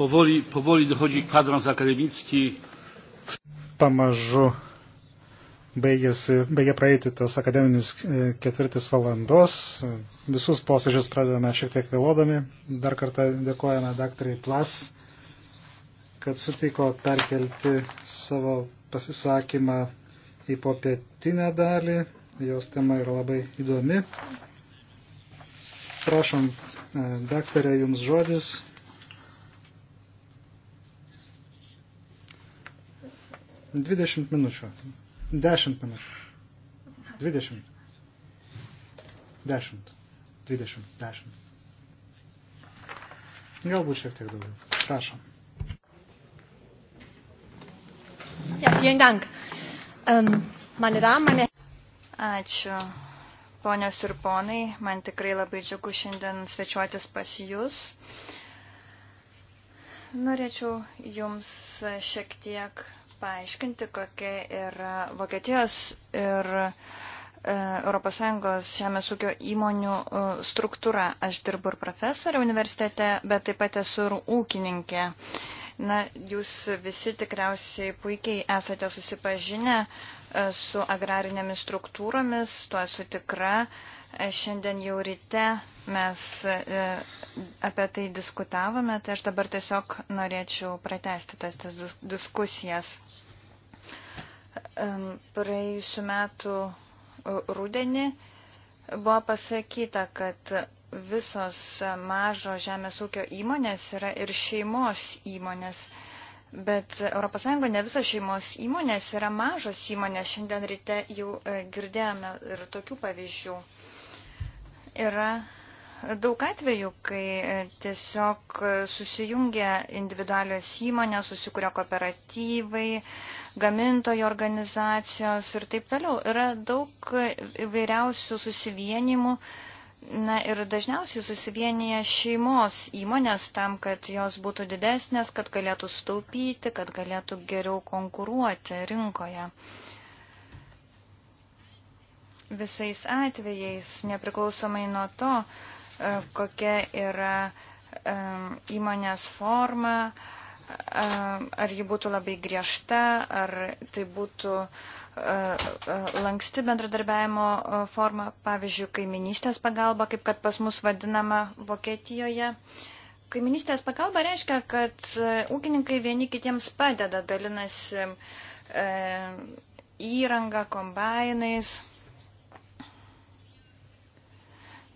Powoli, powoli dochodzi kwadrans akademicki. Pamažu baigėsi, baigė praeiti tas akademinis e, ketvirtis valandos. Visus posėdžius pradedame šiek tiek vėlodami. Dar kartą dėkojame daktarai Plas, kad sutiko perkelti savo pasisakymą į popietinę dalį. Jos tema yra labai įdomi. Prašom, e, daktarė, jums žodis. 20 minučių. 10 minučių. 20. 10. 20. 10. Galbūt šiek tiek daugiau. Prašom. Ja, vielen Dank. Ähm, meine Damen, meine Ačiū. Ponios ir ponai, man tikrai labai džiugu šiandien svečiuotis pas Jūs. Norėčiau Jums šiek tiek paaiškinti, kokia yra Vokietijos ir ES žemės ūkio įmonių e, struktūra. Aš dirbu ir profesorė universitete, bet taip pat esu ir ūkininkė. Na, jūs visi tikriausiai puikiai esate susipažinę e, su agrarinėmis struktūromis, tuo esu tikra. Uh, E, šiandien jau ryte mes e, apie tai diskutavome, tai aš dabar tiesiog norėčiau pratesti tas, tas diskusijas. Praėjusiu metu e, rūdienį buvo pasakyta, kad visos mažo žemės ūkio įmonės yra ir šeimos įmonės. Bet ES ne visos šeimos įmonės yra mažos įmonės. Šiandien ryte jau girdėjome ir tokių pavyzdžių. Yra daug atvejų, kai e, tiesiog susijungia individualios įmonės, susikuria kooperatyvai, gamintojų organizacijos ir taip toliau. Yra daug įvairiausių susivienimų. Na ir dažniausiai susivienyje šeimos įmonės tam, kad jos būtų didesnės, kad galėtų sutaupyti, kad galėtų geriau konkuruoti rinkoje. Uh, visais atvejais, nepriklausomai nuo to, e, kokia yra e, įmonės forma, e, ar ji būtų labai griežta, ar tai būtų lanksti bendradarbiavimo forma, pavyzdžiui, kaiminystės pagalba, kaip kad pas mus vadinama Vokietijoje. Kaiminystės pagalba reiškia, kad ūkininkai vieni kitiems padeda, dalinasi įrangą, kombainais,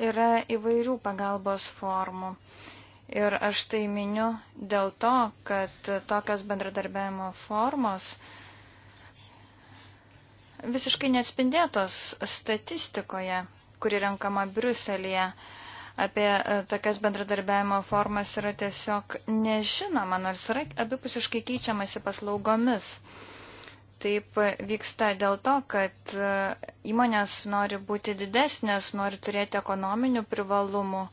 yra įvairių pagalbos formų. Ir aš tai miniu dėl to, kad tokios bendradarbiavimo formos visiškai neatspindėtos statistikoje, kuri renkama Briuselėje. Apie e, tokias bendradarbiavimo formas yra tiesiog nežinoma, nors yra abipusiškai keičiamasi paslaugomis taip vyksta dėl to, kad e, įmonės nori būti didesnės, nori turėti ekonominių privalumų.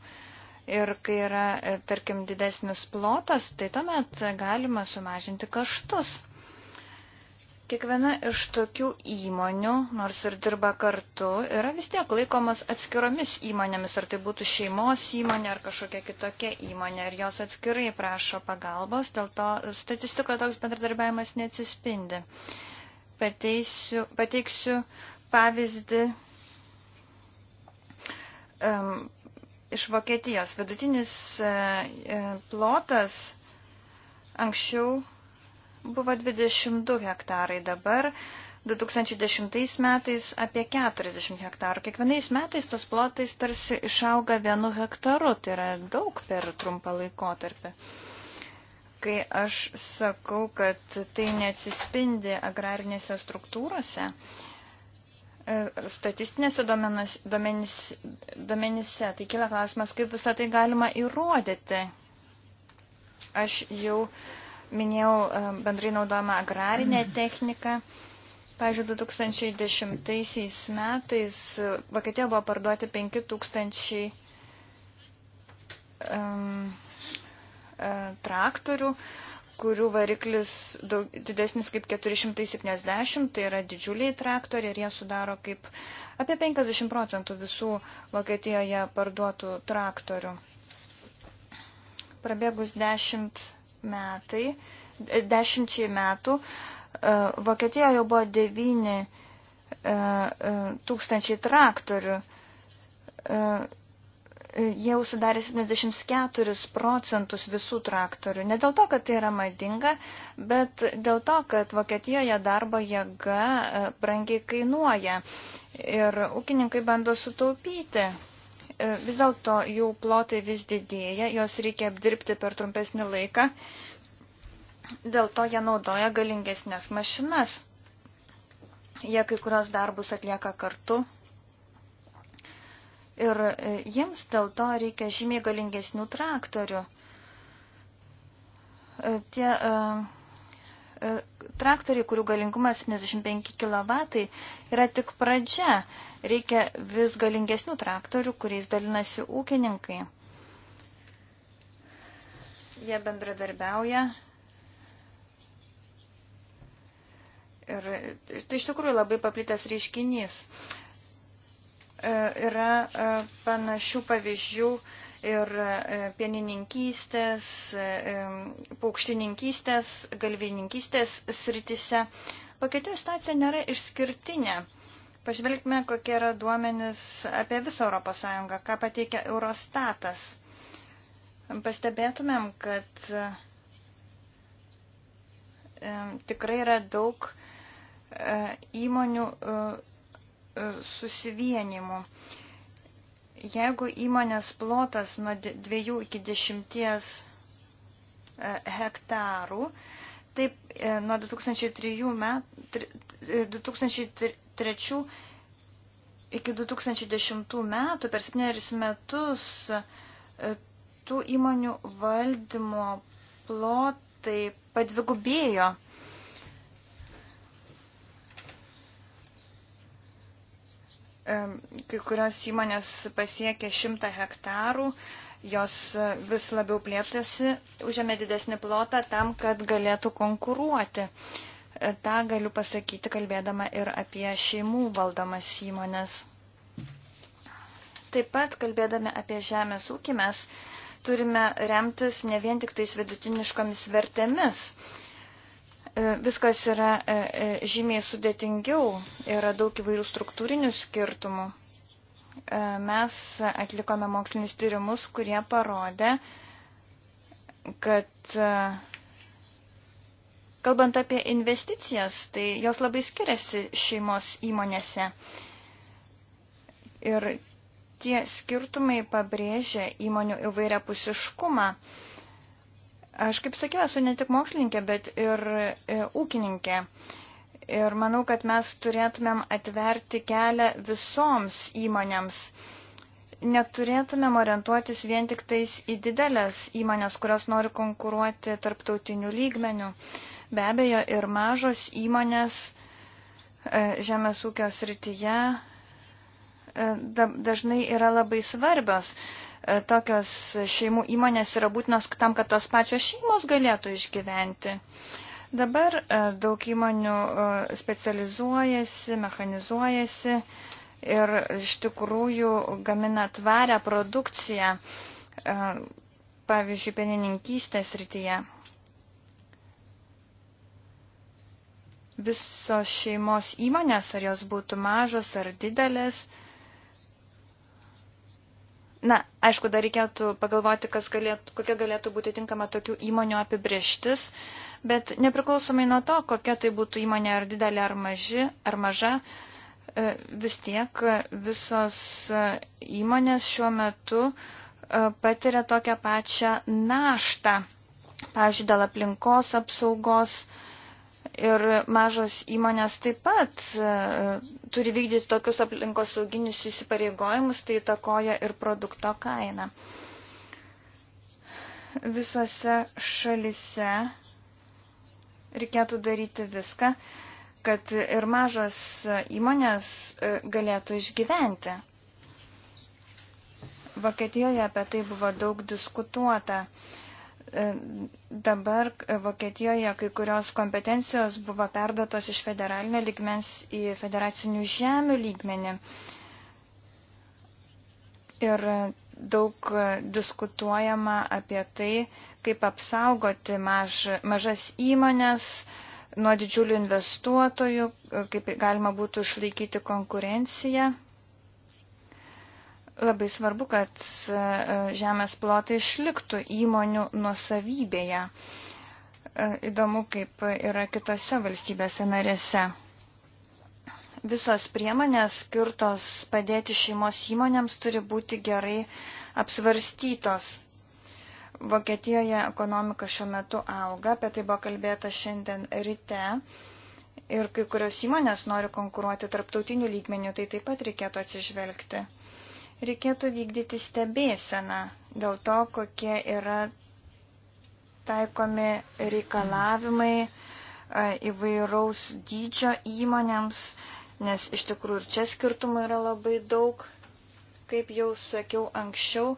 Ir kai yra, e, tarkim, didesnis plotas, tai tuomet galima sumažinti kaštus. Kiekviena iš tokių įmonių, nors ir dirba kartu, yra vis tiek laikomas atskiromis įmonėmis, ar tai būtų šeimos įmonė ar kažkokia kitokia įmonė, ir jos atskirai prašo pagalbos, dėl to statistikoje toks bendradarbiavimas neatsispindi. Uh, pateisiu, pateiksiu pavyzdį um, iš Vokietijos. Vidutinis uh, plotas anksčiau buvo 22 hektarai, dabar 2010 metais apie 40 hektarų. Kiekvienais metais tas plotais tarsi išauga vienu hektaru, tai yra daug per trumpą laikotarpį. Uh, kai aš sakau, kad tai neatsispindi agrarinėse struktūrose, e, statistinėse domenyse, tai kila klausimas, kaip visą tai galima įrodyti. Aš jau minėjau e, bendrai naudojama agrarinė mm. technika. Pavyzdžiui, 2010 metais Vokietijoje buvo parduoti 5000 um, E, traktorių, kurių variklis daug, didesnis kaip 470, tai yra didžiuliai traktoriai ir jie sudaro kaip apie 50 procentų visų Vokietijoje parduotų traktorių. Prabėgus 10 metai, 10 e, metų e, Vokietijoje jau buvo 9 tūkstančiai traktorių Jie užsidarė 74 procentus visų traktorių. Ne dėl to, kad tai yra madinga, bet dėl to, kad Vokietijoje darbo jėga e, brangiai kainuoja ir ūkininkai bando sutaupyti e, vis dėlto jų plotai vis didėja, jos reikia apdirbti per trumpesnį laiką, dėl to jie naudoja galingesnės mašinas. Jie kai kurios darbus atlieka kartu, Ir e, jiems dėl to reikia žymiai galingesnių traktorių. E, tie e, traktoriai, kurių galingumas 75 kW, yra tik pradžia. Reikia vis galingesnių traktorių, kuriais dalinasi ūkininkai. Jie bendradarbiauja. Ir tai iš tikrųjų labai paplitęs reiškinys. E, yra e, panašių pavyzdžių ir e, pienininkystės, paukštininkystės, galvininkystės sritise. Vokietijos situacija nėra išskirtinė. Pažvelgime, kokie yra duomenys apie visą ES, ką pateikia Eurostatas. Pastebėtumėm, kad tikrai yra daug įmonių E, susivienimu. Jeigu įmonės plotas nuo 2 iki 10 e, hektarų, taip e, nuo 2003 metų, 2003 iki 2010 metų per 7 metus tų įmonių valdymo plotai padvigubėjo. kai kurios įmonės pasiekė 100 hektarų, jos vis labiau plėtėsi, užėmė didesnį plotą tam, kad galėtų konkuruoti. E, Ta galiu pasakyti, kalbėdama ir apie šeimų valdomas įmonės. Taip pat, kalbėdami apie žemės ūkį, mes turime remtis ne vien tik tais vidutiniškomis vertėmis. E, viskas yra e, e, žymiai sudėtingiau, yra daug įvairių struktūrinių skirtumų. Mes atlikome mokslinis tyrimus, kurie parodė, kad kalbant apie investicijas, tai jos labai skiriasi šeimos įmonėse. Ir tie skirtumai pabrėžia įmonių įvairiapusiškumą. pusiškumą Aš kaip sakiau, esu ne tik mokslininkė, bet ir e, ūkininkė. Ir manau, kad mes turėtumėm atverti kelią visoms įmonėms. Neturėtumėm orientuotis vien tik tais į didelės įmonės, kurios nori konkuruoti tarptautinių lygmenių. Be abejo, ir mažos įmonės e, žemės ūkio srityje e, dažnai yra labai svarbios E, tokios šeimų įmonės yra būtinos tam, kad tos pačios šeimos galėtų išgyventi. Dabar e, daug įmonių e, specializuojasi, mechanizuojasi ir iš tikrųjų gamina tvarę produkciją, pavyzdžiui, pienininkystės rytyje. Visos šeimos įmonės, ar jos būtų mažos ar didelės, Na, aišku, dar reikėtų pagalvoti, galėtų, kokia galėtų būti tinkama tokių įmonių apibrieštis, bet nepriklausomai nuo to, kokia tai būtų įmonė ar didelė ar, maži, ar maža, e, vis tiek visos e, įmonės šiuo metu e, patiria tokią pačią naštą, pavyzdžiui, dėl aplinkos apsaugos, Ir mažos įmonės taip pat e, turi vykdyti tokius aplinkosauginius įsipareigojimus, tai takoja ir produkto kainą. Visose šalise reikėtų daryti viską, kad ir mažos įmonės e, galėtų išgyventi. Vokietijoje apie tai buvo daug diskutuota. E, dabar Vokietijoje kai kurios kompetencijos buvo perdotos iš federalinio lygmens į federacinių žemių lygmenį. Ir daug diskutuojama apie tai, kaip apsaugoti maž, mažas įmonės nuo didžiulių investuotojų, kaip galima būtų išlaikyti konkurenciją Labai svarbu, kad e, e, žemės plotai išliktų įmonių nuosavybėje. E, įdomu, kaip yra kitose valstybėse narėse. Visos priemonės skirtos padėti šeimos įmonėms turi būti gerai apsvarstytos. Vokietijoje ekonomika šiuo metu auga, apie tai buvo kalbėta šiandien ryte. Ir kai kurios įmonės nori konkuruoti tarptautinių lygmenių, tai taip pat reikėtų atsižvelgti. Reikėtų vykdyti stebėseną dėl to, kokie yra taikomi reikalavimai e, įvairaus dydžio įmonėms, nes iš tikrųjų ir čia skirtumų yra labai daug. Kaip jau sakiau anksčiau,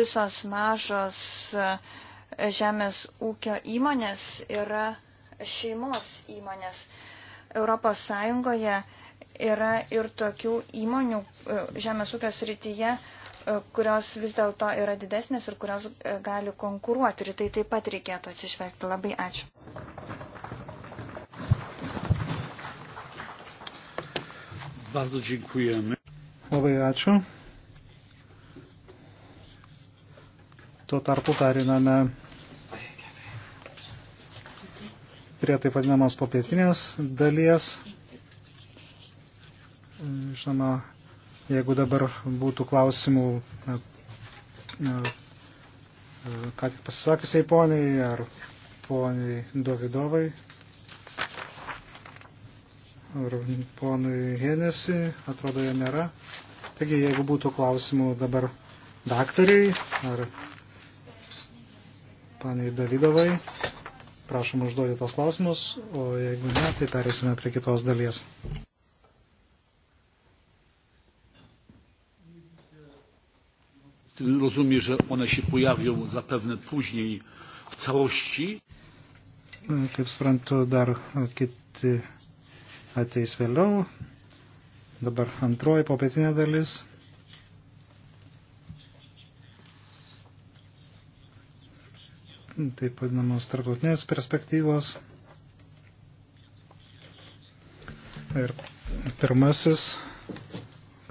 visos mažos e, žemės ūkio įmonės yra šeimos įmonės. Europos Sąjungoje yra ir tokių įmonių e, žemės ūkio srityje, e, kurios vis dėlto yra didesnės ir kurios e, gali konkuruoti. Ir tai taip pat reikėtų atsižvelgti. Labai ačiū. Bardzo dziękujemy. Labai ačiū. Tuo tarpu tariname prie taip vadinamos popietinės dalies. Žinoma, jeigu dabar būtų klausimų ką tik pasisakusiai poniai ar poniai Dovydovai ar ponui Henesi, atrodo, jo nėra. Taigi, jeigu būtų klausimų dabar daktariai ar paniai Davidovai, prašom užduoti tos klausimus, o jeigu ne, tai perėsime prie kitos dalies. Rozumiem, że one się pojawią zapewne później w całości. Kaip suprantu, dar kiti ateis vėliau. Dabar antroji popietinė dalis. Taip vadinamos tarptautinės perspektyvos. Ir pirmasis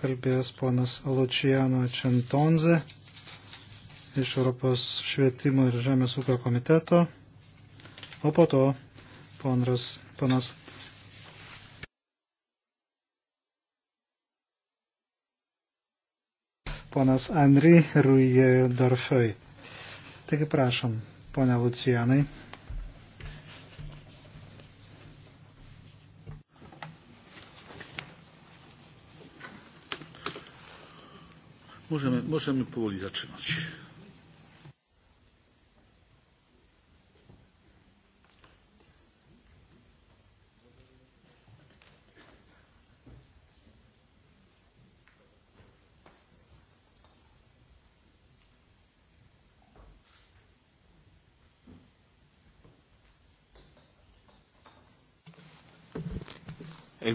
kalbės ponas Lučiano Čentonze iš Europos švietimo ir žemės ūkio komiteto, o po to ponas, ponas ponas Anri Ruje Dorfoj. Taigi prašom, ponia Lucijanai. Możemy, możemy powoli zaczynać.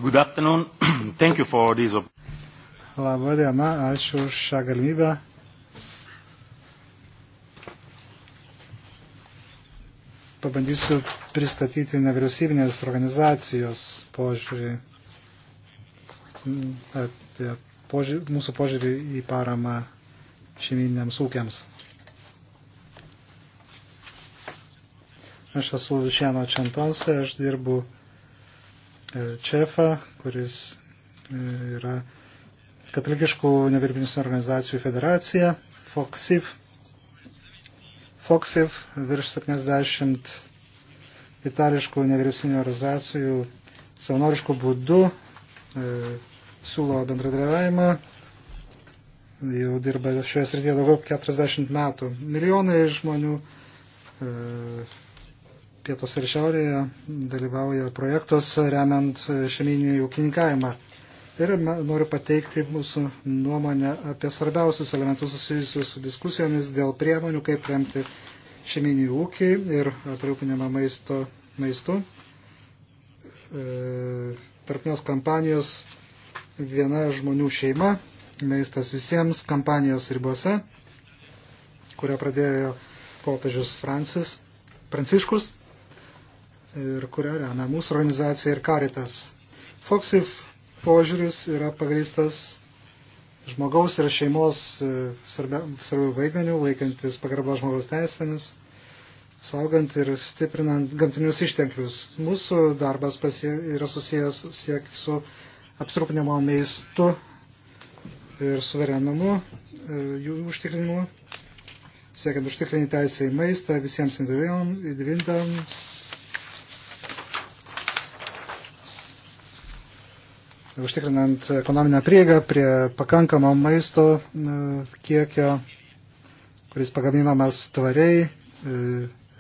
Good afternoon. Thank you for this opportunity. Labą dieną, ačiū už šią galimybę. Pabandysiu pristatyti nevyriausybinės organizacijos požiūrį, apie požiūrį, mūsų požiūrį į paramą šeimininiams ūkiams. Aš esu Lučiano Čentonse, aš dirbu e, Čefa, kuris e, yra katalikiškų nevyriausybinių organizacijų federacija, FOXIV. FOXIV virš 70 itališkų nevyriausybinių organizacijų savanoriškų būdų e, siūlo bendradarbiavimą. Jau dirba šioje srityje daugiau 40 metų. Milijonai žmonių e, pietos ir šiaurėje dalyvauja projektus remiant šeiminį ūkininkavimą ir noriu pateikti mūsų nuomonę apie svarbiausius elementus susijusius su diskusijomis dėl priemonių, kaip remti šeiminį ūkį ir aprūpinimą maisto, maistu. E, Tarpnios kampanijos viena žmonių šeima, maistas visiems kampanijos ribose, kurią pradėjo popiežius Francis, Pranciškus ir kurią remia mūsų organizacija ir Karitas. Foxif požiūris yra pagrįstas žmogaus ir šeimos e, svarbių vaidmenių, laikantis pagarbos žmogaus teisėmis, saugant ir stiprinant gamtinius išteklius. Mūsų darbas pasie, yra susijęs siek su apsirūpinimo meistu ir suverenumu, e, jų užtikrinimu, siekiant užtikrinti teisę į maistą visiems individams, užtikrinant ekonominę prieigą prie pakankamo maisto e, kiekio, kuris pagaminamas tvariai e,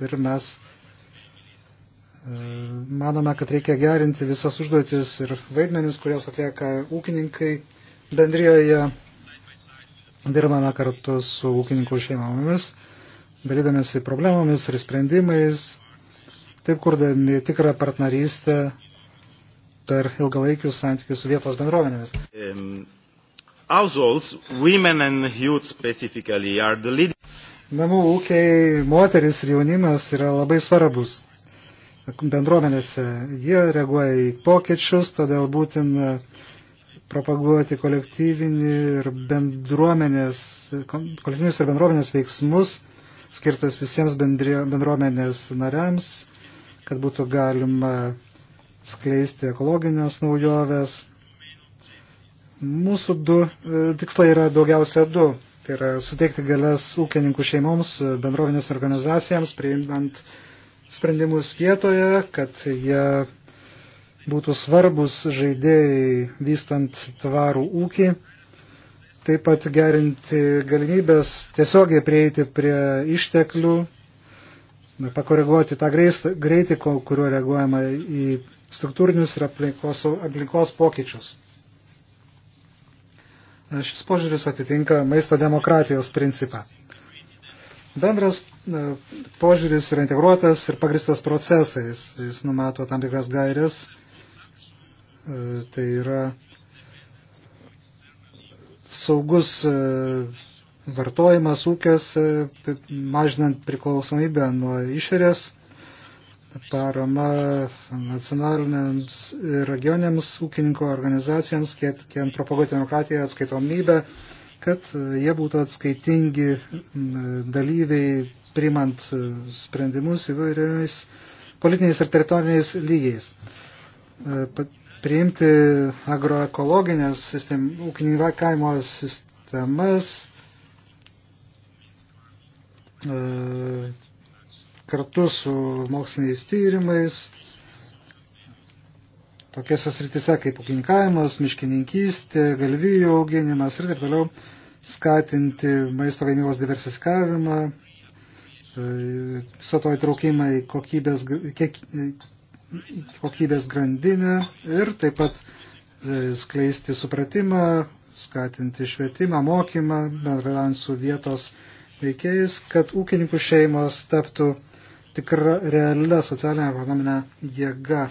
ir mes e, manome, kad reikia gerinti visas užduotis ir vaidmenis, kurias atlieka ūkininkai bendrijoje. Dirbame kartu su ūkininkų šeimomis, dalydamėsi problemomis ir sprendimais, taip kurdami tikrą partnerystę per ilgalaikius santykius su vietos bendrovėmis. Um, households, women and youth specifically are the leading. Namų ūkiai, moteris ir jaunimas yra labai svarbus bendruomenėse. Jie reaguoja į pokyčius, todėl būtina propaguoti kolektyvinį ir bendruomenės, kolektyvinius ir bendruomenės veiksmus, skirtas visiems bendruomenės nariams, kad būtų galima skleisti ekologinės naujoves. Mūsų du e, tikslai yra daugiausia du. Tai yra suteikti galės ūkininkų šeimoms, bendrovinės organizacijams, priimant sprendimus vietoje, kad jie būtų svarbus žaidėjai vystant tvarų ūkį. Taip pat gerinti galimybės tiesiogiai prieiti prie išteklių, pakoreguoti tą greitį, kuriuo reaguojama į struktūrinius ir aplinkos, aplinkos pokyčius. Šis požiūris atitinka maisto demokratijos principą. Bendras e, požiūris yra integruotas ir pagristas procesais. Jis numato tam tikras gairės. E, tai yra saugus e, vartojimas ūkės, mažinant priklausomybę nuo išorės parama nacionaliniams ir regioniams ūkininko organizacijoms, kiek propaguoti demokratiją, atskaitomybę, kad jie būtų atskaitingi dalyviai, primant sprendimus įvairiais politiniais ir teritoriniais lygiais. E, priimti agroekologinės sistem, ūkininkavimo sistemas e, kartu su moksliniais tyrimais, tokiose sritise kaip ūkininkavimas, miškininkystė, galvijų auginimas ir taip toliau, skatinti maisto gamybos diversifikavimą, e, viso to įtraukimą į kokybės, kiek, kokybės grandinę ir taip pat e, skleisti supratimą, skatinti švietimą, mokymą, bendradant su vietos veikėjais, kad ūkininkų šeimos taptų tikra realia socialinė ekonominė jėga. E,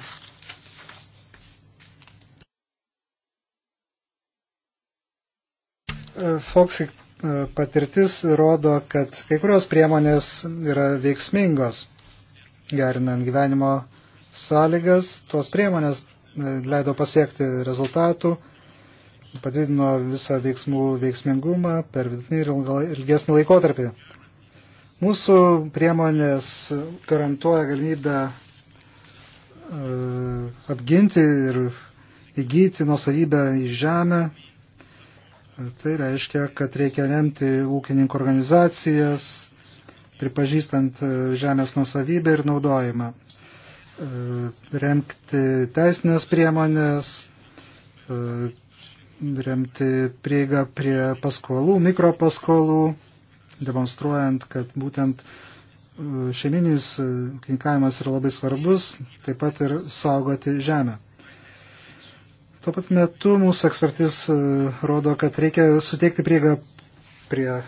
Foxy e, patirtis rodo, kad kai kurios priemonės yra veiksmingos, gerinant gyvenimo sąlygas, tuos priemonės e, leido pasiekti rezultatų, padidino visą veiksmų veiksmingumą per vidutinį ir ilgesnį laikotarpį. Mūsų priemonės garantuoja galimybę e, apginti ir įgyti nusavybę į žemę. Tai reiškia, kad reikia remti ūkininkų organizacijas, pripažįstant e, žemės nusavybę ir naudojimą. E, remti teisinės priemonės, remti prieigą prie paskolų, mikropaskolų demonstruojant, kad būtent e, šeiminis e, kinkavimas yra labai svarbus, taip pat ir saugoti žemę. Tuo pat metu mūsų ekspertis e, rodo, kad reikia suteikti prieigą prie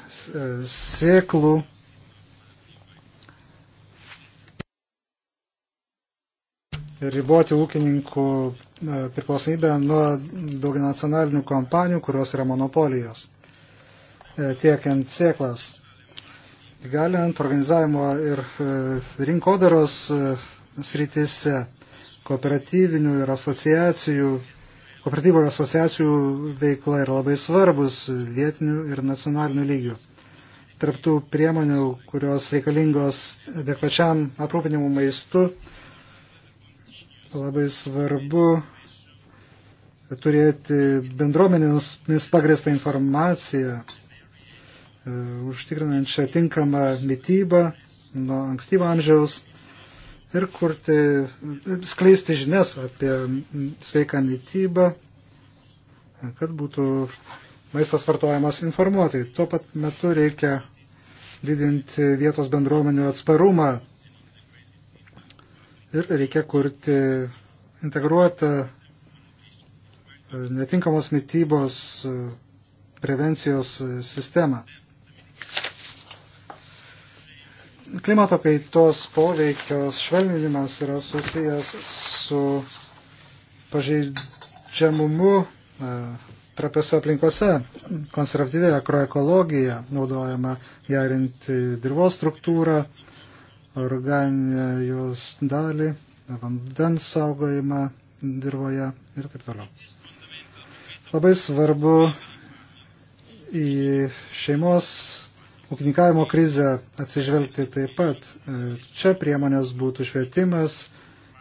sėklų. Ir riboti ūkininkų priklausomybę nuo daugianacionalinių kompanijų, kurios yra monopolijos. E, tiekiant sėklas. Galint organizavimo ir e, rinkodaros e, srityse kooperatyvinių ir asociacijų, kooperatyvų ir asociacijų veikla yra labai svarbus vietinių ir nacionalinių lygių. Tarptų priemonių, kurios reikalingos adekvačiam aprūpinimu maistu, labai svarbu turėti bendruomenės pagrėstą informaciją E, užtikrinančią tinkamą mytybą nuo ankstyvo amžiaus ir kurti, skleisti žinias apie sveiką mytybą, kad būtų maistas vartojamas informuotai. Tuo pat metu reikia didinti vietos bendruomenių atsparumą ir reikia kurti integruotą e, netinkamos mytybos e, prevencijos sistemą. Klimato kaitos poveikios švelninimas yra susijęs su pažeidžiamumu e, trapiose aplinkose. Konservatyvi akroekologija naudojama gerinti dirvos struktūrą, organinę jos dalį, vandens saugojimą dirboje ir taip toliau. Labai svarbu į šeimos ūkininkavimo krizę atsižvelgti taip pat. E, čia priemonės būtų švietimas,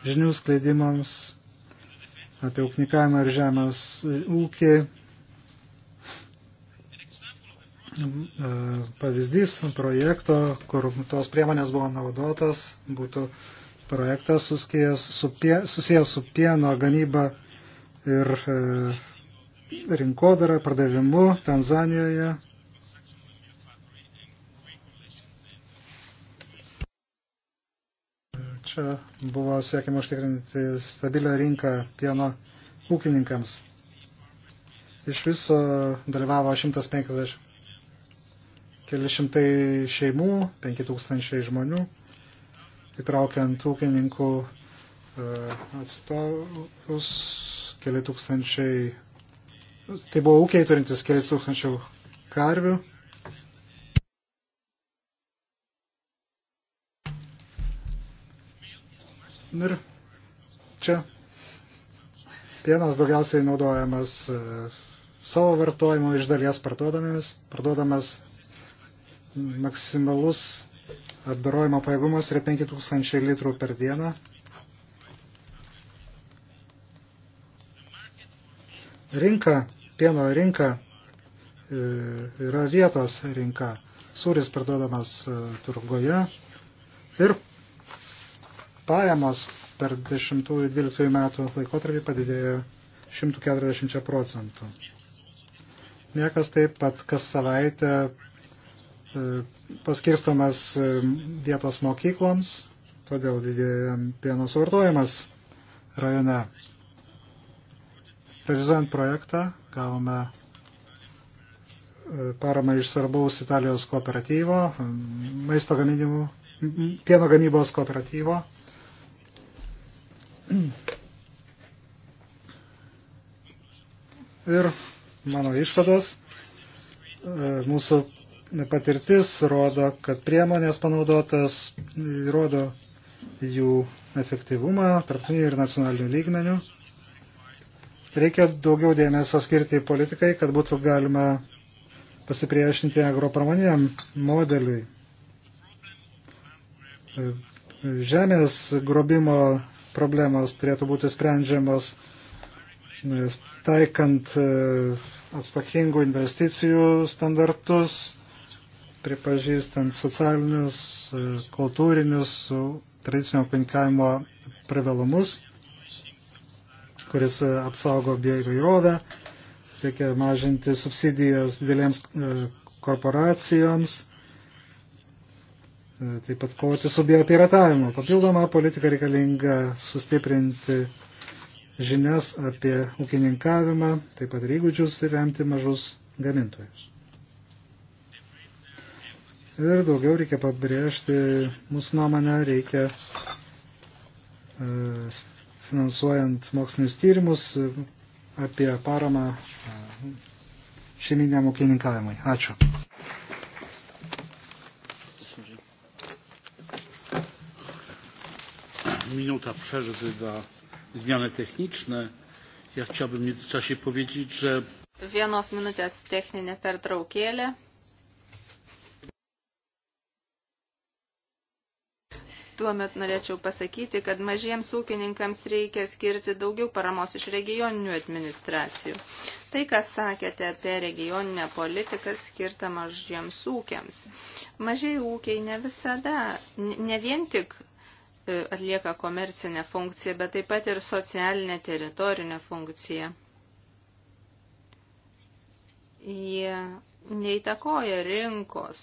žinių skleidimams apie ūkininkavimą ir žemės e, ūkį. E, pavyzdys projekto, kur tos priemonės buvo naudotas, būtų projektas susijęs su, pie, susijęs su pieno gamyba ir e, rinkodara, pardavimu Tanzanijoje, Čia buvo siekima užtikrinti stabilę rinką pieno ūkininkams. Iš viso dalyvavo 150 keli šimtai šeimų, 5000 žmonių, įtraukiant ūkininkų e, atstovus, keli tūkstančiai, tai buvo ūkiai turintis keli tūkstančių karvių Ir čia pienas daugiausiai naudojamas e, savo vartojimo iš dalies parduodamas, parduodamas maksimalus apdarojimo pajėgumas yra 5000 litrų per dieną. Rinka, pieno rinka e, yra vietos rinka. Sūris parduodamas e, turgoje ir pajamos per 10-12 metų laikotarpį padidėjo 140 procentų. Niekas taip pat kas savaitę e, paskirstomas e, vietos mokykloms, todėl didėja pieno suvartojimas rajone. Realizuojant projektą gavome e, paramą iš svarbaus Italijos kooperatyvo, maisto gaminimų, pieno gamybos kooperatyvo Ir mano išvados, e, mūsų patirtis rodo, kad priemonės panaudotas e, rodo jų efektyvumą tarptautinių ir nacionalinių lygmenių. Reikia daugiau dėmesio skirti politikai, kad būtų galima pasipriešinti agropramoniniam modeliui. E, žemės grobimo problemos turėtų būti sprendžiamos taikant e, atsakingų investicijų standartus, pripažįstant socialinius, e, kultūrinius, tradicinio pinkavimo privalumus, kuris e, apsaugo bioįvairovę, reikia mažinti subsidijas didelėms korporacijoms, E, taip pat kovoti su biopiratavimu. Papildoma politika reikalinga sustiprinti žinias apie ūkininkavimą, taip pat ir įgūdžius ir remti mažus gamintojus. Ir daugiau reikia pabrėžti, mūsų nuomonę reikia e, finansuojant mokslinius tyrimus apie paramą e, šeiminiam ūkininkavimui. Ačiū. minuta przerwy na zmiany techniczne. Ja chciałbym w międzyczasie powiedzieć, że... Vienos minutės techninė pertraukėlė. Tuomet norėčiau pasakyti, kad mažiems ūkininkams reikia skirti daugiau paramos iš regioninių administracijų. Tai, kas sakėte apie regioninę politiką skirtą mažiems ūkiams. Mažiai ūkiai ne visada, ne vien tik E, atlieka komercinę funkciją, bet taip pat ir socialinę teritorinę funkciją. Jie neįtakoja rinkos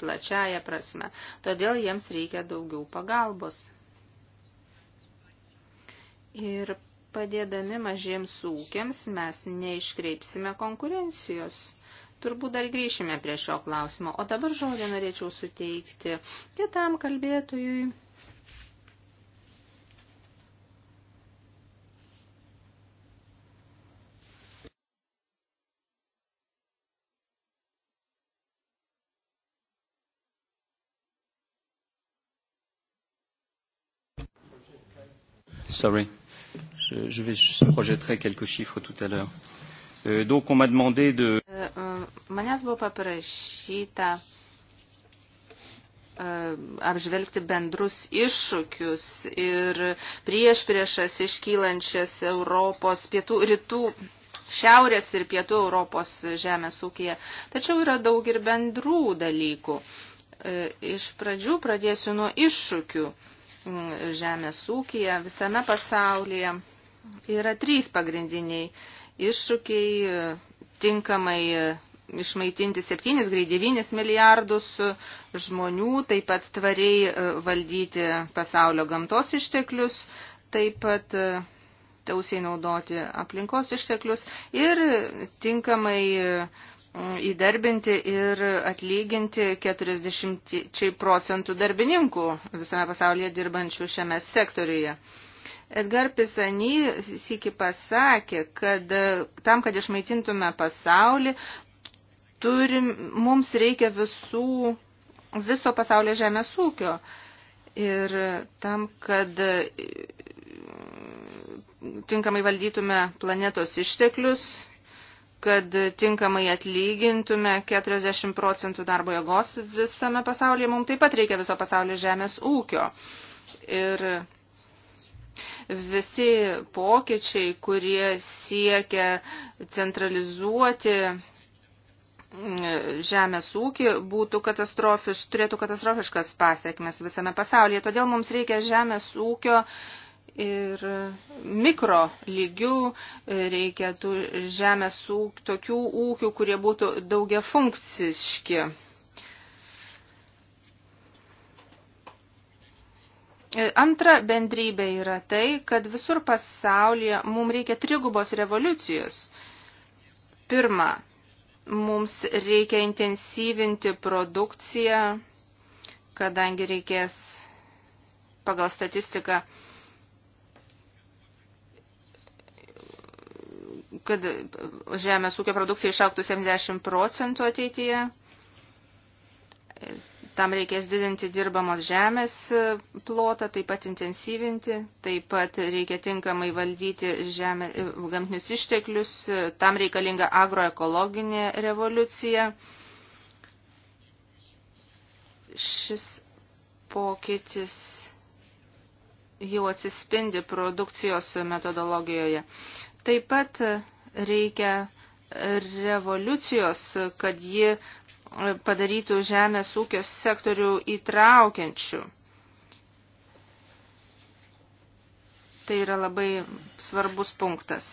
plačiaja prasme, todėl jiems reikia daugiau pagalbos. Ir padėdami mažiems ūkiams mes neiškreipsime konkurencijos. Turbūt dar grįšime prie šio klausimo, o dabar žodį norėčiau suteikti kitam kalbėtojui. sorry. Je, je, vais, je projetterai quelques chiffres tout à l'heure. Euh, donc on m'a demandé de... Euh, euh, manęs buvo paprašyta euh, apžvelgti bendrus iššūkius ir prieš priešas iškylančias Europos pietų rytų šiaurės ir pietų Europos žemės ūkija. Tačiau yra daug ir bendrų dalykų. E, iš pradžių pradėsiu nuo iššūkių. Mm, žemės ūkija visame pasaulyje yra trys pagrindiniai iššūkiai tinkamai išmaitinti 7, greit 9 milijardus žmonių, taip pat tvariai e, valdyti pasaulio gamtos išteklius, taip pat e, tausiai naudoti aplinkos išteklius ir tinkamai e, įdarbinti ir atlyginti 40 procentų darbininkų visame pasaulyje dirbančių šiame sektoriuje. Edgar Pisany sįki pasakė, kad e, tam, kad išmaitintume pasaulį, turim, mums reikia visų, viso pasaulio žemės ūkio. Ir tam, kad e, tinkamai valdytume planetos išteklius, kad tinkamai atlygintume 40 procentų darbo jėgos visame pasaulyje. Mums taip pat reikia viso pasaulio žemės ūkio. Ir visi pokyčiai, kurie siekia centralizuoti mm, žemės ūkį būtų katastrofiš, turėtų katastrofiškas pasiekmes visame pasaulyje. Todėl mums reikia žemės ūkio ir mikro lygių e, reikia tų žemės ūk, tokių ūkių, kurie būtų daugia funkciški. E, antra bendrybė yra tai, kad visur pasaulyje mums reikia trigubos revoliucijos. Pirma, mums reikia intensyvinti produkciją, kadangi reikės pagal statistiką kad žemės ūkio produkcija išauktų 70 procentų ateityje. Tam reikės didinti dirbamos žemės plotą, taip pat intensyvinti, taip pat reikia tinkamai valdyti žemė, gamtinius išteklius, tam reikalinga agroekologinė revoliucija. Šis pokytis jau atsispindi produkcijos metodologijoje. Taip pat reikia revoliucijos, kad ji padarytų žemės ūkio sektorių įtraukiančių. Tai yra labai svarbus punktas.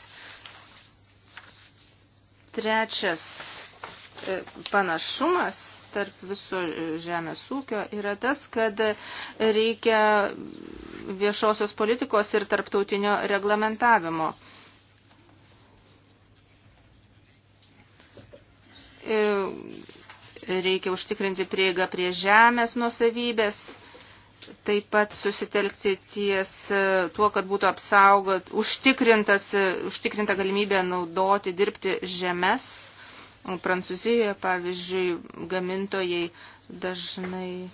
Trečias e, panašumas tarp viso žemės ūkio yra tas, kad reikia viešosios politikos ir tarptautinio reglamentavimo. E, reikia užtikrinti prieigą prie žemės nuosavybės, taip pat susitelkti ties e, tuo, kad būtų apsaugot, užtikrintas, e, užtikrinta galimybė naudoti, dirbti žemės. Prancūzijoje, pavyzdžiui, gamintojai dažnai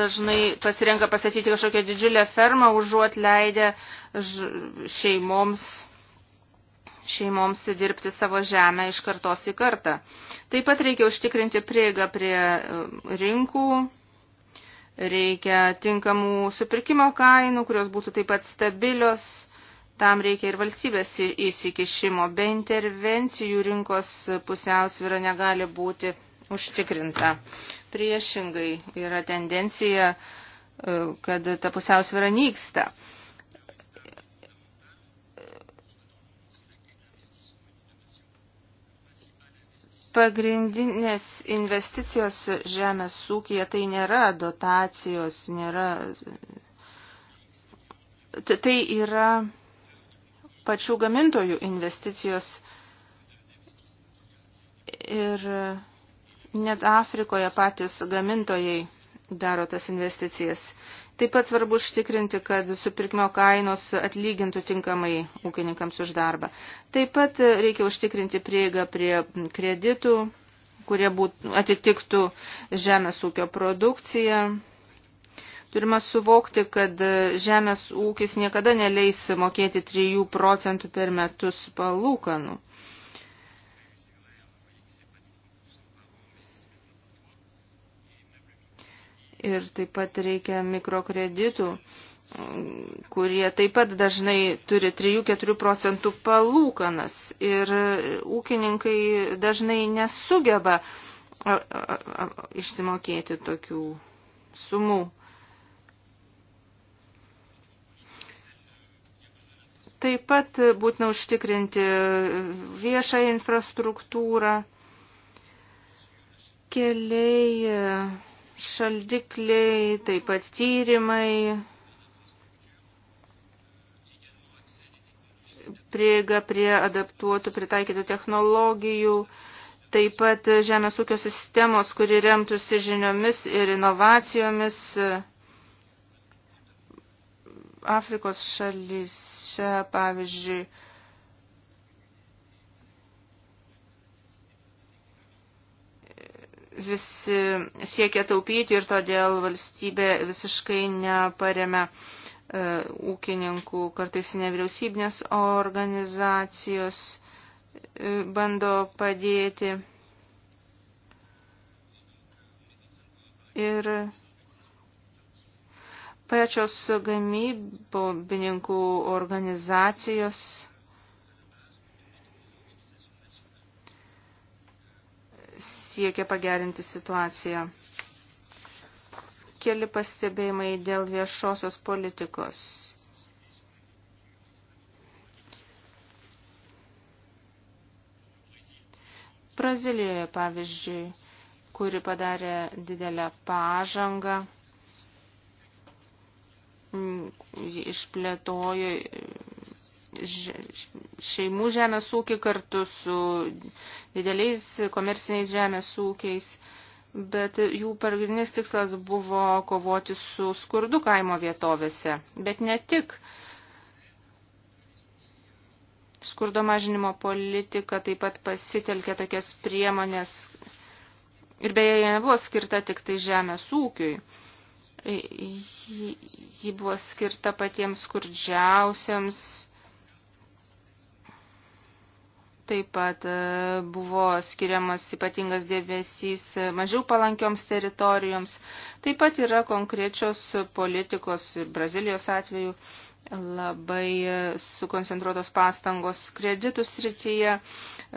dažnai pasirenka pasakyti kažkokią didžiulę fermą, užuot leidę šeimoms šeimoms dirbti savo žemę iš kartos į kartą. Taip pat reikia užtikrinti prieigą prie e, rinkų, reikia tinkamų supirkimo kainų, kurios būtų taip pat stabilios. Tam reikia ir valstybės įsikišimo, be intervencijų rinkos pusiausvyra negali būti užtikrinta. Priešingai yra tendencija, e, kad ta pusiausvyra nyksta. pagrindinės investicijos žemės ūkija tai nėra dotacijos, nėra. Tai yra pačių gamintojų investicijos. Ir net Afrikoje patys gamintojai daro tas investicijas. Taip pat svarbu užtikrinti, kad supirkimo kainos atlygintų tinkamai ūkininkams už darbą. Taip pat reikia užtikrinti prieigą prie kreditų, kurie būt, atitiktų žemės ūkio produkciją. Turime suvokti, kad žemės ūkis niekada neleis mokėti 3 procentų per metus palūkanų. ir taip pat reikia mikrokreditų, kurie taip pat dažnai turi 3-4 procentų palūkanas ir ūkininkai dažnai nesugeba išsimokėti tokių sumų. Taip pat būtina užtikrinti viešą infrastruktūrą, keliai šaldikliai, taip pat tyrimai, prieiga prie adaptuotų pritaikytų technologijų, taip pat žemės ūkio sistemos, kuri remtųsi žiniomis ir inovacijomis Afrikos šalyse, pavyzdžiui, visi siekia taupyti ir todėl valstybė visiškai neparemia e, ūkininkų, kartais nevyriausybinės organizacijos e, bando padėti. Ir pačios gamybininkų organizacijos siekia pagerinti situaciją. Keli pastebėjimai dėl viešosios politikos. Brazilijoje, pavyzdžiui, kuri padarė didelę pažangą, išplėtojo šeimų žemės ūkį kartu su dideliais komerciniais žemės ūkiais, bet jų pagrindinis tikslas buvo kovoti su skurdu kaimo vietovėse, bet ne tik. Skurdo mažinimo politika taip pat pasitelkė tokias priemonės ir beje, jie nebuvo skirta tik tai žemės ūkiui ji buvo skirta patiems skurdžiausiams Taip pat e, buvo skiriamas ypatingas dėmesys mažiau palankioms teritorijoms. Taip pat yra konkrečios politikos ir Brazilijos atveju labai e, sukoncentruotos pastangos kreditų srityje,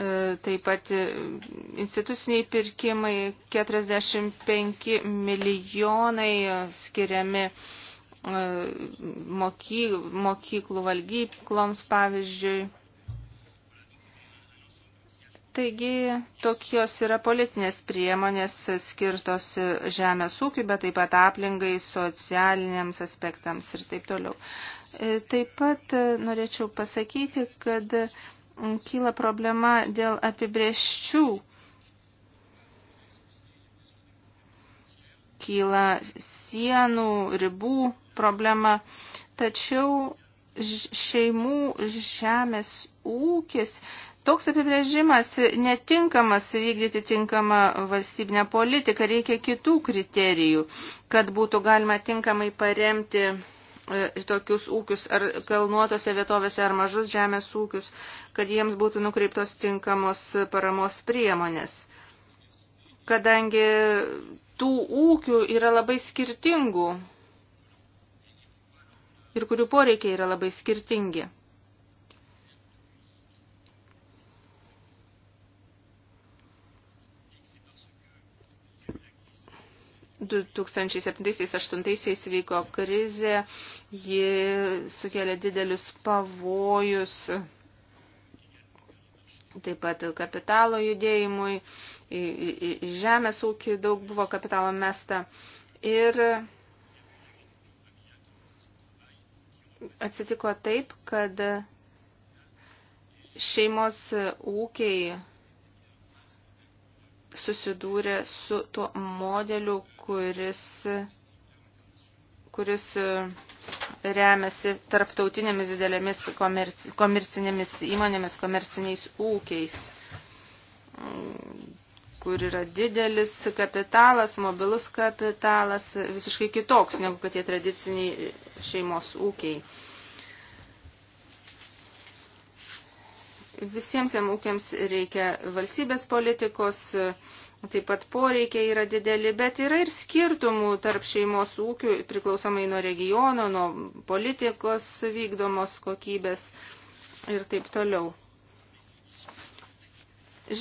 e, taip pat instituciniai pirkimai 45 milijonai skiriami mokyklų valgykloms pavyzdžiui Taigi tokios yra politinės priemonės skirtos žemės ūkiui, bet taip pat aplinkai, socialiniams aspektams ir taip toliau. E, taip pat e, norėčiau pasakyti, kad kyla problema dėl apibrieščių. Kyla sienų, ribų problema. Tačiau šeimų žemės ūkis Toks apibrėžimas netinkamas vykdyti tinkamą valstybinę politiką, reikia kitų kriterijų, kad būtų galima tinkamai paremti e, tokius ūkius ar kalnuotose vietovėse ar mažus žemės ūkius, kad jiems būtų nukreiptos tinkamos paramos priemonės. Kadangi tų ūkių yra labai skirtingų ir kurių poreikiai yra labai skirtingi. 2007-2008 vyko krizė, ji sukėlė didelius pavojus taip pat kapitalo judėjimui, žemės ūkį daug buvo kapitalo mesta ir atsitiko taip, kad šeimos ūkiai susidūrė su tuo modeliu, kuris, kuris e, remiasi tarptautinėmis didelėmis komerci, komercinėmis įmonėmis, komerciniais ūkiais, mm, kur yra didelis kapitalas, mobilus kapitalas, visiškai kitoks negu kad tie tradiciniai šeimos ūkiai. Visiems jam ūkiams reikia valstybės politikos, taip pat poreikiai yra dideli, bet yra ir skirtumų tarp šeimos ūkių priklausomai nuo regiono, nuo politikos vykdomos kokybės ir taip toliau.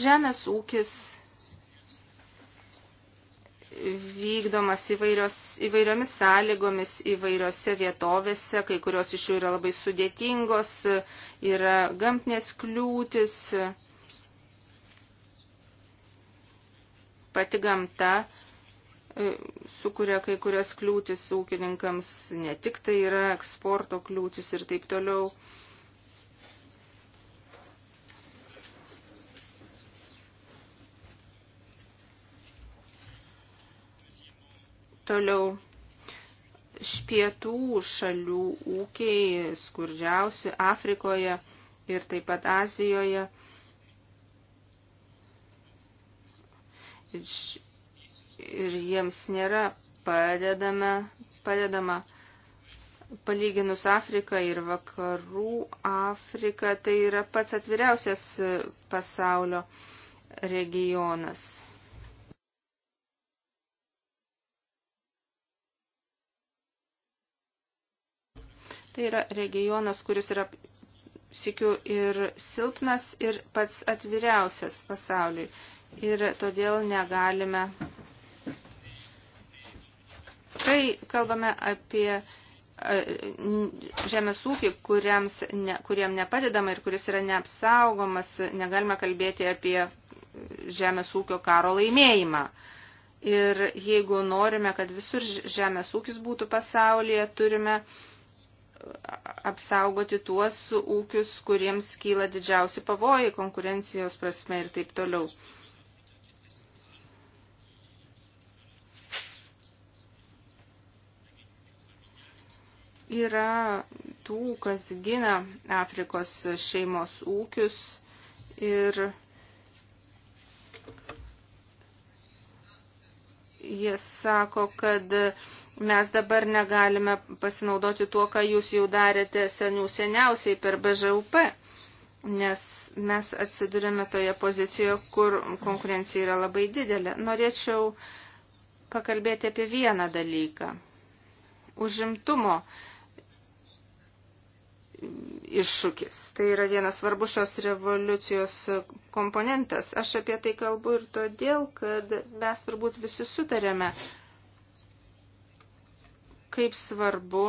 Žemės ūkis vykdomas įvairios, įvairiomis sąlygomis įvairiose vietovėse, kai kurios iš jų yra labai sudėtingos, yra gamtinės kliūtis, pati gamta e, sukuria kai kurias kliūtis ūkininkams, ne tik tai yra eksporto kliūtis ir taip toliau. Toliau špietų šalių ūkiai skurdžiausi Afrikoje ir taip pat Azijoje. Ir jiems nėra padedama, padedama palyginus Afriką ir vakarų Afriką, tai yra pats atviriausias pasaulio regionas. Tai yra regionas, kuris yra sikiu ir silpnas ir pats atviriausias pasauliui. Ir todėl negalime. Kai kalbame apie žemės ūkį, kuriems ne, kuriem nepadedama ir kuris yra neapsaugomas, negalime kalbėti apie žemės ūkio karo laimėjimą. Ir jeigu norime, kad visur žemės ūkis būtų pasaulyje, turime uh, apsaugoti tuos ūkius, kuriems kyla didžiausi pavojai konkurencijos prasme ir taip toliau. Yra tų, kas gina Afrikos šeimos ūkius ir jie sako, kad mes dabar negalime pasinaudoti tuo, ką jūs jau darėte senių seniausiai per BŽUP, nes mes atsidurėme toje pozicijoje, kur konkurencija yra labai didelė. Norėčiau pakalbėti apie vieną dalyką. Užimtumo iššūkis. Tai yra vienas svarbus šios revoliucijos komponentas. Aš apie tai kalbu ir todėl, kad mes turbūt visi sutarėme, kaip svarbu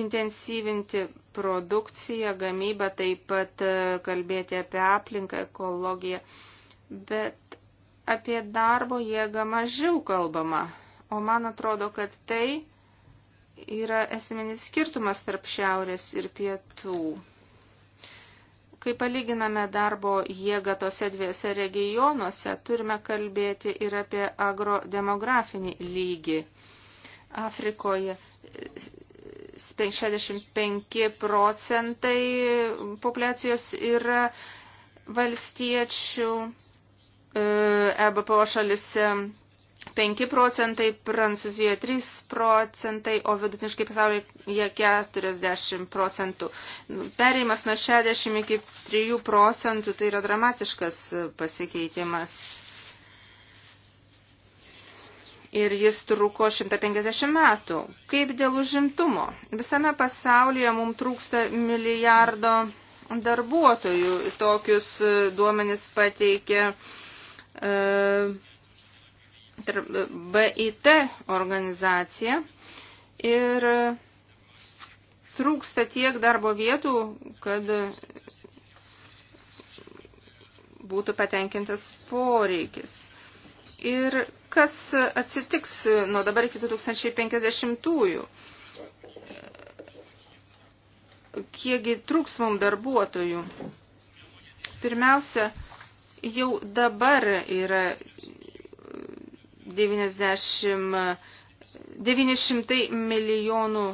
intensyvinti produkciją, gamybą, taip pat e, kalbėti apie aplinką, ekologiją, bet apie darbo jėgą mažiau kalbama. O man atrodo, kad tai yra esminis skirtumas tarp šiaurės ir pietų. Kai palyginame darbo jėgą tose dviese regionuose, turime kalbėti ir apie agrodemografinį lygį Afrikoje 65 procentai populiacijos yra valstiečių, EBPO e šalise 5 procentai, Prancūzijoje 3 procentai, o vidutiniškai pasaulyje 40 procentų. Nu, perėjimas nuo 60 iki 3 procentų tai yra dramatiškas e, pasikeitimas ir jis truko 150 metų. Kaip dėl užimtumo? Visame pasaulyje mums trūksta milijardo darbuotojų. Tokius e, duomenis pateikė e, e, BIT organizacija ir trūksta tiek darbo vietų, kad būtų patenkintas poreikis. Ir kas atsitiks nuo dabar iki 2050-ųjų? Kiekgi trūks mums darbuotojų? Pirmiausia, jau dabar yra 90, 900 milijonų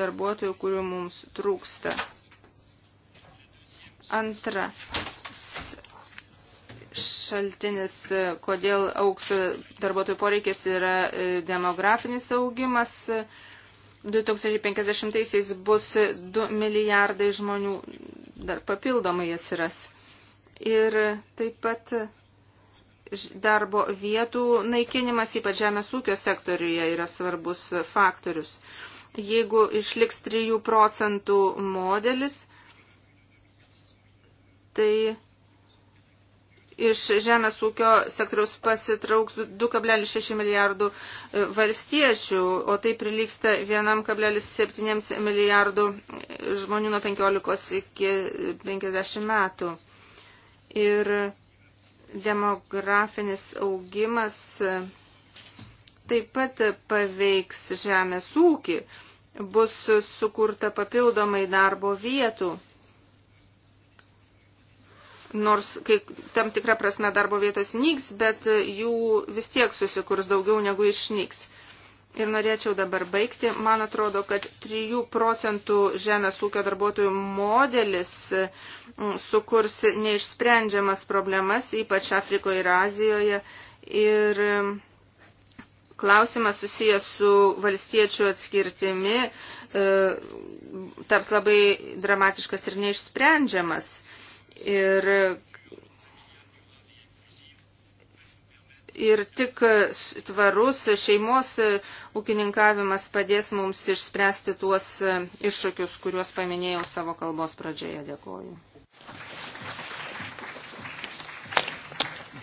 darbuotojų, kurių mums trūksta. Antra, šaltinis, e, kodėl auks darbuotojų poreikis yra e, demografinis augimas. 2050-aisiais bus 2 milijardai žmonių dar papildomai atsiras. Ir taip pat darbo vietų naikinimas, ypač žemės ūkio sektoriuje, yra svarbus faktorius. Jeigu išliks 3 procentų modelis, tai iš žemės ūkio sektoriaus pasitrauks 2,6 milijardų e, valstiečių, o tai prilyksta 1,7 milijardų žmonių nuo 15 iki 50 metų. Ir demografinis augimas e, taip pat paveiks žemės ūkį, bus sukurta papildomai darbo vietų nors kai tam tikrą prasme darbo vietos nyks, bet jų vis tiek susikurs daugiau negu išnyks. Ir norėčiau dabar baigti. Man atrodo, kad 3 procentų žemės ūkio darbuotojų modelis mm, sukurs neišsprendžiamas problemas, ypač Afrikoje ir Azijoje. Ir mm, klausimas susijęs su valstiečių atskirtimi e, taps labai dramatiškas ir neišsprendžiamas. Ir ir tik tvarus šeimos ūkininkavimas padės mums išspręsti tuos iššūkius, kuriuos paminėjau savo kalbos pradžioje. Dėkoju.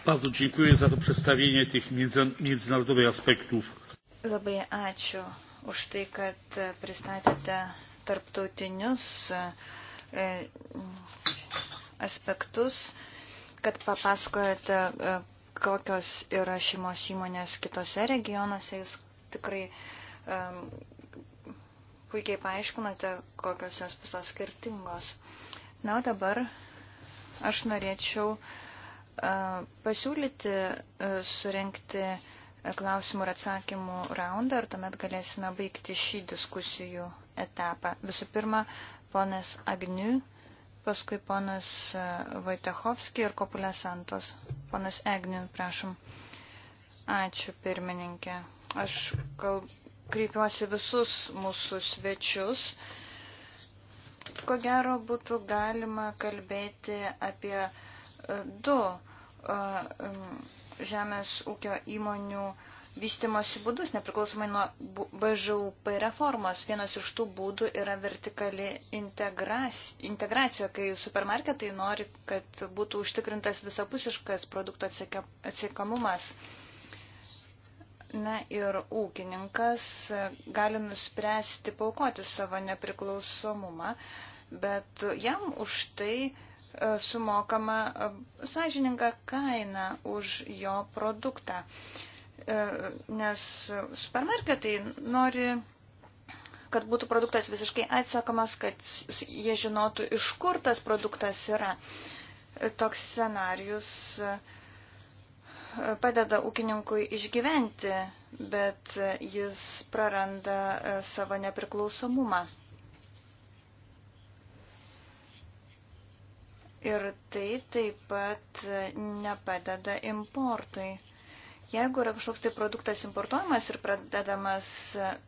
Bardzo dziękuję za to przedstawienie tych międzynarodowych aspektów. Labai ačiū už tai, kad pristatėte tarptautinius e, aspektus, kad papasakojate, e, kokios yra šeimos įmonės kitose regionuose. Jūs tikrai um, puikiai paaiškinote, kokios jos visos skirtingos. Na, o dabar aš norėčiau uh, pasiūlyti uh, surenkti klausimų ir atsakymų raundą ir tuomet galėsime baigti šį diskusijų etapą. Visų pirma, ponas Agniu paskui ponas Vaitechovski e, ir Kopulė Santos. Ponas Egnin, prašom. Ačiū, pirmininkė. Aš kal... kreipiuosi visus mūsų svečius. Ko gero būtų galima kalbėti apie e, du e, žemės ūkio įmonių uh, vystimosi būdus, nepriklausomai nuo BŽUP reformos. Vienas iš tų būdų yra vertikali integracija, kai supermarketai nori, kad būtų užtikrintas visapusiškas produkto atsiekamumas. Na ir ūkininkas gali nuspręsti paukoti savo nepriklausomumą, bet jam už tai e, sumokama e, sąžininga kaina už jo produktą. Uh, E, nes supermarketai nori, kad būtų produktas visiškai atsakomas, kad jie žinotų, iš kur tas produktas yra. E, toks scenarius e, padeda ūkininkui išgyventi, bet jis praranda savo nepriklausomumą. Ir tai taip pat nepadeda importui. Jeigu yra kažkoks tai produktas importuojamas ir pradedamas,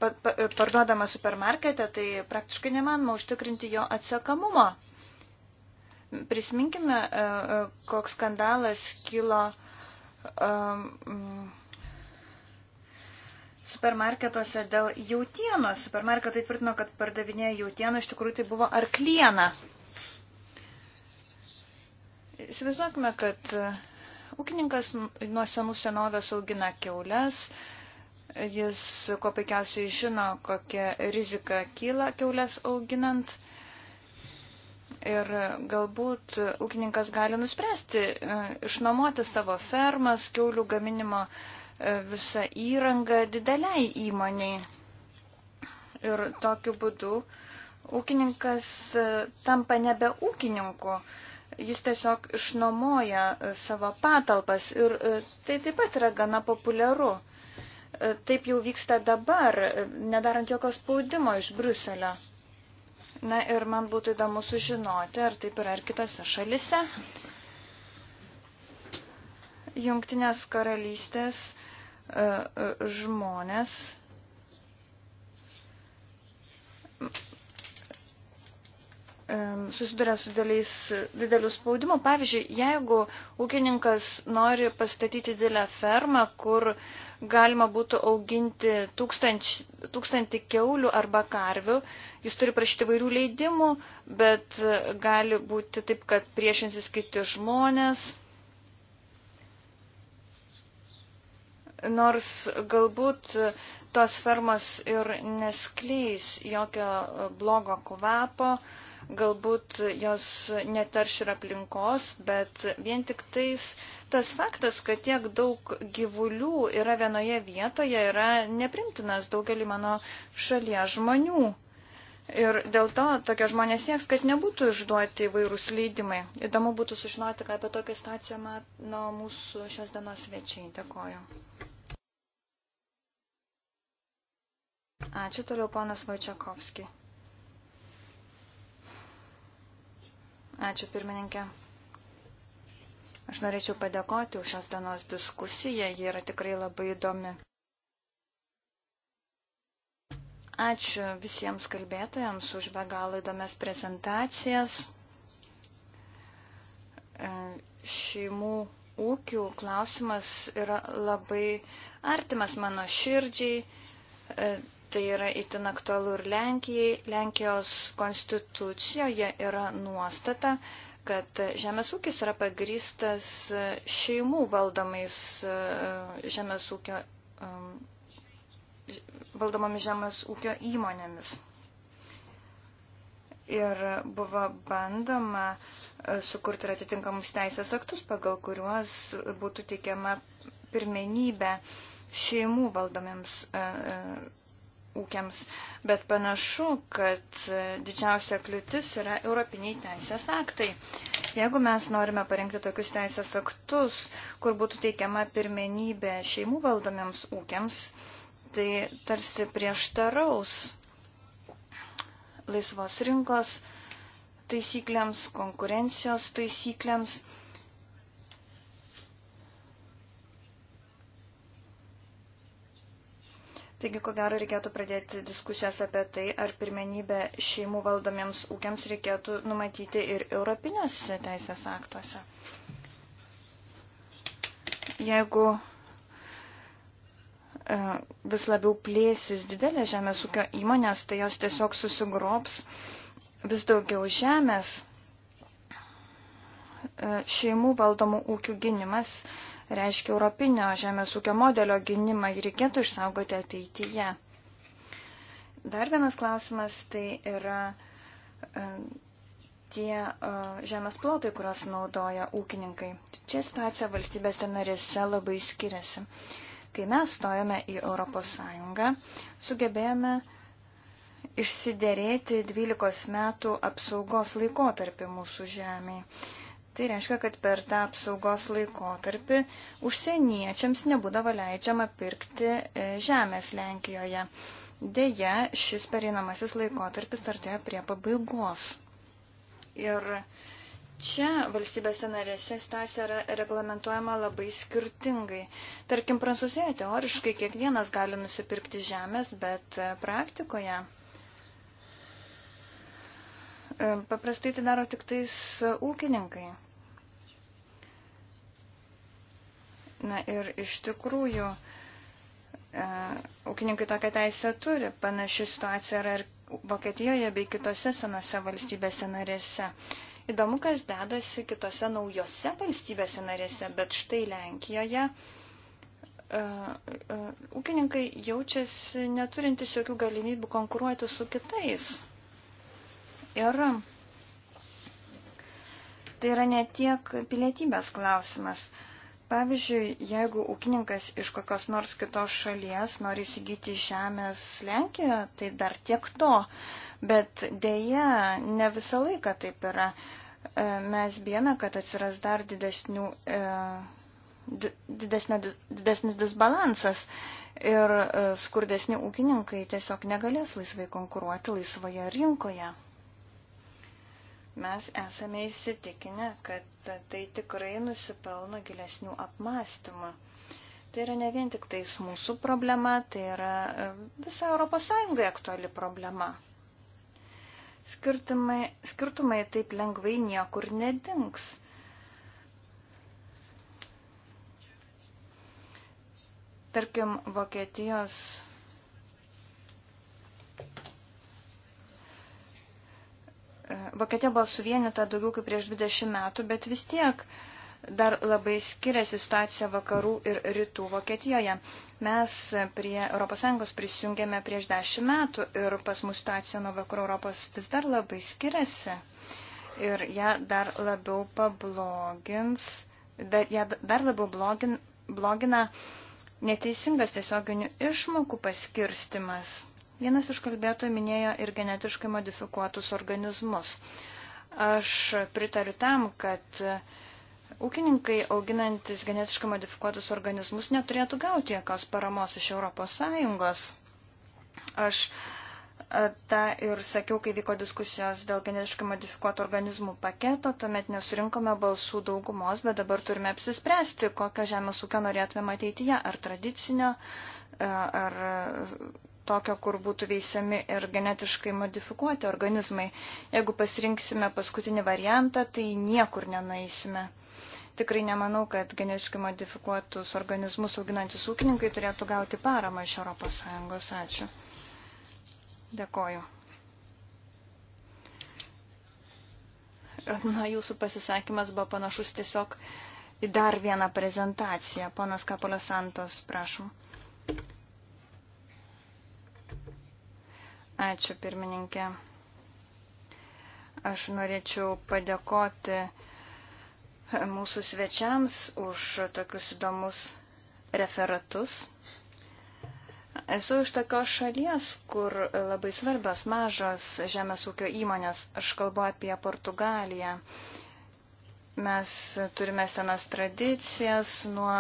pa, pa, parduodamas supermarkete, tai praktiškai nemanoma užtikrinti jo atsiekamumo. Prisiminkime, e, e, koks skandalas kilo um, supermarketuose dėl jautienos. Supermarketai tvirtino, kad pardavinėja jautieną, iš tikrųjų tai buvo arklieną. Įsivaizduokime, kad uh, Ūkininkas nuo senų senovės augina keulės, jis ko puikiausiai žino, kokia rizika kyla keulės auginant. Ir galbūt ūkininkas gali nuspręsti e, išnuomoti savo fermas, keulių gaminimo e, visą įrangą dideliai įmoniai. Ir tokiu būdu ūkininkas e, tampa nebe ūkininku, jis tiesiog išnuomoja e, savo patalpas ir e, tai taip pat yra gana populiaru. E, taip jau vyksta dabar, nedarant jokios spaudimo iš Bruselio. Na ir man būtų įdomu sužinoti, ar taip yra ir kitose šalise. Jungtinės karalystės žmonės susiduria su dėliais, dideliu spaudimu. Pavyzdžiui, jeigu ūkininkas nori pastatyti didelę fermą, kur galima būtų auginti tūkstanč, tūkstantį keulių arba karvių, jis turi prašyti vairių leidimų, bet gali būti taip, kad priešinsis kiti žmonės. Nors galbūt tos fermos ir neskleis jokio blogo kvapo, uh, galbūt jos netarš ir aplinkos, bet vien tik tais tas faktas, kad tiek daug gyvulių yra vienoje vietoje, yra neprimtinas daugelį mano šalies žmonių. Ir dėl to tokie žmonės sieks, kad nebūtų išduoti vairūs leidimai. Įdomu būtų sužinoti, ką apie tokią situaciją mano mūsų šios dienos svečiai. Dėkoju. Ačiū toliau, ponas Vaičiakovski. Ačiū pirmininkė. Aš norėčiau padėkoti už šios dienos diskusiją, ji yra tikrai labai įdomi. Ačiū visiems kalbėtojams už be galo įdomias prezentacijas. E, šeimų ūkių klausimas yra labai artimas mano širdžiai e, Tai yra itin aktualu ir Lenkijai. Lenkijos konstitucijoje yra nuostata, kad žemės ūkis yra pagrystas šeimų valdomais e, žemės ūkio, e, valdomomis žemės ūkio įmonėmis. Ir buvo bandoma e, sukurti ir atitinkamus teisės aktus, pagal kuriuos būtų teikiama pirmenybė šeimų valdomiems ūkiams, bet panašu, kad didžiausia kliūtis yra europiniai teisės aktai. Jeigu mes norime parengti tokius teisės aktus, kur būtų teikiama pirmenybė šeimų valdomiems ūkiams, tai tarsi prieštaraus laisvos rinkos taisyklėms, konkurencijos taisyklėms. Taigi, ko gero, reikėtų pradėti diskusijas apie tai, ar pirmenybę šeimų valdomiems ūkiams reikėtų numatyti ir europiniuose teisės aktuose. Jeigu e, vis labiau plėsis didelės žemės ūkio įmonės, tai jos tiesiog susigrops vis daugiau žemės. E, šeimų valdomų ūkių gynimas reiškia europinio žemės ūkio modelio gynimą ir reikėtų išsaugoti ateityje. Dar vienas klausimas tai yra e, tie e, žemės plotai, kuriuos naudoja ūkininkai. Čia situacija valstybėse narėse labai skiriasi. Kai mes stojame į Europos Sąjungą, sugebėjome išsiderėti 12 metų apsaugos laikotarpį mūsų žemėje. Tai reiškia, kad per tą apsaugos laikotarpį užsieniečiams nebūdavo leidžiama pirkti e, žemės Lenkijoje. Deja, šis pereinamasis laikotarpis artėja prie pabaigos. Ir čia valstybėse narėse situacija yra reglamentuojama labai skirtingai. Tarkim, Prancūzijoje teoriškai kiekvienas gali nusipirkti žemės, bet e, praktikoje e, paprastai tai daro tik tais ūkininkai. Na ir iš tikrųjų, e, ūkininkai tokią teisę turi. Panaši situacija yra ir Vokietijoje bei kitose senose valstybėse narėse. Įdomu, kas dedasi kitose naujose valstybėse narėse, bet štai Lenkijoje e, e, ūkininkai jaučiasi neturintis jokių galimybių konkuruoti su kitais. Ir tai yra ne tiek pilietybės klausimas. Uh, Pavyzdžiui, jeigu ūkininkas iš kokios nors kitos šalies nori įsigyti žemės Lenkijoje, tai dar tiek to. Bet dėja, ne visą laiką taip yra. E, mes bijome, kad atsiras dar didesnių, e, didesnio, didesnis disbalansas ir e, skurdesni ūkininkai tiesiog negalės laisvai konkuruoti laisvoje rinkoje. Mes esame įsitikinę, kad tai tikrai nusipelno gilesnių apmąstymų. Tai yra ne vien tik tais mūsų problema, tai yra e, visa ES aktuali problema. Skirtumai, skirtumai taip lengvai niekur nedings. Tarkim, Vokietijos Vokietija buvo suvienita daugiau kaip prieš 20 metų, bet vis tiek dar labai skiriasi situacija vakarų ir rytų Vokietijoje. Mes prie ES prisijungėme prieš 10 metų ir pas mūsų situacija nuo vakarų Europos vis dar labai skiriasi. Ir ją dar labiau pablogins, dar, ją dar labiau blogin, blogina neteisingas tiesioginių išmokų paskirstimas. Vienas iš kalbėtojų minėjo ir genetiškai modifikuotus organizmus. Aš pritariu tam, kad ūkininkai auginantis genetiškai modifikuotus organizmus neturėtų gauti jokios paramos iš ES. Aš e, tą ir sakiau, kai vyko diskusijos dėl genetiškai modifikuotų organizmų paketo, tuomet nesurinkome balsų daugumos, bet dabar turime apsispręsti, kokią žemės ūkio norėtume ateityje, ar tradicinio, e, ar tokio, kur būtų veisiami ir genetiškai modifikuoti organizmai. Jeigu pasirinksime paskutinį variantą, tai niekur nenaisime. Tikrai nemanau, kad genetiškai modifikuotus organizmus auginantis ūkininkai turėtų gauti paramą iš ES. Ačiū. Dėkoju. Na, jūsų pasisakymas buvo panašus tiesiog į dar vieną prezentaciją. Ponas Kapolės Santos, prašom. Ačiū pirmininkė. Aš norėčiau padėkoti mūsų svečiams už tokius įdomus referatus. Esu iš tokios šalies, kur labai svarbios mažos žemės ūkio įmonės. Aš kalbu apie Portugaliją. Mes turime senas tradicijas nuo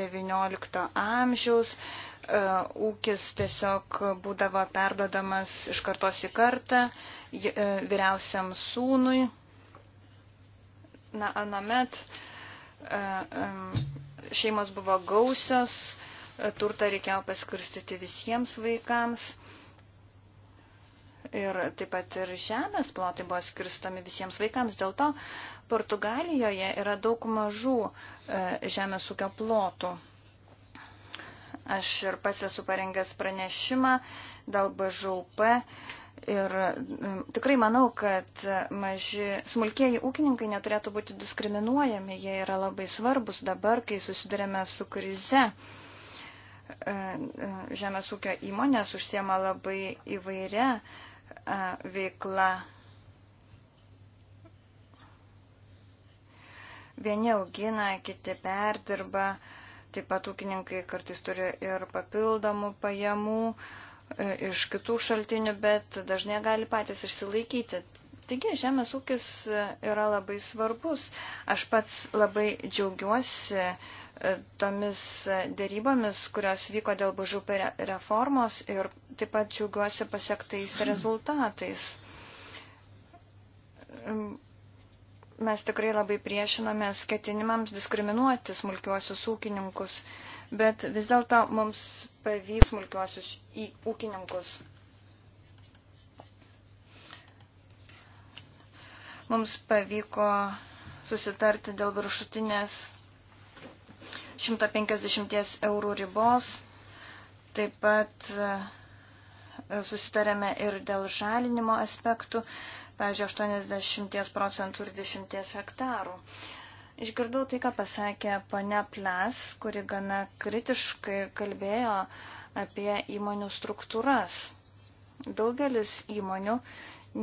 XIX amžiaus. E, ūkis tiesiog būdavo perdodamas iš kartos į kartą e, vyriausiam sūnui. Na, anomet e, šeimos buvo gausios, turtą reikėjo paskirstyti visiems vaikams. Ir taip pat ir žemės plotai buvo skirstomi visiems vaikams. Dėl to Portugalijoje yra daug mažų žemės ūkio plotų. Aš ir pas esu parengęs pranešimą dėl BŽUP. Ir tikrai manau, kad maži, smulkieji ūkininkai neturėtų būti diskriminuojami, jie yra labai svarbus dabar, kai susidurėme su krize. E, e, žemės ūkio įmonės užsiema labai įvairia e, veikla. Vieni augina, kiti perdirba. Uh, Taip pat ūkininkai kartais turi ir papildomų pajamų e, iš kitų šaltinių, bet dažnai gali patys išsilaikyti. Taigi žemės ūkis e, yra labai svarbus. Aš pats labai džiaugiuosi e, tomis dėrybomis, kurios vyko dėl bužupė reformos ir taip pat džiaugiuosi pasiektais rezultatais mes tikrai labai priešinamės ketinimams diskriminuoti smulkiuosius ūkininkus, bet vis dėlto mums pavyks smulkiuosius ūkininkus. Mums pavyko susitarti dėl viršutinės 150 eurų ribos, taip pat e, susitarėme ir dėl žalinimo aspektų, pavyzdžiui, 80 procentų ir 10 hektarų. Išgirdau tai, ką pasakė ponia Ples, kuri gana kritiškai kalbėjo apie įmonių struktūras. Daugelis įmonių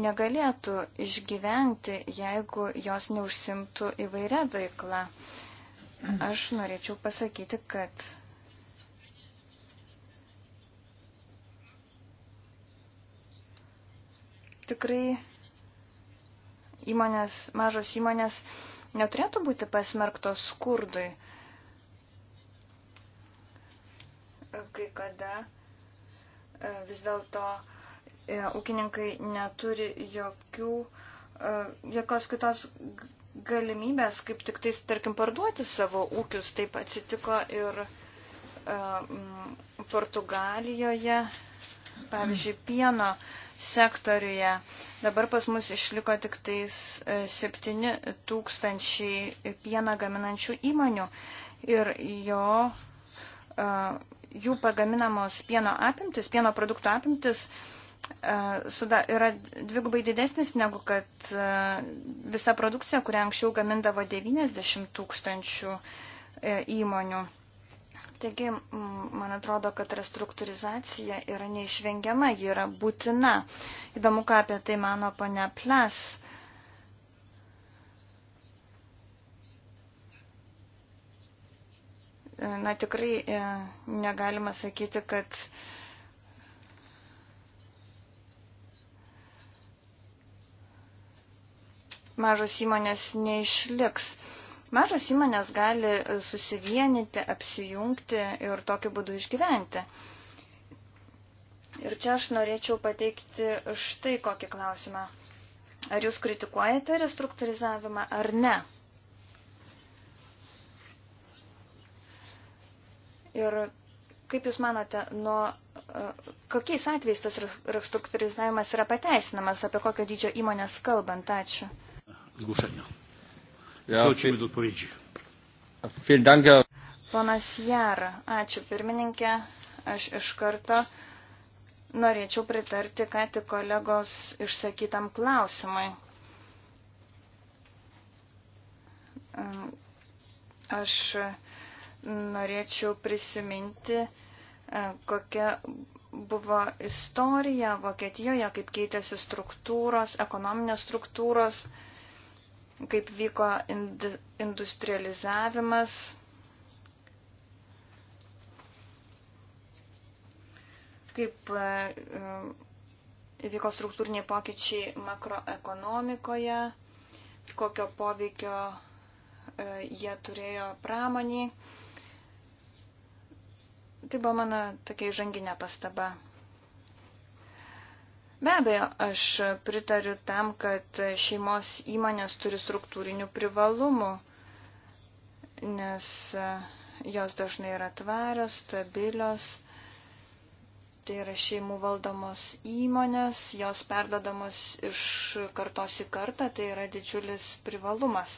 negalėtų išgyventi, jeigu jos neužsimtų įvairią veiklą. Aš norėčiau pasakyti, kad tikrai įmonės, mažos įmonės neturėtų būti pasmerktos skurdui. Kai kada e, vis dėlto e, ūkininkai neturi jokių, e, jokios kitos galimybės, kaip tik tais, tarkim, parduoti savo ūkius. Taip atsitiko ir Portugalijoje, pavyzdžiui, pieno sektoriuje. Dabar pas mus išliko tik tais 7 e, tūkstančiai pieną gaminančių įmonių ir jo, e, jų pagaminamos pieno apimtis, pieno produktų apimtis e, yra dvigubai didesnis negu kad visa produkcija, kurią anksčiau gamindavo 90 tūkstančių įmonių. Taigi, man atrodo, kad restruktūrizacija yra neišvengiama, ji yra būtina. Įdomu, ką apie tai mano pane Ples. Na, tikrai e, negalima sakyti, kad mažos įmonės neišliks. Mažos įmonės gali susivienyti, apsijungti ir tokiu būdu išgyventi. Ir čia aš norėčiau pateikti štai kokį klausimą. Ar jūs kritikuojate restruktūrizavimą ar ne? Ir kaip Jūs manote, nuo e, kokiais atvejais tas restruktūrizavimas yra pateisinamas, apie kokio dydžio įmonės kalbant? Ačiū. Zgušenio. Zočime do odpowiedzi. Ponas Jara, ačiū pirmininkė. Aš iš karto norėčiau pritarti, ką tik kolegos išsakytam klausimui. Aš norėčiau prisiminti, e, kokia buvo istorija Vokietijoje, kaip keitėsi struktūros, ekonominės struktūros. struktūros kaip vyko industrializavimas. kaip e, e, įvyko struktūriniai pokyčiai makroekonomikoje, kokio poveikio e, jie turėjo pramoniai. Tai buvo mano tokia įžanginė pastaba. Be abejo, aš pritariu tam, kad šeimos įmonės turi struktūrinių privalumų, nes jos dažnai yra tvarios, stabilios, tai yra šeimų valdomos įmonės, jos perdodamos iš kartos į kartą, tai yra didžiulis privalumas.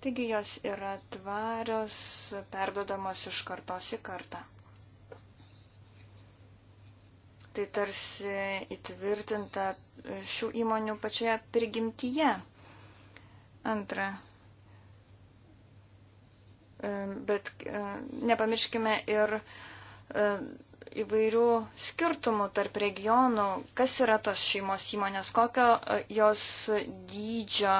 Taigi jos yra tvarios, perdodamos iš kartos į kartą tai tarsi įtvirtinta šių įmonių pačioje prigimtyje. Antra. Bet nepamirškime ir įvairių skirtumų tarp regionų, kas yra tos šeimos įmonės, kokio e, jos dydžio,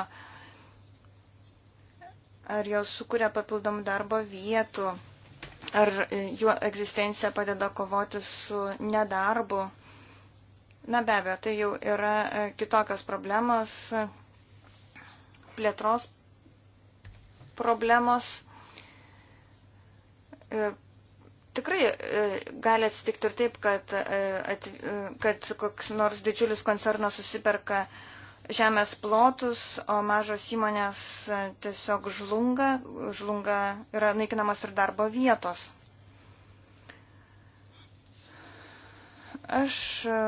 ar jos sukuria papildomų darbo vietų ar e, juo egzistencija padeda kovoti su nedarbu. Na be abejo, tai jau yra e, kitokios problemos, plėtros problemos. E, tikrai gali atsitikti ir taip, kad, kad koks nors didžiulis koncernas susiperka uh, žemės plotus, o mažos įmonės tiesiog žlunga, žlunga yra naikinamas ir darbo vietos. Aš e,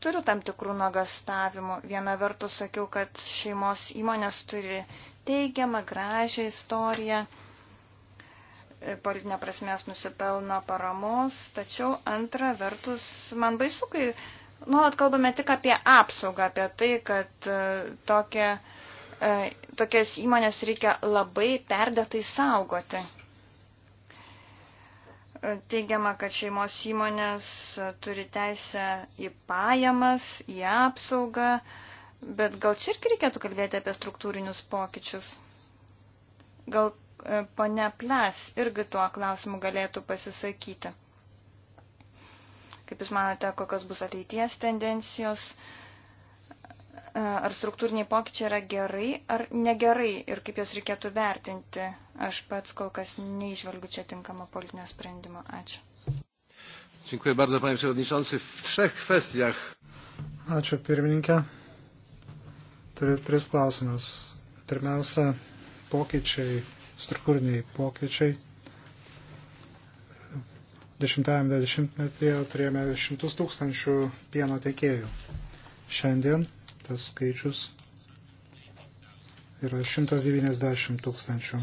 turiu tam tikrų nagastavimų. Viena vertus sakiau, kad šeimos įmonės turi teigiamą, gražią istoriją, e, politinė prasmės nusipelno paramos, tačiau antra vertus man baisu, kai nuolat kalbame tik apie apsaugą, apie tai, kad e, tokie, tokias įmonės reikia labai perdėtai saugoti. E, teigiama, kad šeimos įmonės e, turi teisę į pajamas, į apsaugą, bet gal čia irgi reikėtų kalbėti apie struktūrinius pokyčius. Gal ponia Ples irgi tuo klausimu galėtų pasisakyti. Kaip Jūs manote, kokios bus ateities tendencijos? E, ar struktūriniai pokyčiai yra gerai ar negerai ir kaip jos reikėtų vertinti? Aš pats kol kas neižvelgiu čia tinkamą politinę sprendimą. Ačiū. Dziękuję bardzo, panie przewodniczący. W trzech kwestiach. Ačiū, pirmininkė. Turiu tris klausimus. Pirmiausia, pokyčiai, struktūriniai pokyčiai 10-metyje turėjome šimtus tūkstančių pieno tiekėjų. Šiandien tas skaičius yra 190 tūkstančių.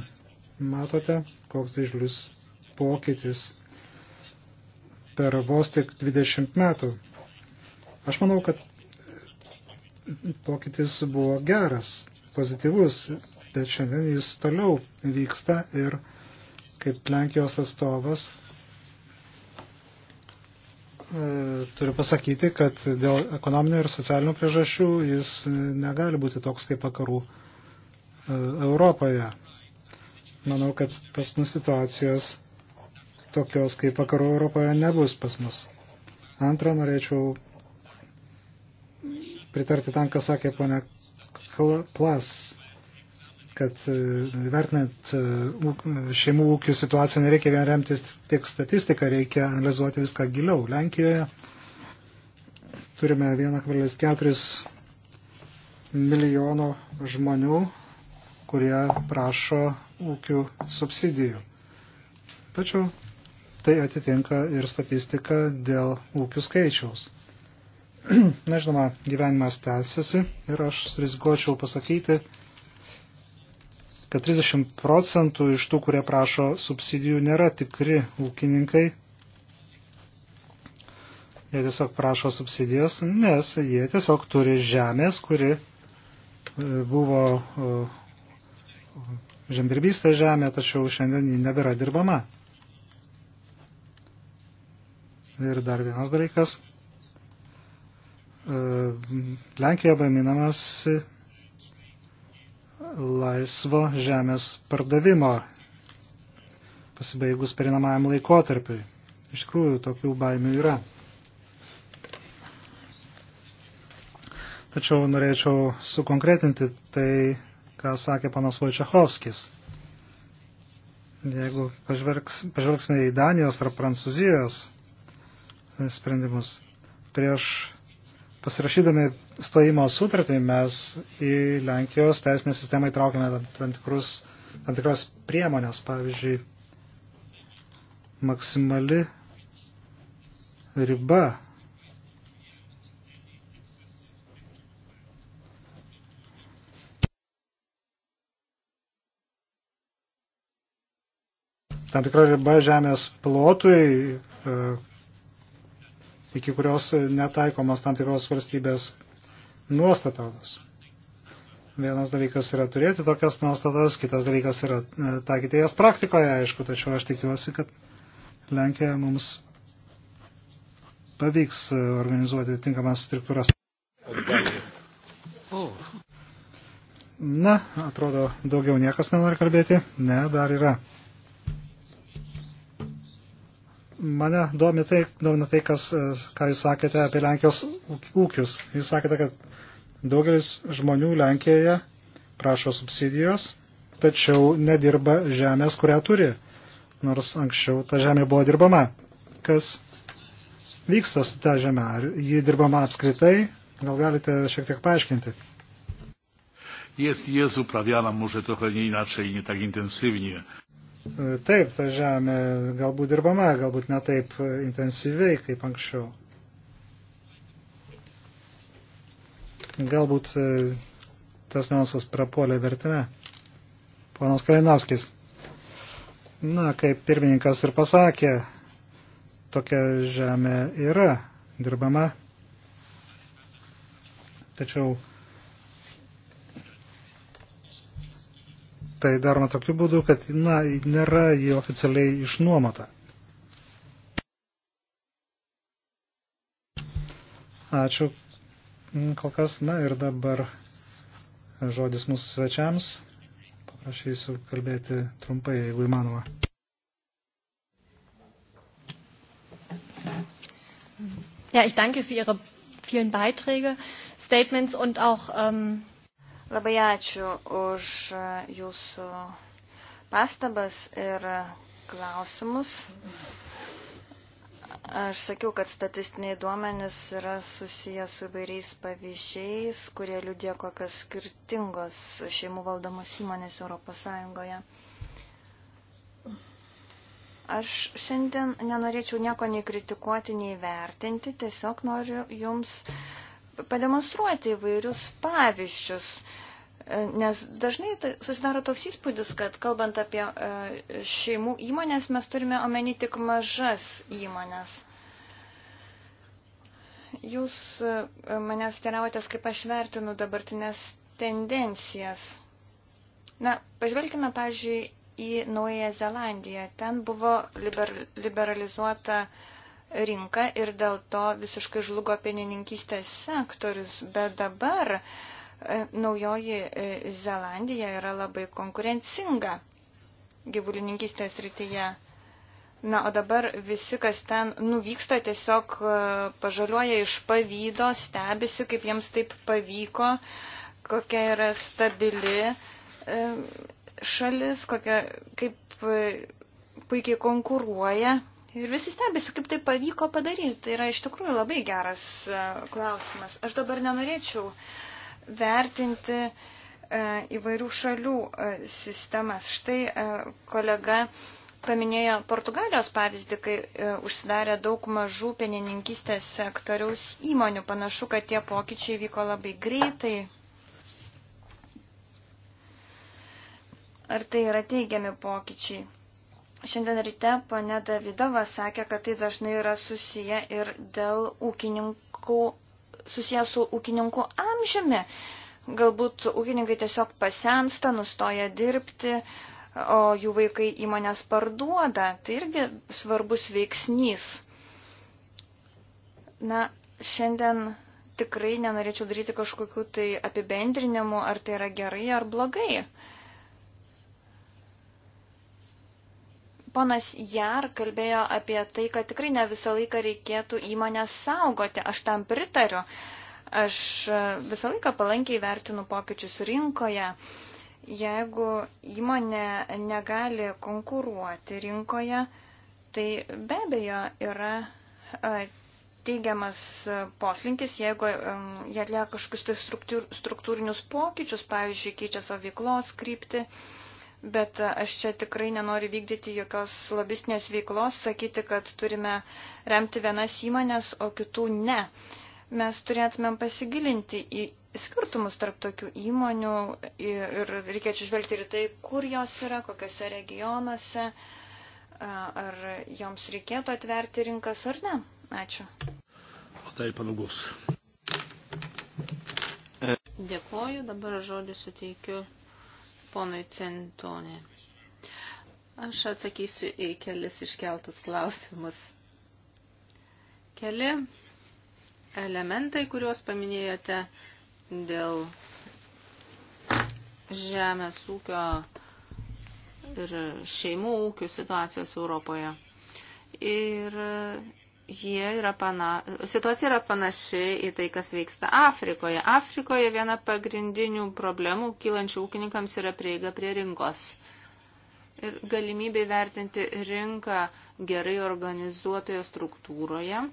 Matote, koks didžiulis pokytis per vos tik 20 metų. Aš manau, kad pokytis buvo geras, pozityvus, bet šiandien jis toliau vyksta ir kaip Lenkijos atstovas E, turiu pasakyti, kad dėl ekonominių ir socialinių priežasčių jis negali būti toks kaip vakarų e, Europoje. Manau, kad pas mus situacijos tokios kaip vakarų Europoje nebus pas mus. Antra, norėčiau pritarti tam, ką sakė ponia Plas kad e, vertinant e, šeimų ūkių situaciją nereikia vien remtis tik statistiką, reikia analizuoti viską giliau. Lenkijoje turime 1,4 milijono žmonių, kurie prašo ūkių subsidijų. Tačiau tai atitinka ir statistika dėl ūkių skaičiaus. Na, žinoma, gyvenimas tęsiasi ir aš rizikuočiau pasakyti, kad 30 procentų iš tų, kurie prašo subsidijų, nėra tikri ūkininkai. Jie tiesiog prašo subsidijos, nes jie tiesiog turi žemės, kuri e, buvo e, žemdirbystė žemė, tačiau šiandien ji nebėra dirbama. Ir dar vienas dalykas. E, Lenkijoje gaminamas laisvo žemės pardavimo pasibaigus perinamajam laikotarpiui. Iš tikrųjų, tokių baimių yra. Tačiau norėčiau sukonkretinti tai, ką sakė panas Vojčiachovskis. Jeigu pažvelgs, pažvelgsime į Danijos ar Prancūzijos sprendimus, prieš Pasirašydami stojimo sutartį mes į Lenkijos teisinę sistemą įtraukėme tam, tikrus, tam tikras priemonės, pavyzdžiui, maksimali riba tam tikra riba žemės plotui, e, iki kurios netaikomas tam tikros valstybės nuostatos. Vienas dalykas yra turėti tokias nuostatas, kitas dalykas yra e, taikyti jas praktikoje, aišku, tačiau aš tikiuosi, kad Lenkija mums pavyks e, organizuoti tinkamas struktūras. Na, atrodo, daugiau niekas nenori kalbėti. Ne, dar yra. Mane domina tai, domina tai kas, e, ką jūs sakėte apie Lenkijos ūkius. Jūs sakėte, kad daugelis žmonių Lenkijoje prašo subsidijos, tačiau nedirba žemės, kurią turi, nors anksčiau ta žemė buvo dirbama. Kas vyksta su ta žemė? Ar ji dirbama apskritai? Gal galite šiek tiek paaiškinti? Jest, jest uprawiana może trochę nie inaczej, nie tak intensywnie. Taip, ta žemė galbūt dirbama, galbūt ne taip intensyviai kaip anksčiau. Galbūt e, tas niuansas prapolė vertime. Ponas Kalinovskis. Na, kaip pirmininkas ir pasakė, tokia žemė yra dirbama. Tačiau tai daroma tokiu būdu, kad na, nėra jį oficialiai išnuomota. Ačiū kol kas. Na ir dabar žodis mūsų svečiams. Paprašysiu kalbėti trumpai, jeigu įmanoma. Ja, ich danke für Ihre vielen Beiträge, Statements und auch ähm, Labai ačiū už jūsų pastabas ir klausimus. Aš sakiau, kad statistiniai duomenys yra susijęs su vairiais pavyzdžiais, kurie liudė kokias skirtingos šeimų valdomos įmonės Europos Sąjungoje. Aš šiandien nenorėčiau nieko nei kritikuoti, nei vertinti, tiesiog noriu jums uh, pademonstruoti įvairius pavyzdžius, e, nes dažnai tai susidaro toks įspūdis, kad kalbant apie e, šeimų įmonės, mes turime omeny tik mažas įmonės. Jūs e, manęs teravotės, kaip aš vertinu dabartinės tendencijas. Na, pažvelkime, pažiūrėjau, į Naująją Zelandiją. Ten buvo liber, liberalizuota uh, rinka ir dėl to visiškai žlugo pienininkystės sektorius, bet dabar e, naujoji e, Zelandija yra labai konkurencinga gyvulininkystės rytyje. Na, o dabar visi, kas ten nuvyksta, tiesiog e, pažaliuoja iš pavydo, stebisi, kaip jiems taip pavyko, kokia yra stabili šalis, kokia, kaip puikiai konkuruoja Ir visi stebėsi, kaip tai pavyko padaryti. Tai yra iš tikrųjų labai geras e, klausimas. Aš dabar nenorėčiau vertinti e, įvairių šalių e, sistemas. Štai kolega paminėjo Portugalijos pavyzdį, kai užsidarė daug mažų pienininkistės sektoriaus įmonių. Panašu, kad tie pokyčiai vyko labai greitai. Ar tai yra teigiami pokyčiai? Šiandien ryte pane Davidova sakė, kad tai dažnai yra susiję ir dėl ūkininkų, susiję su ūkininkų amžiumi. Galbūt ūkininkai tiesiog pasensta, nustoja dirbti, o jų vaikai įmonės parduoda. Tai irgi svarbus veiksnys. Na, šiandien tikrai nenorėčiau daryti kažkokių tai apibendrinimų, ar tai yra gerai ar blogai. Uh, Ponas Jar kalbėjo apie tai, kad tikrai ne visą laiką reikėtų įmonės saugoti. Aš tam pritariu. Aš e, visą laiką palankiai vertinu pokyčius rinkoje. Jeigu įmonė negali konkuruoti rinkoje, tai be abejo yra e, teigiamas poslinkis, jeigu jie atlieka kažkokius tai struktūrinius pokyčius, pavyzdžiui, keičia savo veiklos krypti. Uh, Bet aš čia tikrai nenoriu vykdyti jokios lobistinės veiklos, sakyti, kad turime remti vienas įmonės, o kitų ne. Mes turėtumėm pasigilinti į skirtumus tarp tokių įmonių ir reikėtų žvelgti ir tai, kur jos yra, kokiuose regionuose, ar joms reikėtų atverti rinkas ar ne. Ačiū. Tai panagus. Dėkoju, dabar žodį suteikiu ponui Centonė. Aš atsakysiu į kelis iškeltus klausimus. Keli elementai, kuriuos paminėjote dėl žemės ūkio ir šeimų ūkių situacijos Europoje. Ir jie yra pana, situacija yra panaši į tai, kas vyksta Afrikoje. Afrikoje viena pagrindinių problemų kylančių ūkininkams yra prieiga prie rinkos. Ir galimybė vertinti rinką gerai organizuotoje struktūroje.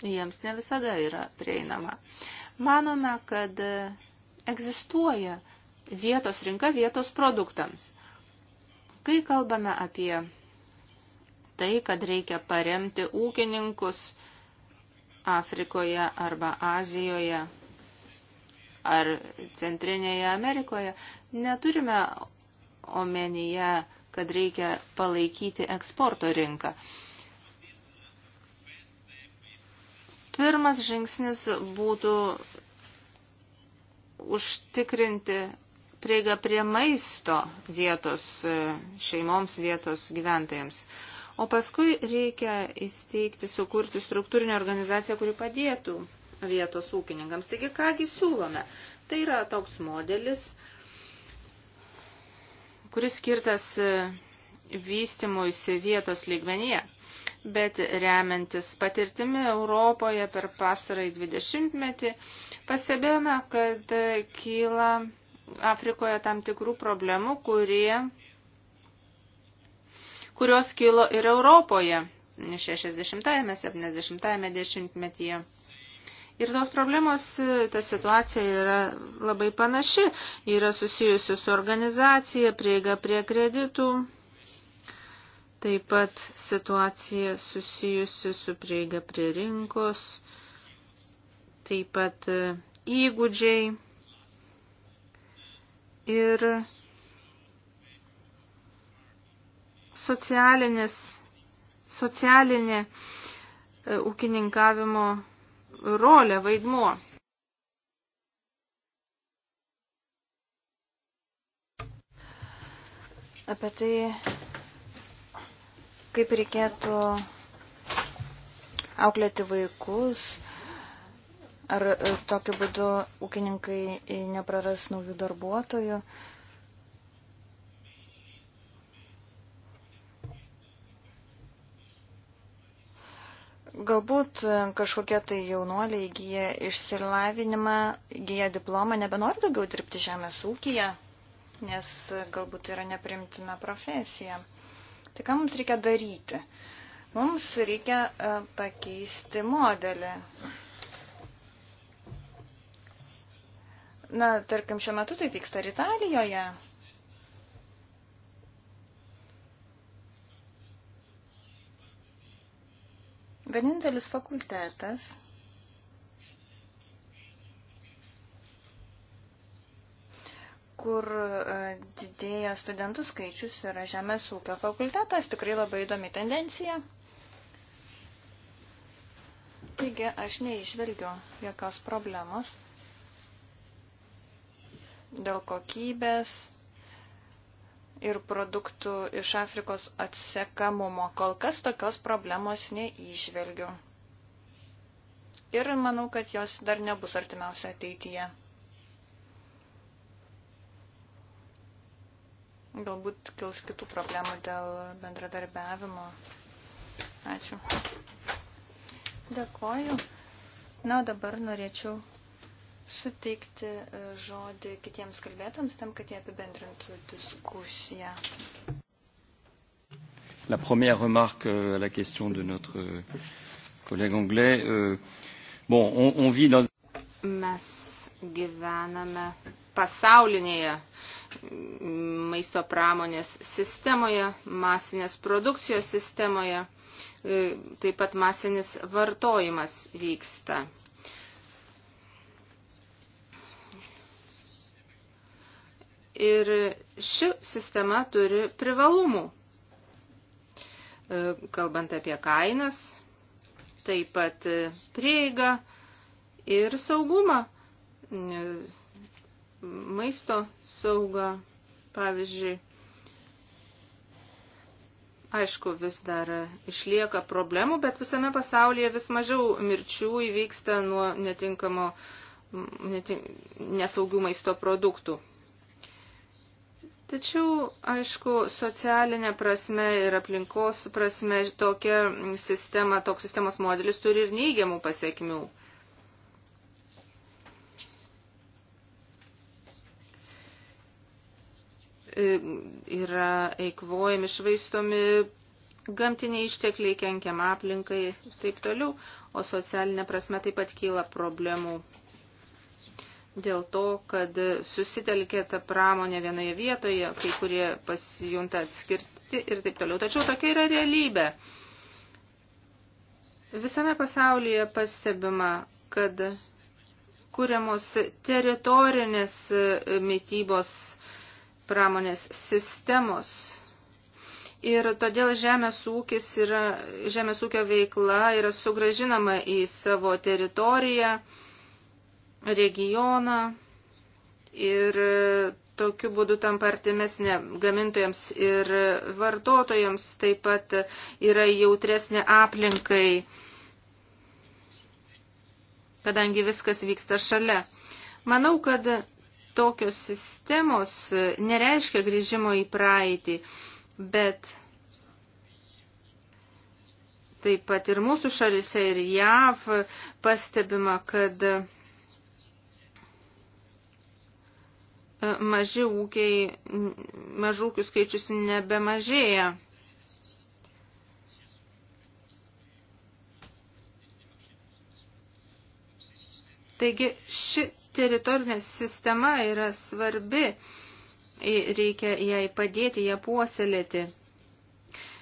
Jiems ne visada yra prieinama. Manome, kad egzistuoja vietos rinka vietos produktams. Kai kalbame apie tai, kad reikia paremti ūkininkus Afrikoje arba Azijoje ar Centrinėje Amerikoje. Neturime omenyje, kad reikia palaikyti eksporto rinką. Pirmas žingsnis būtų užtikrinti prieigą prie maisto vietos šeimoms, vietos gyventojams. O paskui reikia įsteigti, sukurti struktūrinę organizaciją, kuri padėtų vietos ūkininkams. Taigi, kągi siūlome? Tai yra toks modelis, kuris skirtas vystimuisi vietos lygmenyje, bet remiantis patirtimi Europoje per pastarąjį 20 metį, pastebėjome, kad kyla Afrikoje tam tikrų problemų, kurie kurios kilo ir Europoje 60-70-ame dešimtmetyje. Ir tos problemos, ta situacija yra labai panaši, yra susijusi su organizacija, prieiga prie kreditų, taip pat situacija susijusi su prieiga prie rinkos, taip pat e, įgūdžiai ir socialinis, socialinė e, ūkininkavimo rolė, vaidmuo. Apie tai, kaip reikėtų auklėti vaikus, ar e, tokiu būdu ūkininkai nepraras naujų darbuotojų. Galbūt e, kažkokie tai jaunuoliai įgyja išsilavinimą, įgyja diplomą, nebenori daugiau dirbti žemės ūkyje, nes e, galbūt tai yra neprimtina profesija. Tai ką mums reikia daryti? Mums reikia e, pakeisti modelį. Na, tarkim, šiuo metu tai vyksta ir Italijoje. Vienintelis fakultetas, kur e, didėja studentų skaičius, yra Žemės ūkio fakultetas. Tikrai labai įdomi tendencija. Taigi aš neišvelgiu jokios problemos dėl kokybės, ir produktų iš Afrikos atsekamumo. Kol kas tokios problemos neižvelgiu. Ir manau, kad jos dar nebus artimiausia ateityje. Galbūt kils kitų problemų dėl bendradarbiavimo. Ačiū. Dėkoju. Na, o dabar norėčiau suteikti e, žodį kitiems kalbėtams, tam, kad jie apibendrintų diskusiją. La première remarque euh, à la question de notre euh, collègue anglais. Euh, bon, on, on vit dans... Mes gyvename pasaulinėje maisto pramonės sistemoje, masinės produkcijos sistemoje, e, taip pat masinis vartojimas vyksta. Ir ši sistema turi privalumų. E, kalbant apie kainas, taip pat e, prieigą ir saugumą, e, maisto saugą, pavyzdžiui. Aišku, vis dar išlieka problemų, bet visame pasaulyje vis mažiau mirčių įvyksta nuo netinkamo, netink, nesaugių maisto produktų. Tačiau, aišku, socialinė prasme ir aplinkos prasme tokia sistema, toks sistemos modelis turi ir neigiamų pasiekmių. E, yra eikvojami, švaistomi gamtiniai ištekliai, kenkiam aplinkai ir taip toliau, o socialinė prasme taip pat kyla problemų dėl to, kad susitelkė ta pramonė vienoje vietoje, kai kurie pasijunta atskirti ir taip toliau. Tačiau tokia yra realybė. Visame pasaulyje pastebima, kad kūriamos teritorinės mytybos pramonės sistemos. Ir todėl žemės, ūkis yra, žemės ūkio veikla yra sugražinama į savo teritoriją regioną ir tokiu būdu tampa artimesnė gamintojams ir vartotojams, taip pat yra jautresnė aplinkai, kadangi viskas vyksta šalia. Manau, kad tokios sistemos nereiškia grįžimo į praeitį, bet taip pat ir mūsų šalise ir JAV pastebima, kad maži ūkiai, mažų ūkių skaičius nebemažėja. Taigi ši teritorinė sistema yra svarbi, reikia jai padėti, ją puoselėti.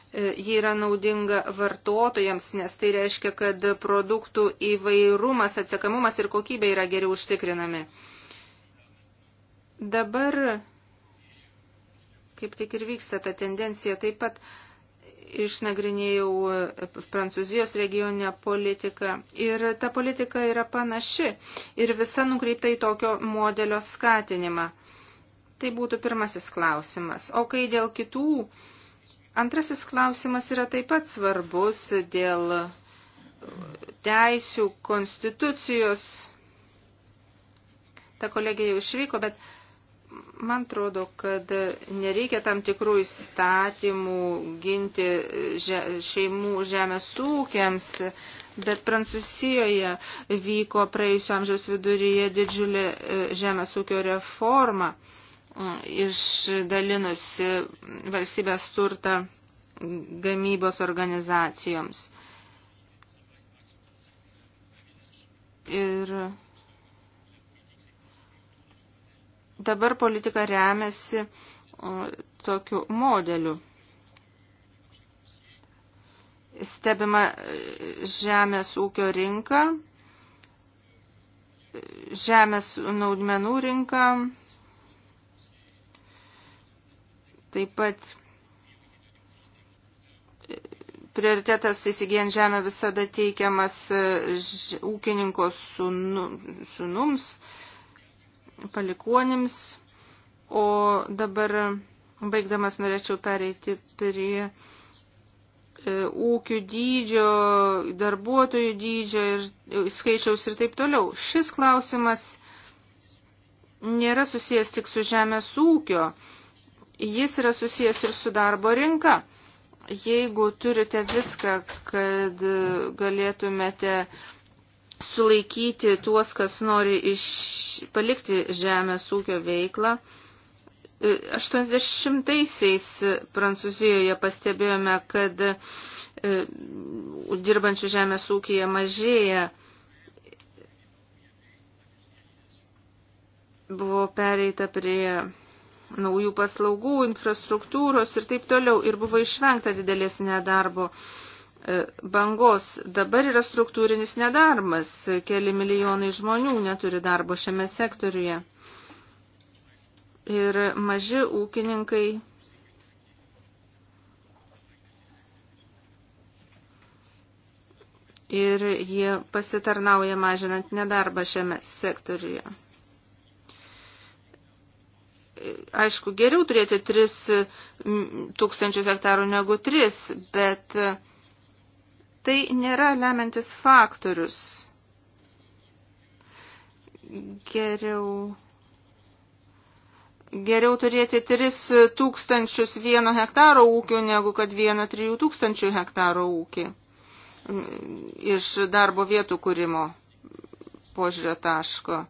E, ji yra naudinga vartotojams, nes tai reiškia, kad produktų įvairumas, atsekamumas ir kokybė yra geriau užtikrinami. Dabar kaip tik ir vyksta ta tendencija. Taip pat išnagrinėjau Prancūzijos regioninę politiką ir ta politika yra panaši ir visa nukreipta į tokio modelio skatinimą. Tai būtų pirmasis klausimas. O kai dėl kitų, antrasis klausimas yra taip pat svarbus dėl teisių, konstitucijos. Ta kolegija jau išvyko, bet Man atrodo, kad nereikia tam tikrų įstatymų ginti že, šeimų žemės ūkiams, bet Prancūzijoje vyko praėjusio amžiaus viduryje didžiulė e, žemės ūkio reforma, e, išdalinusi valstybės turtą gamybos organizacijoms. Ir dabar politika remiasi tokiu modeliu. Stebima e, žemės ūkio rinka, e, žemės naudmenų rinka, taip pat e, prioritetas įsigijant žemę visada teikiamas ūkininko sunu, sunums. Sūnums palikuonims. O dabar baigdamas norėčiau pereiti prie e, ūkių dydžio, darbuotojų dydžio ir e, skaičiaus ir taip toliau. Šis klausimas nėra susijęs tik su žemės ūkio, jis yra susijęs ir su darbo rinka. Jeigu turite viską, kad galėtumėte uh, sulaikyti tuos, kas nori iš, palikti žemės ūkio veiklą. 80-aisiais e, Prancūzijoje pastebėjome, kad e, dirbančių žemės ūkija mažėja. Buvo pereita prie naujų paslaugų, infrastruktūros ir taip toliau ir buvo išvengta didelės nedarbo. E, bangos. Dabar yra struktūrinis nedarbas, keli milijonai žmonių neturi darbo šiame sektoriuje. Ir maži ūkininkai ir jie pasitarnauja mažinant nedarbą šiame sektoriuje. Aišku, geriau turėti 3 tūkstančius hektarų negu 3, bet tai nėra lemiantis faktorius. Geriau. Geriau turėti 3 tūkstančius vieno hektaro ūkio, negu kad vieną 3 tūkstančių hektaro ūkį iš darbo vietų kūrimo požiūrio taško.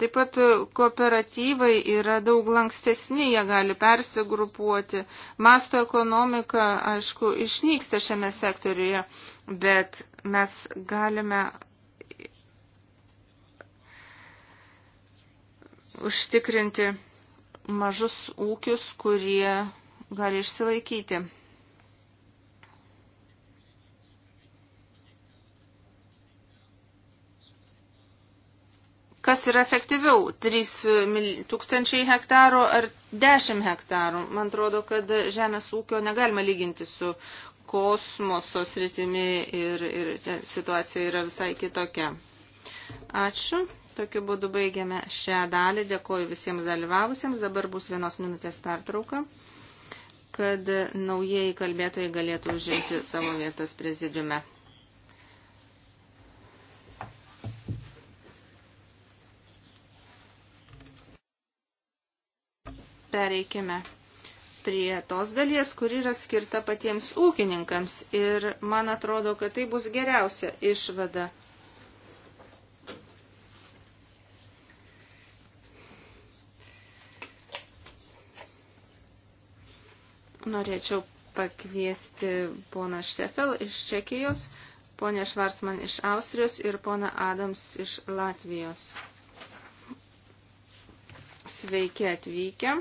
Taip pat e, kooperatyvai yra daug lankstesni, jie gali persigrupuoti. Masto ekonomika, aišku, išnyksta šiame sektoriuje, bet mes galime užtikrinti mažus ūkius, kurie gali išsilaikyti. Kas yra efektyviau, 3 tūkstančiai hektarų ar 10 hektarų? Man atrodo, kad žemės ūkio negalima lyginti su kosmoso sritimi ir, ir situacija yra visai kitokia. Ačiū. Tokiu būdu baigiame šią dalį. Dėkoju visiems dalyvavusiems. Dabar bus vienos minutės pertrauka, kad naujieji kalbėtojai galėtų užimti savo vietas prezidiume. pereikime prie tos dalies, kuri yra skirta patiems ūkininkams. Ir man atrodo, kad tai bus geriausia išvada. Norėčiau pakviesti poną Štefel iš Čekijos, ponę Švarsman iš Austrijos ir poną Adams iš Latvijos. Sveiki atvykę.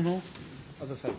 no, no. Other side.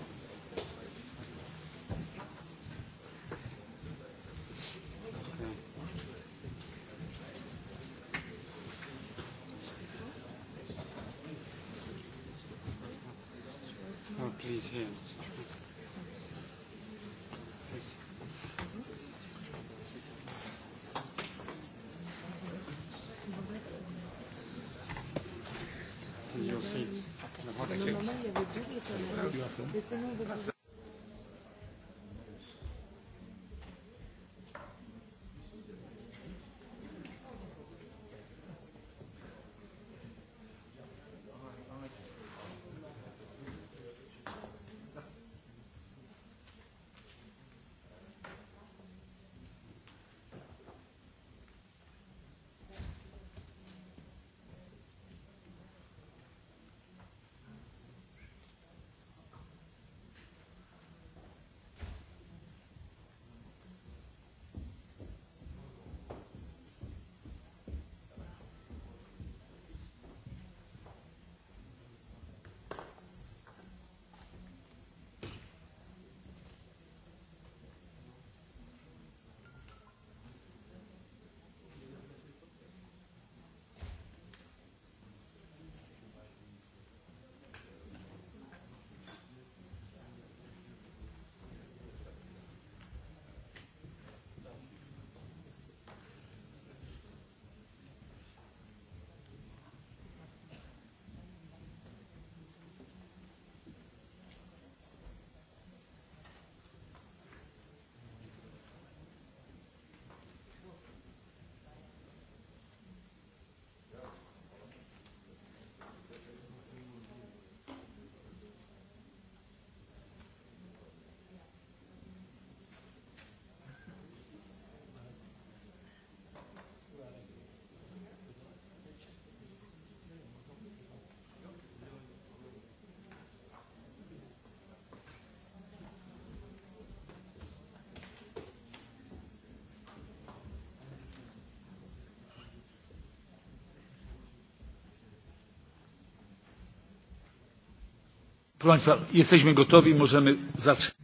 Proszę Państwa, jesteśmy gotowi, możemy zacząć.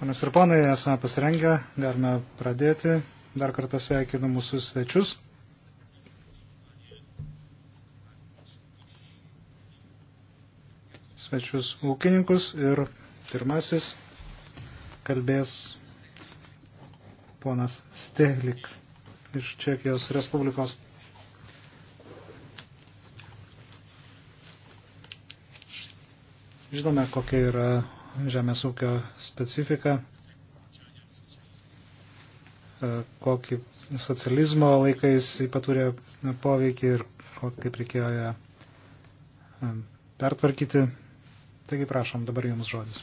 Panas ir ponai, esame pasirengę, galime pradėti. Dar kartą sveikinu mūsų svečius. Svečius ūkininkus ir pirmasis kalbės ponas Stehlik iš Čekijos Respublikos. Žinome, kokia yra žemės ūkio specifika, e, kokį socializmo laikais patūrė poveikį ir kaip reikėjo ją e, pertvarkyti. Taigi prašom, dabar jums žodis.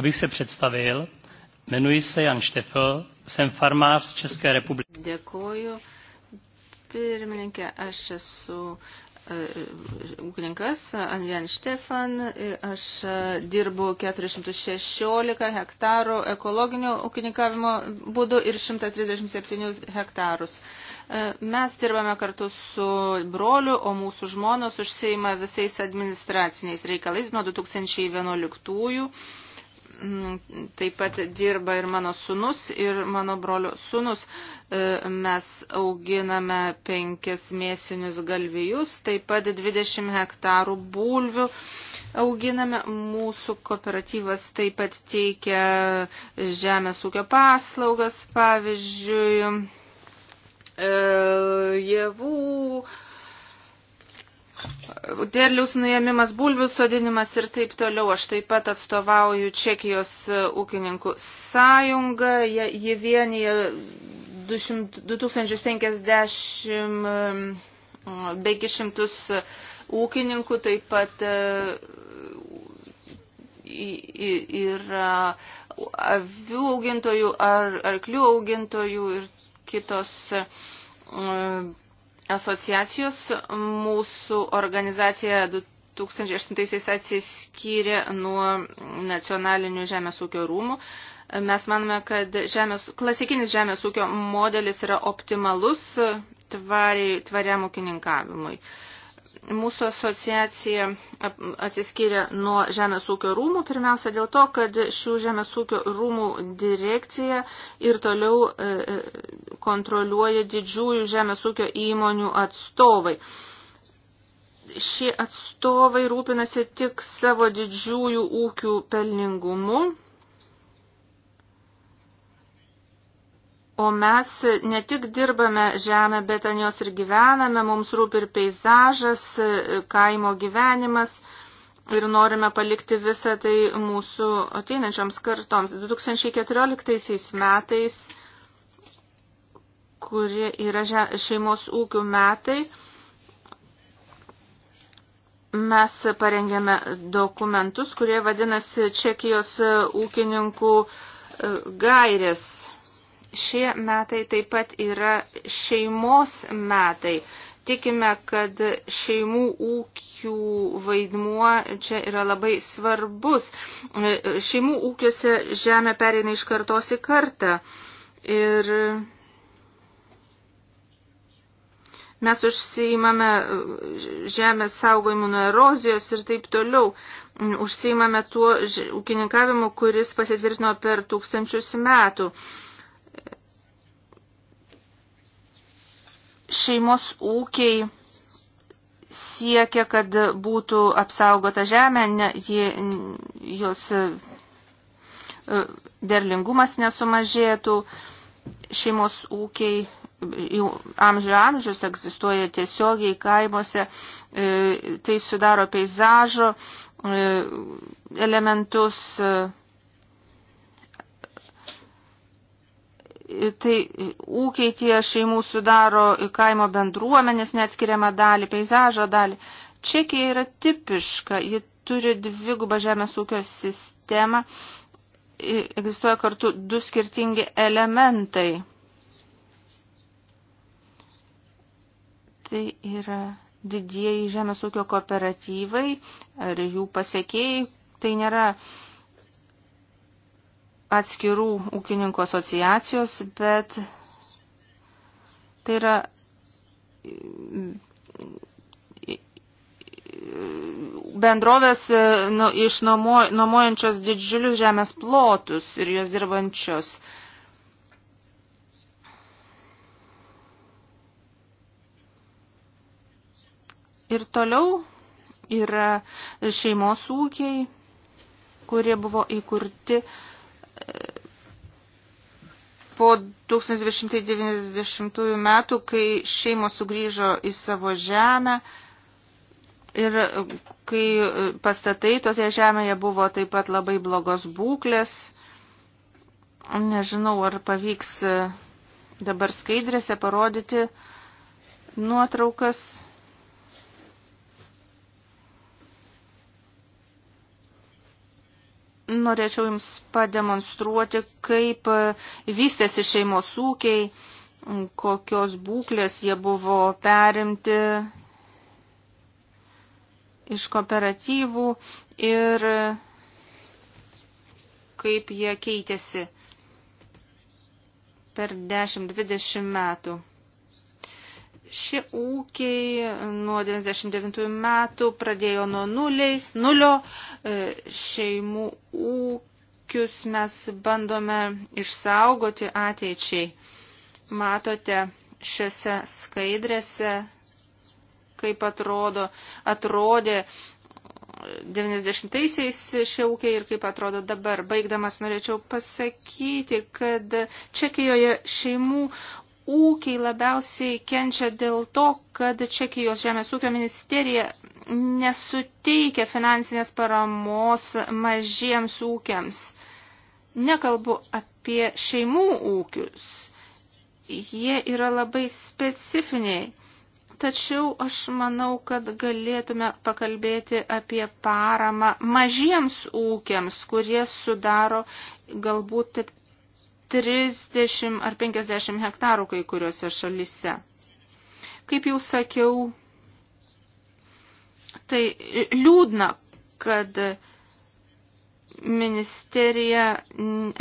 Abych se představil, Jmenuji se Jan Štefel, jsem farmář z České republiky. Dėkuoju. Pirmininkė, aš esu e, e, ūkininkas Jan Štefan, aš e, dirbu 416 hektarų ekologinio ūkininkavimo būdu ir 137 hektarus. Mes dirbame kartu su broliu, o mūsų žmonos užseima visais administraciniais reikalais nuo 2011. -ųjų Mm, taip pat dirba ir mano sunus, ir mano brolio sunus. E, mes auginame penkis mėsinius galvijus, taip pat 20 hektarų bulvių auginame. Mūsų kooperatyvas taip pat teikia žemės ūkio paslaugas, pavyzdžiui, javų e, derliaus nuėmimas, bulvių sodinimas ir taip toliau. Aš taip pat atstovauju Čekijos e, ūkininkų sąjungą. Ji vienyje 2050 beigi e, šimtus ūkininkų, taip pat e, yra avių augintojų ar arklių augintojų ir kitos asociacijos. Mūsų organizacija 2008-aisiais atsiskyrė nuo nacionalinių žemės ūkio rūmų. Mes manome, kad žemės, klasikinis žemės ūkio modelis yra optimalus tvariai, tvariam ūkininkavimui. Uh, mūsų asociacija atsiskyrė nuo Žemės ūkio rūmų, pirmiausia dėl to, kad šių Žemės ūkio rūmų direkcija ir toliau e, e, kontroliuoja didžiųjų Žemės ūkio įmonių atstovai. Šie atstovai rūpinasi tik savo didžiųjų ūkių pelningumu O mes ne tik dirbame žemę, bet ant jos ir gyvename, mums rūpi ir peizažas, kaimo gyvenimas ir norime palikti visą tai mūsų ateinančioms kartoms. 2014 metais, kurie yra šeimos ūkių metai, mes parengėme dokumentus, kurie vadinasi Čekijos ūkininkų e, gairės. Šie metai taip pat yra šeimos metai. Tikime, kad šeimų ūkių vaidmuo čia yra labai svarbus. Šeimų ūkiuose žemė pereina iš kartos į kartą. Ir mes užsiimame žemės saugojimu nuo erozijos ir taip toliau. Užsiimame tuo ūkininkavimu, kuris pasitvirtino per tūkstančius metų. Šeimos ūkiai siekia, kad būtų apsaugota žemė, ne, ji, jos e, derlingumas nesumažėtų, šeimos ūkiai amžių amžius egzistuoja tiesiogiai kaimuose, e, tai sudaro peizažo e, elementus, Tai ūkiai tie šeimų sudaro kaimo bendruomenės neatskiriamą dalį, peizažo dalį. Čekija yra tipiška, ji turi dvigubą žemės ūkio sistemą, egzistuoja kartu du skirtingi elementai. Tai yra didieji žemės ūkio kooperatyvai ar jų pasiekėjai, tai nėra uh, atskirų ūkininkų asociacijos, bet tai yra bendrovės e, nu, išnuomojančios didžiulius žemės plotus ir jos dirbančios. Ir toliau yra šeimos ūkiai, kurie buvo įkurti uh, po 1990 metų, kai šeimos sugrįžo į savo žemę ir kai pastatai toje žemėje buvo taip pat labai blogos būklės. Nežinau, ar pavyks dabar skaidrėse parodyti nuotraukas norėčiau Jums pademonstruoti, kaip e, vystėsi šeimos ūkiai, kokios būklės jie buvo perimti iš kooperatyvų ir e, kaip jie keitėsi per 10-20 metų. Šie ūkiai nuo 99 metų pradėjo nuo nuliai, nulio e, šeimų ūkius mes bandome išsaugoti ateičiai. Matote šiuose skaidrėse, kaip atrodo, atrodė 90-aisiais šie ūkiai ir kaip atrodo dabar. Baigdamas norėčiau pasakyti, kad Čekijoje šeimų ūkiai labiausiai kenčia dėl to, kad Čekijos žemės ūkio ministerija nesuteikia finansinės paramos mažiems ūkiams. Nekalbu apie šeimų ūkius. Jie yra labai specifiniai. Tačiau aš manau, kad galėtume pakalbėti apie paramą mažiems ūkiams, kurie sudaro galbūt tik 30 ar 50 hektarų kai kuriuose šalise. Kaip jau sakiau, tai liūdna, kad ministerija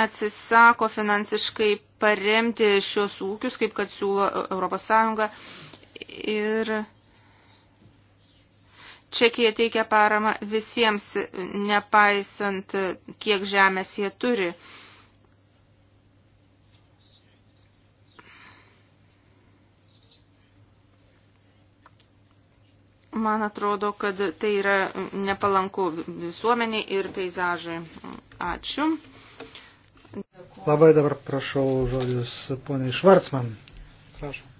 atsisako finansiškai paremti šios ūkius, kaip kad siūlo Europos Sąjunga. Ir Čekija teikia paramą visiems, nepaisant, kiek žemės jie turi. Man atrodo, kad tai yra nepalanku visuomeniai ir peizažui. Ačiū. Labai dabar prašau žodžius poniai Švarcman. Prašau.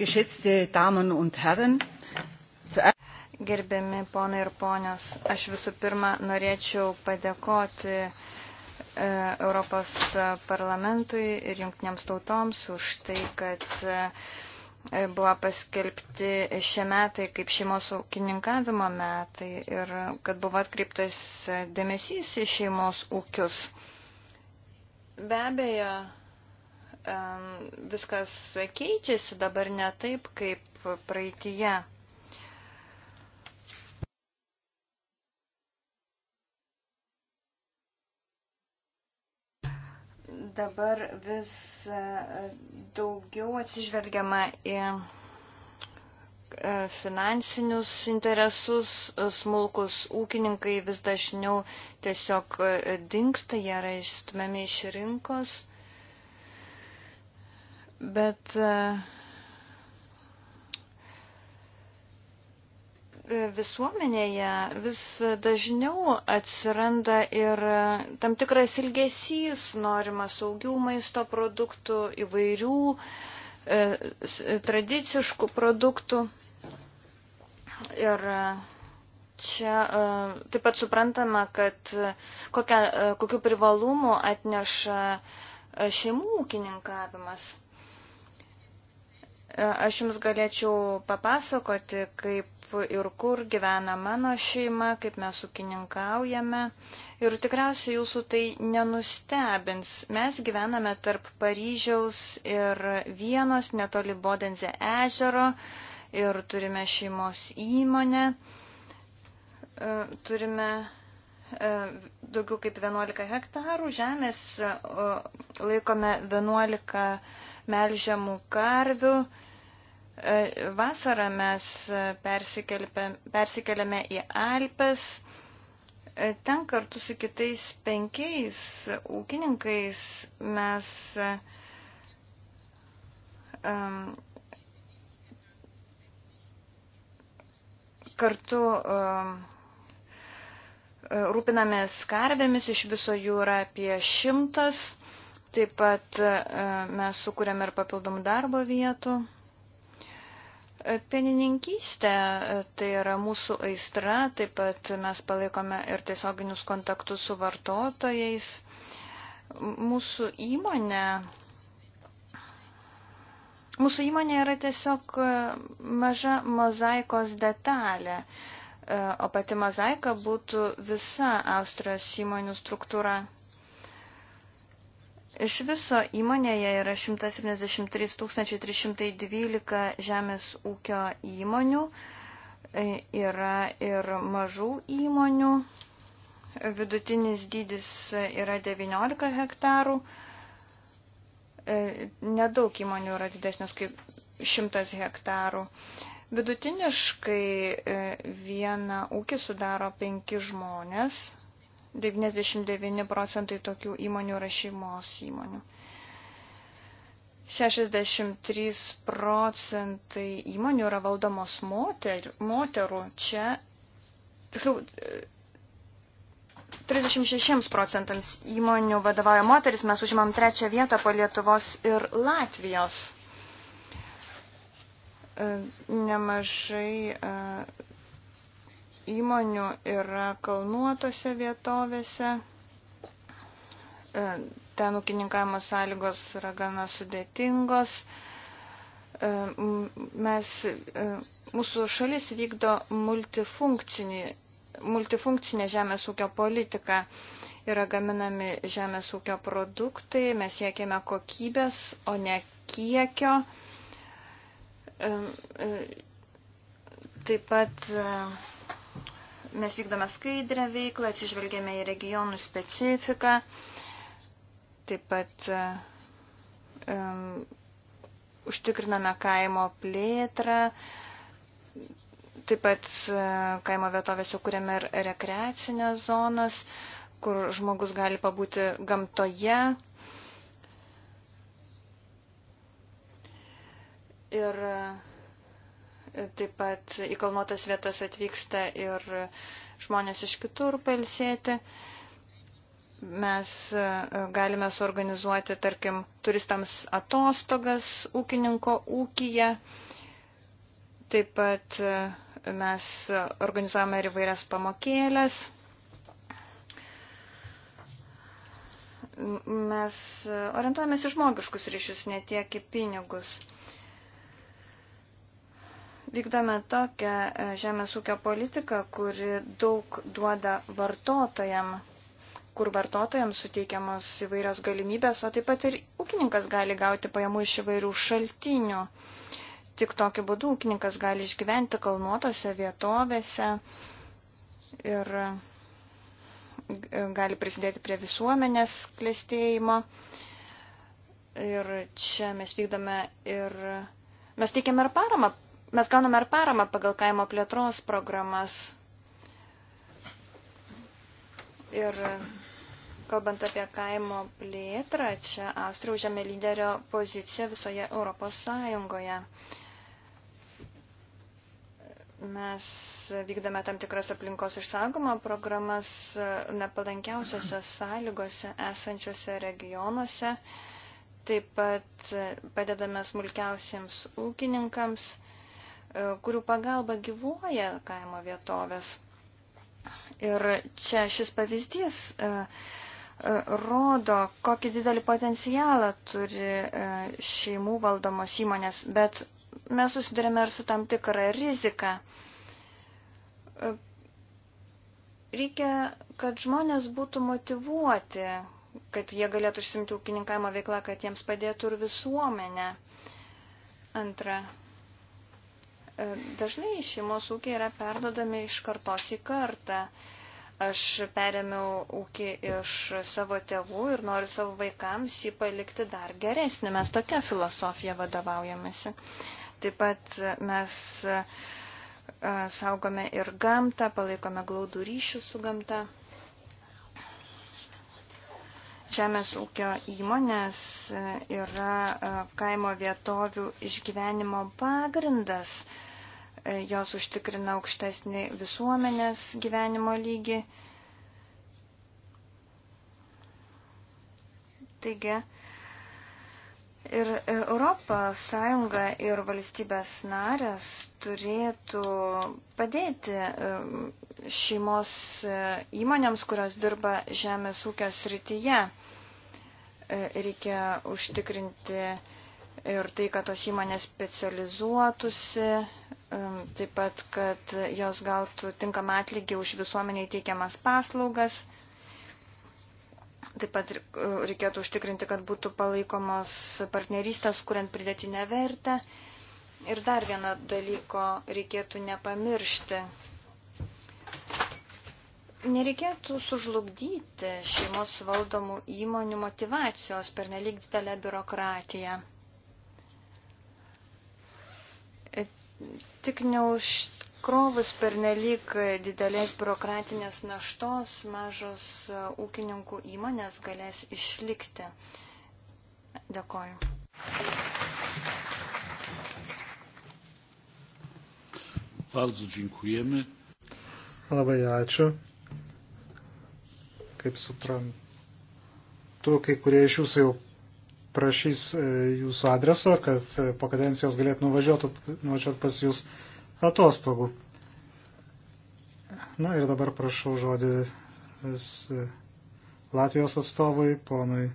geschätzte Damen und Herren. Gerbiami ponai ir ponios, aš visų pirma norėčiau padėkoti e, Europos parlamentui ir jungtiniams tautoms už tai, kad e, buvo paskelbti šie metai kaip šeimos ūkininkavimo metai ir kad buvo atkreiptas dėmesys į šeimos ūkius. Be abejo, viskas keičiasi dabar ne taip, kaip praeitie. Dabar vis e, daugiau atsižvelgiama į e, finansinius interesus, e, smulkus ūkininkai vis dažniau tiesiog dinksta, jie yra išstumiami iš rinkos. Bet e, visuomenėje vis dažniau atsiranda ir tam tikras ilgesys, norima saugių maisto produktų, įvairių e, tradiciškų produktų. Ir e, čia taip pat suprantama, kad kokia, kokiu privalumu atneša šeimų ūkininkavimas. E, aš jums galėčiau papasakoti, kaip ir kur gyvena mano šeima, kaip mes ūkininkaujame. Ir tikriausiai jūsų tai nenustebins. Mes gyvename tarp Paryžiaus ir Vienos, netoli Bodenze ežero ir turime šeimos įmonę. E, turime e, daugiau kaip 11 hektarų žemės, laikome 11 hektarų melžiamų karvių. E, vasarą mes persikeliame į Alpes. E, ten kartu su kitais penkiais ūkininkais mes um, kartu um, rūpinamės karvėmis, iš viso jų yra apie šimtas. Taip pat e, mes sukūrėm ir papildomų darbo vietų. E, pienininkystė e, tai yra mūsų aistra, taip pat mes palaikome ir tiesioginius kontaktus su vartotojais. Mūsų įmonė, mūsų įmonė yra tiesiog maža mozaikos detalė, o pati mozaika būtų visa Austrijos įmonių struktūra. Iš viso įmonėje yra 173 312 žemės ūkio įmonių, e, yra ir mažų įmonių, vidutinis dydis yra 19 hektarų, e, nedaug įmonių yra didesnės kaip 100 hektarų. Vidutiniškai e, vieną ūkį sudaro penki žmonės, 99 procentai tokių įmonių yra šeimos įmonių. 63 procentai įmonių yra valdomos moter, moterų. Čia, tiksliau, 36 procentams įmonių vadovauja moteris, mes užimam trečią vietą po Lietuvos ir Latvijos. E, nemažai e, įmonių yra kalnuotose vietovėse. E, ten ūkininkavimo sąlygos yra gana sudėtingos. E, mes, e, mūsų šalis vykdo multifunkcinį multifunkcinė žemės ūkio politika. Yra gaminami žemės ūkio produktai, mes siekiame kokybės, o ne kiekio. Taip pat Mes vykdome skaidrę veiklą, atsižvelgėme į regionų specifiką, taip pat um, užtikriname kaimo plėtrą, taip pat e, kaimo vietovėse kuriame ir rekreacinės zonas, kur žmogus gali pabūti gamtoje. Ir uh, Taip pat į kalnuotas vietas atvyksta ir žmonės iš kitur palsėti. Mes e, galime suorganizuoti, tarkim, turistams atostogas ūkininko ūkyje. Taip pat e, mes organizuojame ir įvairias pamokėlės. Mes orientuojamės į žmogiškus ryšius, ne tiek į pinigus vykdome tokią e, žemės ūkio politiką, kuri daug duoda vartotojam, kur vartotojams suteikiamos įvairios galimybės, o taip pat ir ūkininkas gali gauti pajamų iš įvairių šaltinių. Tik tokiu būdu ūkininkas gali išgyventi kalnuotose vietovėse ir e, gali prisidėti prie visuomenės klėstėjimo. Ir čia mes vykdome ir mes teikiame ir paramą Mes gauname ir paramą pagal kaimo plėtros programas. Ir kalbant apie kaimo plėtrą, čia Austrija užėmė lyderio poziciją visoje Europos Sąjungoje. Mes vykdame tam tikras aplinkos išsaugomo programas nepalankiausiose sąlygose esančiose regionuose. Taip pat padedame smulkiausiems ūkininkams E, kurių pagalba gyvuoja kaimo vietovės. Ir čia šis pavyzdys e, e, rodo, kokį didelį potencialą turi šeimų valdomos įmonės, bet mes susidurėme ir su tam tikrą riziką. Reikia, kad žmonės būtų motivuoti, kad jie galėtų išsimti ūkininkavimo veiklą, kad jiems padėtų ir visuomenė. Antra, Dažnai šeimos ūkiai yra perdodami iš kartos į kartą. Aš perėmiau ūkį iš savo tėvų ir noriu savo vaikams jį palikti dar geresnį. Mes tokią filosofiją vadovaujamėsi. Taip pat mes e, saugome ir gamtą, palaikome glaudų ryšį su gamta. Žemės ūkio įmonės e, yra e, kaimo vietovių išgyvenimo pagrindas E, jos užtikrina aukštesnį visuomenės gyvenimo lygį. Taigi, ir Europos Sąjunga ir valstybės narės turėtų padėti e, šeimos e, įmonėms, kurios dirba žemės ūkio srityje. Reikia užtikrinti ir tai, kad tos įmonės specializuotųsi, taip pat, kad jos gautų tinkamą atlygį už visuomeniai teikiamas paslaugas. Taip pat e, reikėtų užtikrinti, kad būtų palaikomos partnerystės, kuriant pridėtinę vertę. Ir dar vieną dalyko reikėtų nepamiršti. Nereikėtų sužlugdyti šeimos valdomų įmonių motivacijos per nelik didelę biurokratiją. tik neužkrovus per nelik didelės biurokratinės naštos mažos e, ūkininkų įmonės galės išlikti. Dėkoju. Bardzo dziękujemy. Labai ačiū. Kaip suprantu, kai kurie iš jūsų jau prašys e, jūsų adreso, kad e, po kadencijos galėtų nuvažiuoti, nuvažiuoti pas jūs atostogų. Na ir dabar prašau žodį e, Latvijos atstovui, ponui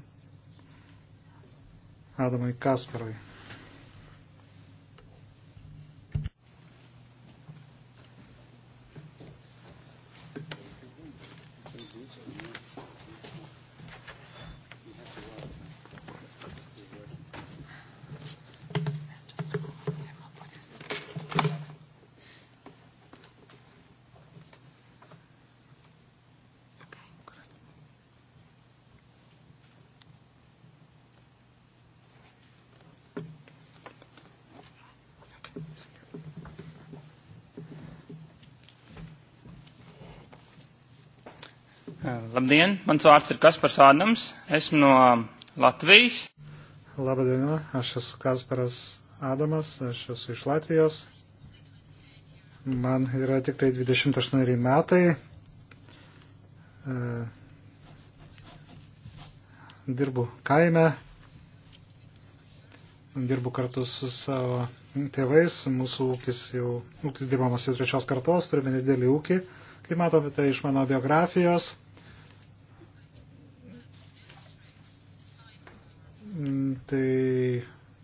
Adamui Kasparui. mans vārds ir Kaspars Ādams, esmu no um, Latvijas. Labadiena, aš esu Kaspars Adamas, aš esu iš Latvijos. Man yra tik tai 28 metai. E, dirbu kaime, dirbu kartu su savo tėvais, mūsų ūkis jau, ūkis dirbamas jau trečios kartos, turime nedidelį ūkį, kaip matote tai iš mano biografijos.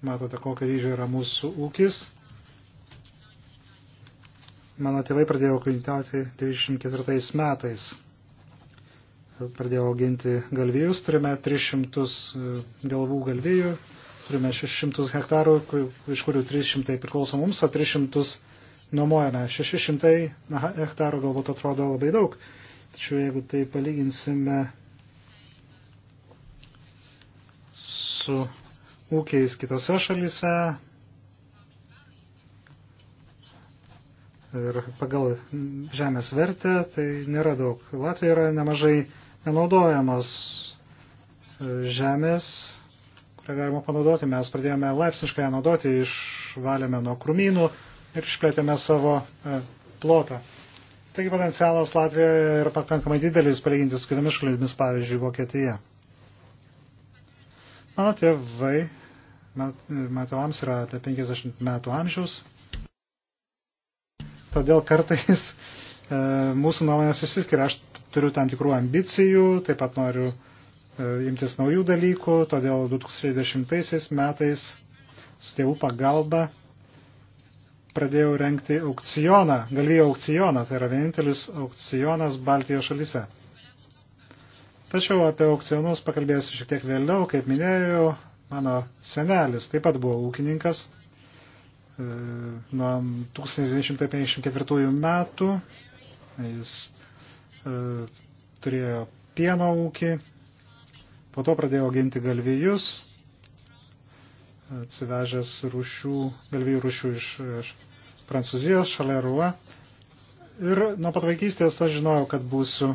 Matote, kokia dydžio yra mūsų ūkis. Mano tėvai pradėjo ūkininkauti 94 metais. Pradėjau auginti galvėjus, turime 300 e, galvų galvėjų, turime 600 hektarų, iš kurių 300 priklauso mums, o 300 nuomojame. 600 hektarų galbūt atrodo labai daug, tačiau jeigu tai palyginsime su ūkiais kitose šalyse ir pagal žemės vertę tai nėra daug. Latvija yra nemažai nenaudojamos e, žemės, kurią galima panaudoti. Mes pradėjome laipsniškai ją naudoti, išvalėme nuo krūmynų ir išplėtėme savo e, plotą. Taigi potencialas Latvijoje yra pakankamai didelis, palyginti su kitomis šalimis, pavyzdžiui, Vokietija. Mano tėvai metalams yra apie 50 metų amžiaus. Todėl kartais e, mūsų nuomonės susiskiria. Aš turiu tam tikrų ambicijų, taip pat noriu e, imtis naujų dalykų, todėl 2010 metais su tėvų pagalba pradėjau renkti aukcioną, galvijų aukcioną, tai yra vienintelis aukcionas Baltijos šalyse. Tačiau apie aukcionus pakalbėsiu šiek tiek vėliau, kaip minėjau, Mano senelis taip pat buvo ūkininkas e, nuo 1954 metų. Jis e, turėjo pieno ūkį, po to pradėjo ginti galvijus, atsivežęs rūšių, galvijų rūšių iš, iš Prancūzijos, šalia Rua. Ir nuo pat vaikystės aš žinojau, kad būsiu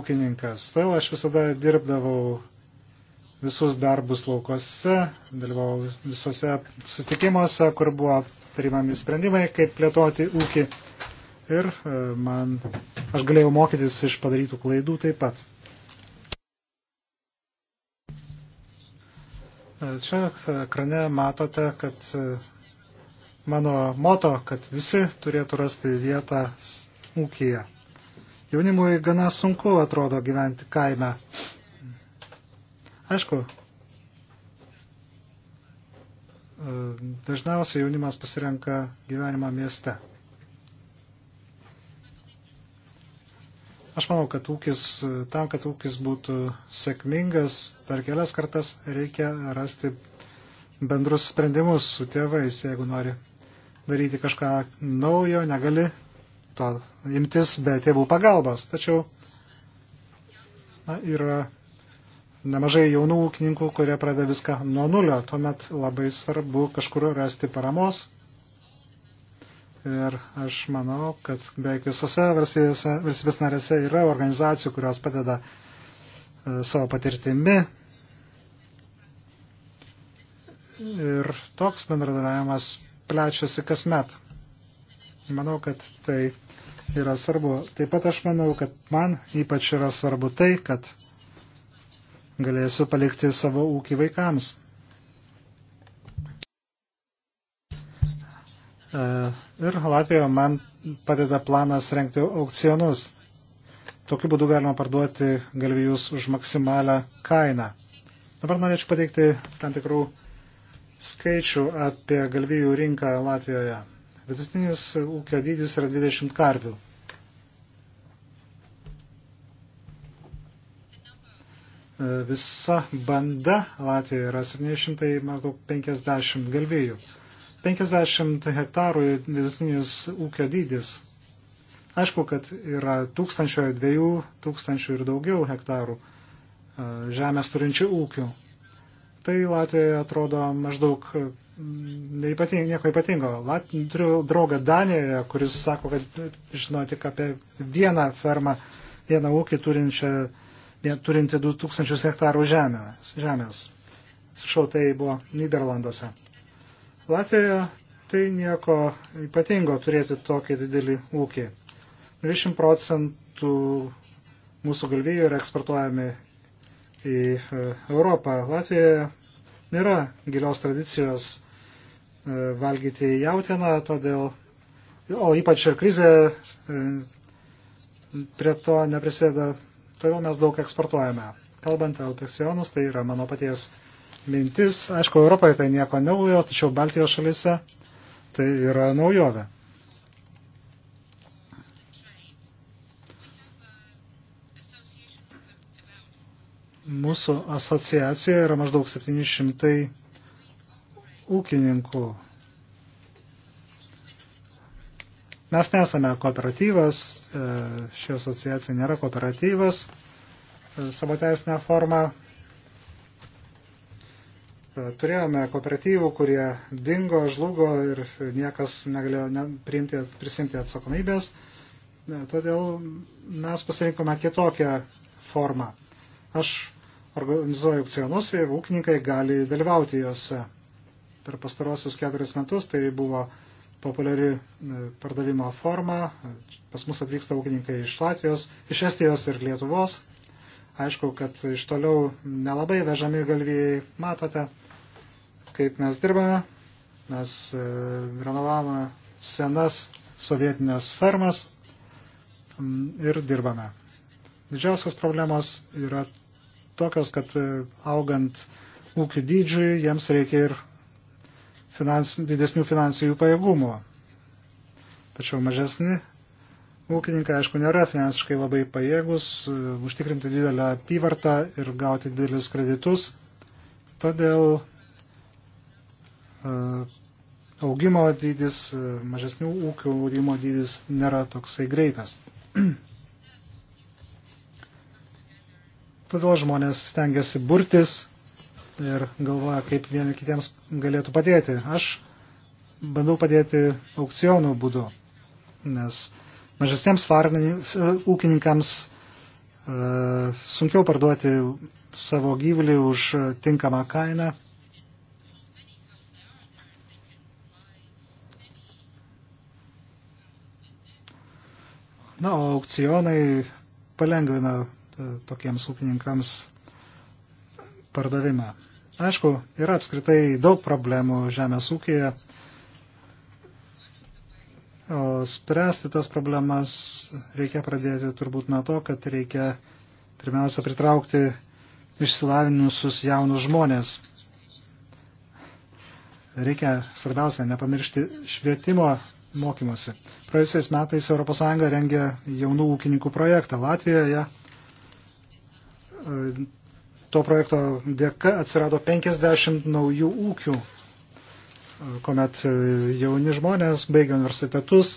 ūkininkas. Todėl aš visada dirbdavau visus darbus laukose, dalyvau visose sustikimuose, kur buvo priimami sprendimai, kaip plėtoti ūkį. Ir e, man, aš galėjau mokytis iš padarytų klaidų taip pat. E, čia ekrane matote, kad e, mano moto, kad visi turėtų rasti vietą ūkyje. Jaunimui gana sunku atrodo gyventi kaime. Aišku, e, dažniausiai jaunimas pasirenka gyvenimą mieste. Aš manau, kad ūkis, e, tam, kad ūkis būtų sėkmingas, per kelias kartas reikia rasti bendrus sprendimus su tėvais, jeigu nori daryti kažką naujo, negali to imtis be tėvų pagalbos. Tačiau na, yra nemažai jaunų ūkininkų, kurie pradeda viską nuo nulio. Tuomet labai svarbu kažkur rasti paramos. Ir aš manau, kad beveik visose valstybės narėse yra organizacijų, kurios padeda e, savo patirtimi. Ir toks bendradavimas plečiasi kasmet. Manau, kad tai yra svarbu. Taip pat aš manau, kad man ypač yra svarbu tai, kad galėsiu palikti savo ūkį vaikams. E, ir Latvijoje man padeda planas rengti aukcionus. Tokiu būdu galima parduoti galvijus už maksimalę kainą. Dabar norėčiau pateikti tam tikrų skaičių apie galvijų rinką Latvijoje. Vidutinis ūkio dydis yra 20 karvių. E, visa banda Latvijoje yra 700 maždaug 50 galvijų. 50 hektarų vidutinis ūkio dydis. Aišku, kad yra tūkstančio, dviejų tūkstančių ir daugiau hektarų e, žemės turinčių ūkių. Tai Latvijoje atrodo maždaug e, neipating, nieko ypatingo. Lat, turiu draugą Danijoje, kuris sako, kad žino tik apie vieną fermą, vieną ūkį turinčią turinti 2000 hektarų žemės. žemės. Atsiprašau, tai buvo Niderlanduose. Latvijoje tai nieko ypatingo turėti tokį didelį ūkį. 20 procentų mūsų galvijų yra eksportuojami į e, Europą. Latvijoje nėra gilios tradicijos e, valgyti jautieną, todėl, o ypač ir krizė e, prie to neprisėda Todėl mes daug eksportuojame. Kalbant apie aukcionus, tai yra mano paties mintis. Aišku, Europoje tai nieko naujo, tačiau Baltijos šalise tai yra naujovė. Mūsų asociacijoje yra maždaug 700 ūkininkų Mes nesame kooperatyvas, e, ši asociacija nėra kooperatyvas e, savo teisinę formą. E, turėjome kooperatyvų, kurie dingo, žlugo ir niekas negalėjo priimti, prisimti atsakomybės. Todėl mes pasirinkome kitokią formą. Aš organizuoju aukcionus ir ūkininkai gali dalyvauti juose. Per pastarosius keturis metus tai buvo uh, populiari e, pardavimo forma. Pas mus atvyksta ūkininkai iš Latvijos, iš Estijos ir Lietuvos. Aišku, kad iš toliau nelabai vežami galvijai. Matote, kaip mes dirbame. Mes e, renovavome senas sovietinės fermas ir dirbame. Didžiausios problemos yra tokios, kad e, augant ūkių dydžiui, jiems reikia ir finans, didesnių finansinių pajėgumų. Tačiau mažesni ūkininkai, aišku, nėra finansiškai labai pajėgus e, užtikrinti didelę apyvartą ir gauti didelius kreditus. Todėl e, augimo dydis, e, mažesnių ūkių augimo dydis nėra toksai greitas. Todėl žmonės stengiasi burtis ir galvoja, kaip vieni kitiems galėtų padėti. Aš bandau padėti aukcionų būdu, nes mažesniems ūkininkams e, sunkiau parduoti savo gyvulį už tinkamą kainą. Na, o aukcionai palengvina e, tokiems ūkininkams pardavimą. Aišku, yra apskritai daug problemų žemės ūkėje. O spręsti tas problemas reikia pradėti turbūt nuo to, kad reikia pirmiausia pritraukti išsilavinusius jaunus žmonės. Reikia, svarbiausia, nepamiršti švietimo mokymosi. Praėjusiais metais ES rengė jaunų ūkininkų projektą Latvijoje to projekto dėka atsirado 50 naujų ūkių, kuomet jauni žmonės baigė universitetus,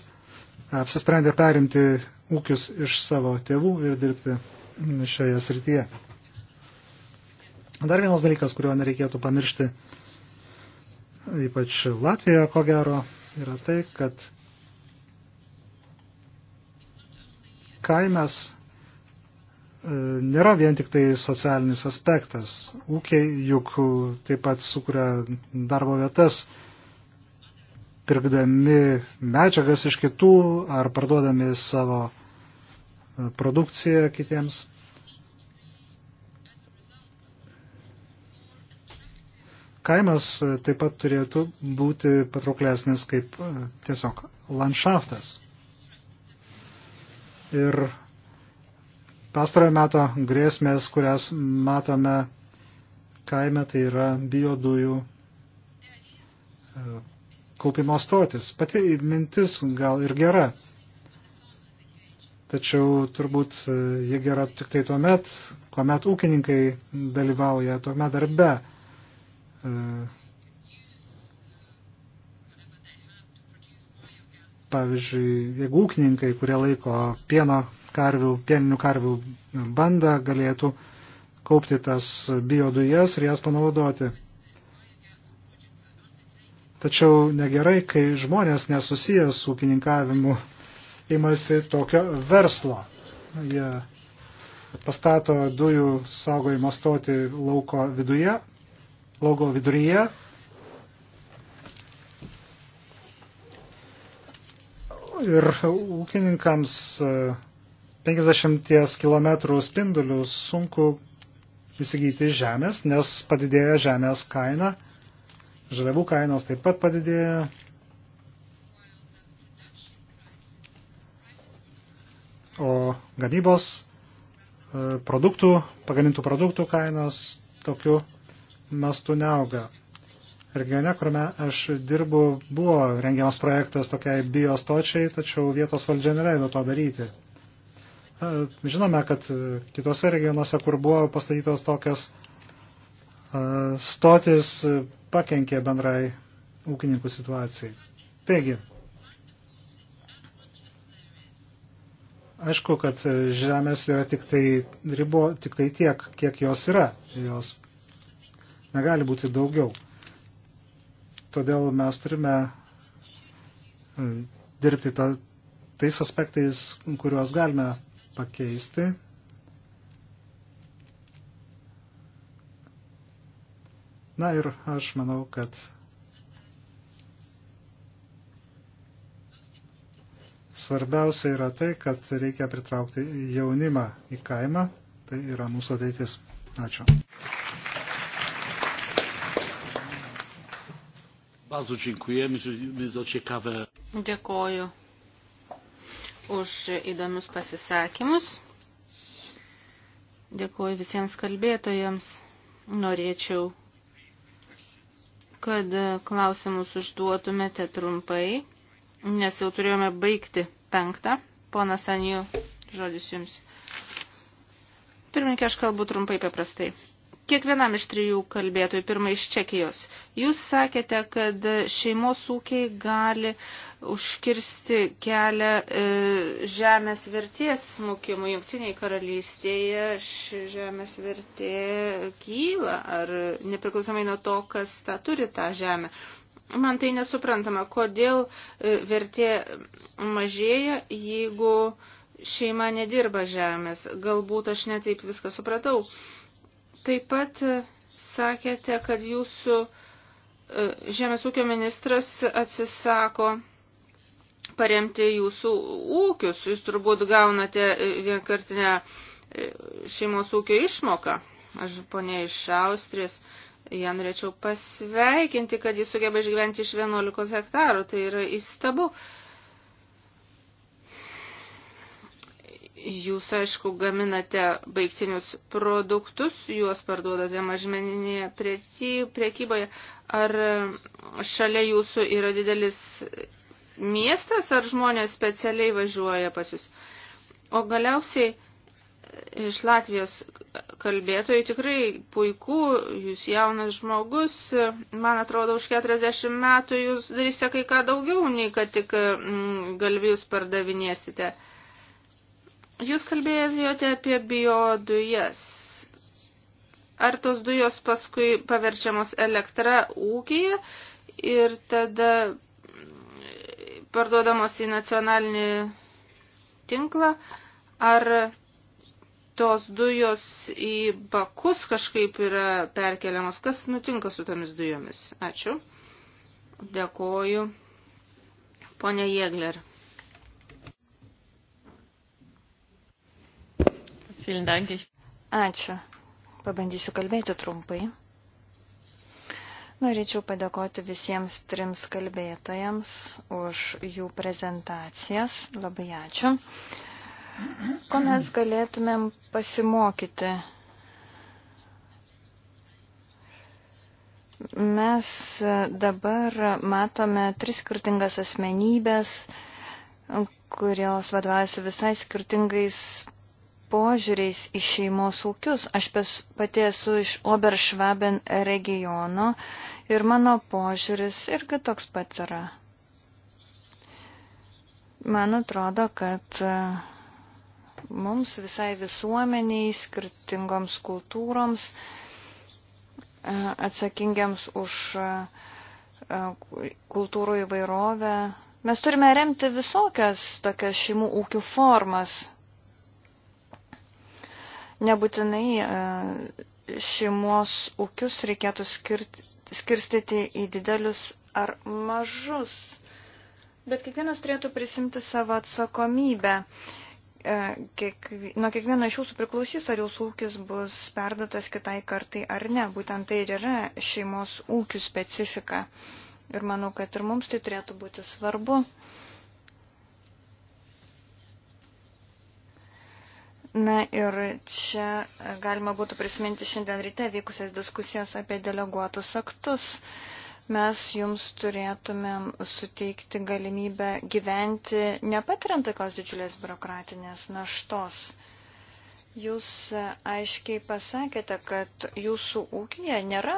apsisprendė perimti ūkius iš savo tėvų ir dirbti šioje srityje. Dar vienas dalykas, kurio nereikėtų pamiršti, ypač Latvijoje, ko gero, yra tai, kad kaimas E, nėra vien tik tai socialinis aspektas. Ūkiai juk taip pat sukuria darbo vietas, pirkdami medžiagas iš kitų ar parduodami savo e, produkciją kitiems. Kaimas e, taip pat turėtų būti patrauklesnis kaip tiesiog landšaftas. Ir Pastarojo meto grėsmės, kurias matome kaime, tai yra biodujų e, kaupimo stotis. Pati mintis gal ir gera, tačiau turbūt e, jie gera tik tai tuo met, kuomet ūkininkai dalyvauja tuome darbe. E, pavyzdžiui, jeigu ūkininkai, kurie laiko pieno karvių, pieninių karvių bandą galėtų kaupti tas biodujas ir jas panaudoti. Tačiau negerai, kai žmonės nesusijęs su ūkininkavimu imasi tokio verslo. Jie pastato dujų saugojimo stoti lauko viduje, lauko viduryje. Ir ūkininkams uh, 50 km spindulių sunku įsigyti žemės, nes padidėja žemės kaina, žaliavų kainos taip pat padidėja. O gamybos e, produktų, pagamintų produktų kainos tokiu mastu neauga. Regione, kuriame aš dirbu, buvo rengiamas projektas tokiai biostočiai, tačiau vietos valdžia neleido to daryti. Žinome, kad e, kitose regionuose, kur buvo pastatytos tokios e, stotis, e, pakenkė bendrai ūkininkų situacijai. Taigi, aišku, kad žemės yra tik tai, ribo, tik tai tiek, kiek jos yra. Jos negali būti daugiau. Todėl mes turime dirbti ta, tais aspektais, kuriuos galime pakeisti. Na ir aš manau, kad svarbiausia yra tai, kad reikia pritraukti jaunimą į kaimą. Tai yra mūsų ateitis. Ačiū. Bardzo dziękujemy za ciekawe. Dziękuję už įdomius pasisakymus. Dėkuoju visiems kalbėtojams. Norėčiau, kad klausimus užduotumėte trumpai, nes jau turėjome baigti penktą. Ponas Anijų, žodis jums. Pirmininkė, aš kalbu trumpai paprastai kiekvienam iš trijų kalbėtojų, pirmai iš Čekijos. Jūs sakėte, kad šeimos ūkiai gali užkirsti kelią e, žemės vertės smukimui. Jungtiniai karalystėje ši žemės vertė kyla, ar nepriklausomai nuo to, kas tą turi tą žemę. Man tai nesuprantama, kodėl e, vertė mažėja, jeigu šeima nedirba žemės. Galbūt aš netaip viską supratau. E, Taip pat e, sakėte, kad jūsų e, žemės ūkio ministras atsisako paremti jūsų ūkius. Jūs turbūt gaunate e, vienkartinę šeimos ūkio išmoką. Aš ponė iš Austrijas. Ją norėčiau pasveikinti, kad jis sugeba išgyventi iš 11 hektarų. Tai yra įstabu. Uh, Jūs, aišku, gaminate baigtinius produktus, juos parduodate mažmeninėje priekyboje. Ar e, šalia jūsų yra didelis miestas, ar žmonės specialiai važiuoja pas jūs? O galiausiai e, iš Latvijos kalbėtojų tikrai puiku, jūs jaunas žmogus, e, man atrodo, už 40 metų jūs darysite kai ką daugiau, nei kad tik galvijus pardavinėsite. Jūs kalbėjote apie biodujas. Ar tos dujos paskui paverčiamos elektra ūkyje ir tada parduodamos į nacionalinį tinklą, ar tos dujos į bakus kažkaip yra perkeliamos. Kas nutinka su tomis dujomis? Ačiū. Dėkoju. Pone Jėgler. Ačiū. Pabandysiu kalbėti trumpai. Norėčiau padėkoti visiems trims kalbėtojams už jų prezentacijas. Labai ačiū. Ko mes galėtumėm pasimokyti mes dabar matome tris skirtingas asmenybės, kurios vadovaujasi visai skirtingais požiūriais į šeimos ūkius. Aš pati esu iš Oberšvaben regiono ir mano požiūris irgi toks pats yra. Man atrodo, kad e, mums visai visuomeniai, skirtingoms kultūroms, e, atsakingiams už e, kultūrų įvairovę. Mes turime remti visokias tokias šeimų ūkių formas, Nebūtinai e, šeimos ūkius reikėtų skirti, skirstyti į didelius ar mažus, bet kiekvienas turėtų prisimti savo atsakomybę. E, Kiek, nuo kiekvieno iš jūsų priklausys, ar jūsų ūkis bus perdotas kitai kartai ar ne. Būtent tai ir yra šeimos ūkių specifika. Ir manau, kad ir mums tai turėtų būti svarbu. Uh, Na ir čia galima būtų prisiminti šiandien ryte vykusias diskusijas apie deleguotus aktus. Mes jums turėtumėm suteikti galimybę gyventi, nepatiriant tokios didžiulės biurokratinės naštos. Jūs aiškiai pasakėte, kad jūsų ūkija nėra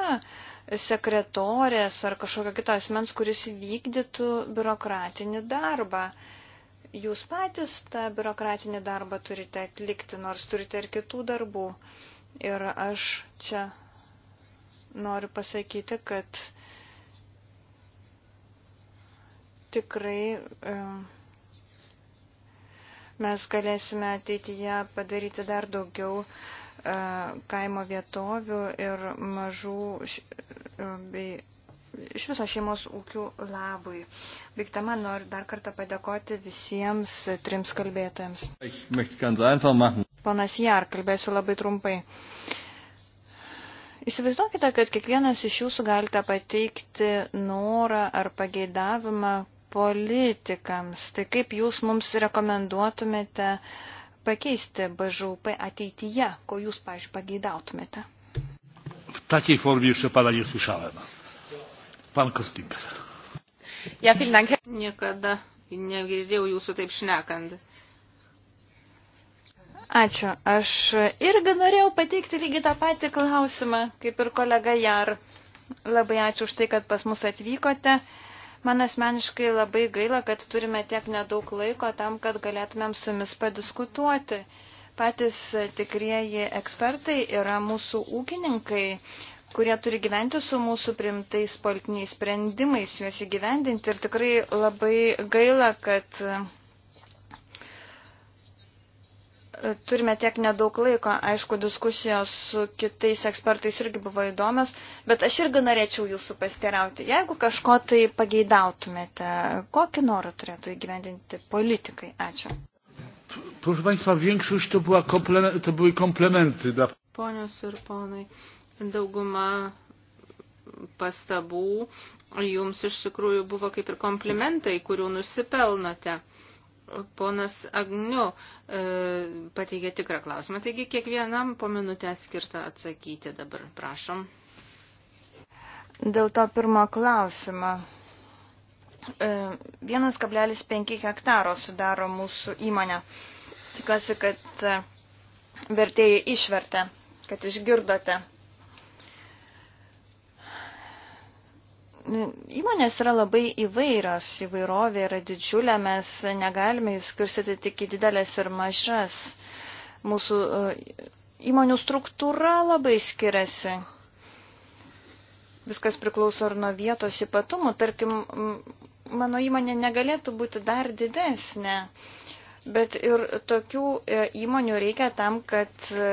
sekretorės ar kažkokio kito asmens, kuris vykdytų biurokratinį darbą. Uh, jūs patys tą biurokratinį darbą turite atlikti, nors turite ir kitų darbų. Ir aš čia noriu pasakyti, kad tikrai mes galėsime ateityje padaryti dar daugiau e, kaimo vietovių ir mažų e, bei iš viso šeimos ūkių labui. Vykdama noriu dar kartą padėkoti visiems trims kalbėtojams. Ponas Jar, kalbėsiu labai trumpai. Įsivaizduokite, kad kiekvienas iš jūsų galite pateikti norą ar pageidavimą politikams. Tai kaip jūs mums rekomenduotumėte pakeisti BŽUP ateityje, ko jūs, pažiūrėjau, pageidautumėte? W takiej formie jeszcze pana nie słyszałem. Pan Kostinkas. Ja, vielen Dank. Niekada negirdėjau jūsų taip šnekant. Ačiū. Aš irgi norėjau pateikti lygiai tą patį klausimą, kaip ir kolega Jar. Labai ačiū už tai, kad pas mus atvykote. Man asmeniškai labai gaila, kad turime tiek nedaug laiko tam, kad galėtumėm su jumis padiskutuoti. Patys tikrieji ekspertai yra mūsų ūkininkai, kurie turi gyventi su mūsų primtais politiniais sprendimais, juos įgyvendinti. Ir tikrai labai gaila, kad e, turime tiek nedaug laiko. Aišku, diskusijos su kitais ekspertais irgi buvo įdomios, bet aš irgi norėčiau jūsų pasiterauti. Jeigu kažko tai pageidautumėte, kokį norą turėtų įgyvendinti politikai? Ačiū. Proszę Państwa, większość to, była komple to były komplementy. Dla... Ponios ir ponai, Dauguma pastabų jums iš tikrųjų buvo kaip ir komplimentai, kurių nusipelnote. Ponas Agniu e, pateikė tikrą klausimą, taigi kiekvienam po minutę skirtą atsakyti dabar, prašom. Dėl to pirmo klausimo. 1,5 e, hektaro sudaro mūsų įmonę. Tikiuosi, kad e, vertėjai išvertė, kad išgirdote. Įmonės yra labai įvairios, įvairovė yra didžiulė, mes negalime jų skirstyti tik į didelės ir mažas. Mūsų e, įmonių struktūra labai skiriasi. Viskas priklauso ir nuo vietos ypatumų. Tarkim, mano įmonė negalėtų būti dar didesnė, bet ir tokių e, įmonių reikia tam, kad e,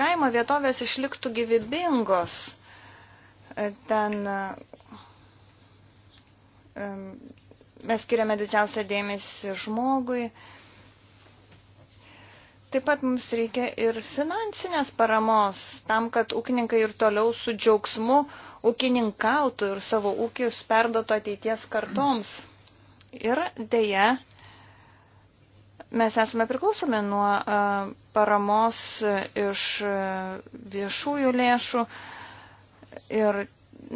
kaimo vietovės išliktų gyvybingos Ten mes skiriame didžiausią dėmesį žmogui. Taip pat mums reikia ir finansinės paramos tam, kad ūkininkai ir toliau su džiaugsmu ūkininkautų ir savo ūkius perdoto ateities kartoms. Ir dėja, mes esame priklausomi nuo paramos iš viešųjų lėšų. Uh, Ir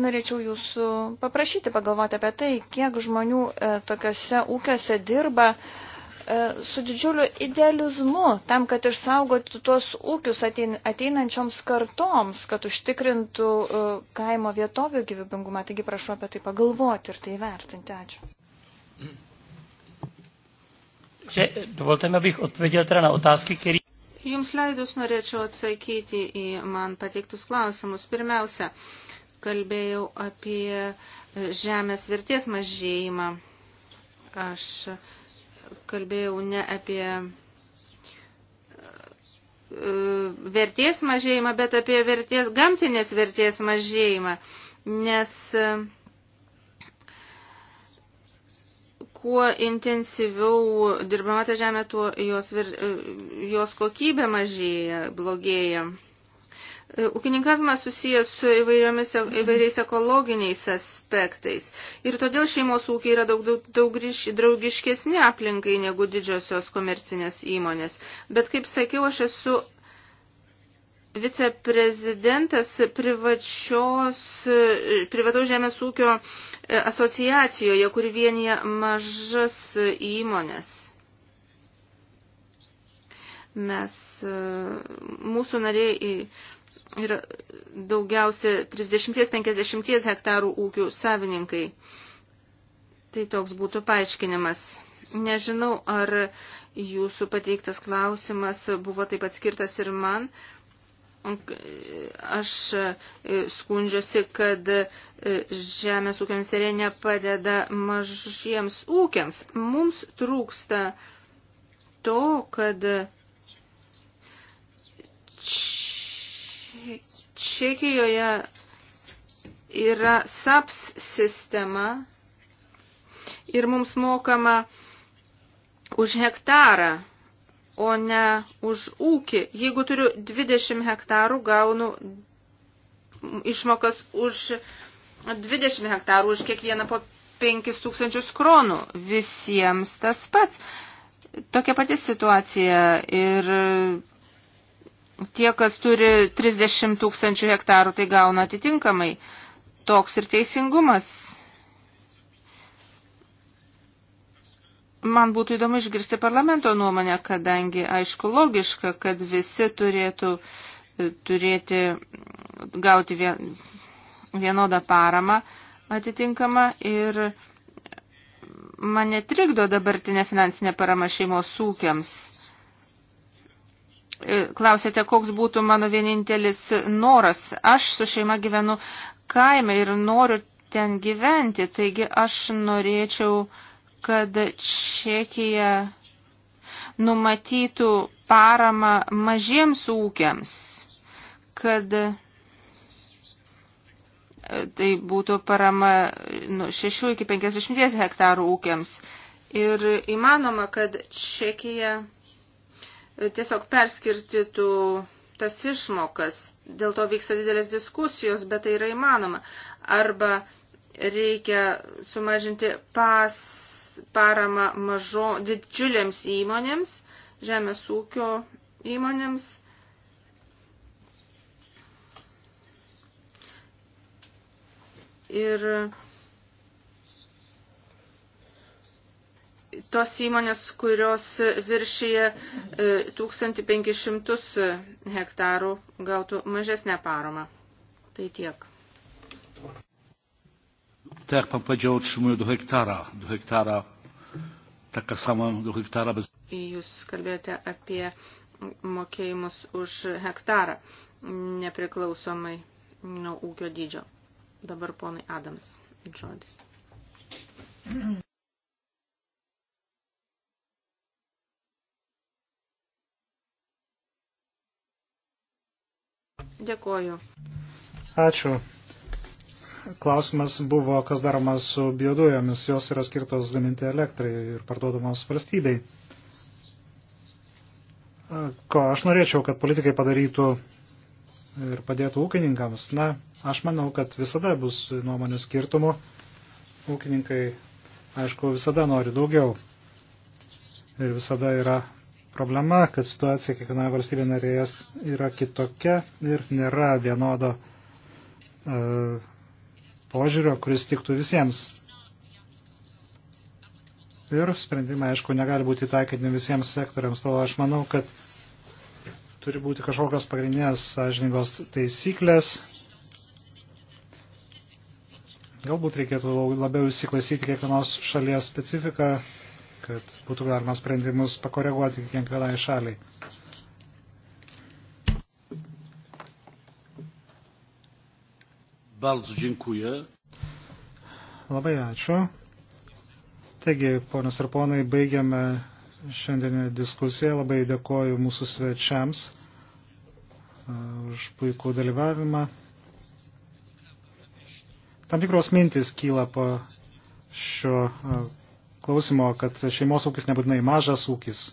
norėčiau jūsų paprašyti pagalvoti apie tai, kiek žmonių e, tokiuose ūkiuose dirba e, su didžiuliu idealizmu, tam, kad išsaugotų tuos ūkius atein, ateinančioms kartoms, kad užtikrintų e, kaimo vietovių gyvybingumą. Taigi prašau apie tai pagalvoti ir tai vertinti. Ačiū. Že, dovolte mi, abych odpověděl teda na otázky, který... Jums leidus norėčiau atsakyti į man pateiktus klausimus. Pirmiausia, kalbėjau apie žemės vertės mažėjimą. Aš kalbėjau ne apie e, vertės mažėjimą, bet apie vertės, gamtinės vertės mažėjimą, nes kuo intensyviau dirbama ta žemė, tuo jos, vir, jos kokybė mažėja, blogėja. Ūkininkavimas susijęs su įvairiais ekologiniais aspektais ir todėl šeimos ūkiai yra daug, daug, daug draugiškesni aplinkai negu didžiosios komercinės įmonės. Bet kaip sakiau, aš esu viceprezidentas privačios, privataus žemės ūkio asociacijoje, kuri vienyje mažas įmonės. Mes, mūsų nariai yra daugiausia 30-50 hektarų ūkių savininkai. Tai toks būtų paaiškinimas. Nežinau, ar jūsų pateiktas klausimas buvo taip pat skirtas ir man. Uh, Aš e, skundžiuosi, kad e, Žemės ūkio ministerija nepadeda mažiems ūkiams. Mums trūksta to, kad Čekijoje yra SAPS sistema ir mums mokama už hektarą o ne už ūkį. Jeigu turiu 20 hektarų, gaunu išmokas už 20 hektarų, už kiekvieną po 5 tūkstančius kronų. Visiems tas pats. Tokia pati situacija ir tie, kas turi 30 tūkstančių hektarų, tai gauna atitinkamai. Toks ir teisingumas Man būtų įdomu išgirsti parlamento nuomonę, kadangi, aišku, logiška, kad visi turėtų e, turėti, gauti vienodą paramą atitinkamą ir mane trikdo dabartinė finansinė parama šeimos ūkiams. E, klausėte, koks būtų mano vienintelis noras. Aš su šeima gyvenu kaime ir noriu ten gyventi, taigi aš norėčiau uh, kad Čekija numatytų paramą mažiems ūkiams, kad e, tai būtų parama nu, 6 iki 50 hektarų ūkiams. Ir įmanoma, kad Čekija e, tiesiog perskirtytų tas išmokas. Dėl to vyksta didelės diskusijos, bet tai yra įmanoma. Arba reikia sumažinti pas paramą mažo, didžiulėms įmonėms, žemės ūkio įmonėms. Ir tos įmonės, kurios viršyje 1500 e, hektarų gautų mažesnę paramą. Tai tiek tak jak pan powiedział, otrzymują do hektara. Do hektara taka sama do hektara bez. Jūs kalbėjote apie mokėjimus už hektarą nepriklausomai nuo ūkio dydžio. Dabar ponai Adams žodis. Dėkoju. Ačiū klausimas buvo, kas daroma su biodujomis. Jos yra skirtos gaminti elektrai ir parduodamos valstybei. Ko aš norėčiau, kad politikai padarytų ir padėtų ūkininkams? Na, aš manau, kad visada bus nuomonių skirtumų. Ūkininkai, aišku, visada nori daugiau. Ir visada yra problema, kad situacija kiekvienoje valstybė narėjas yra kitokia ir nėra vienodo uh, požiūrio, kuris tiktų visiems. Ir sprendimai, aišku, negali būti taikyti visiems sektoriams. Todėl aš manau, kad turi būti kažkokios pagrindinės sąžiningos taisyklės. Galbūt reikėtų labiau įsiklausyti kiekvienos šalies specifiką, kad būtų galima sprendimus pakoreguoti kiekvienai šaliai. Bardzo dziękuję. Labai ačiū. Taigi, ponios ir ponai, baigiame šiandienę diskusiją. Labai dėkoju mūsų svečiams e, už puikų dalyvavimą. Tam tikros mintis kyla po šio e, klausimo, kad šeimos ūkis nebūtinai mažas ūkis.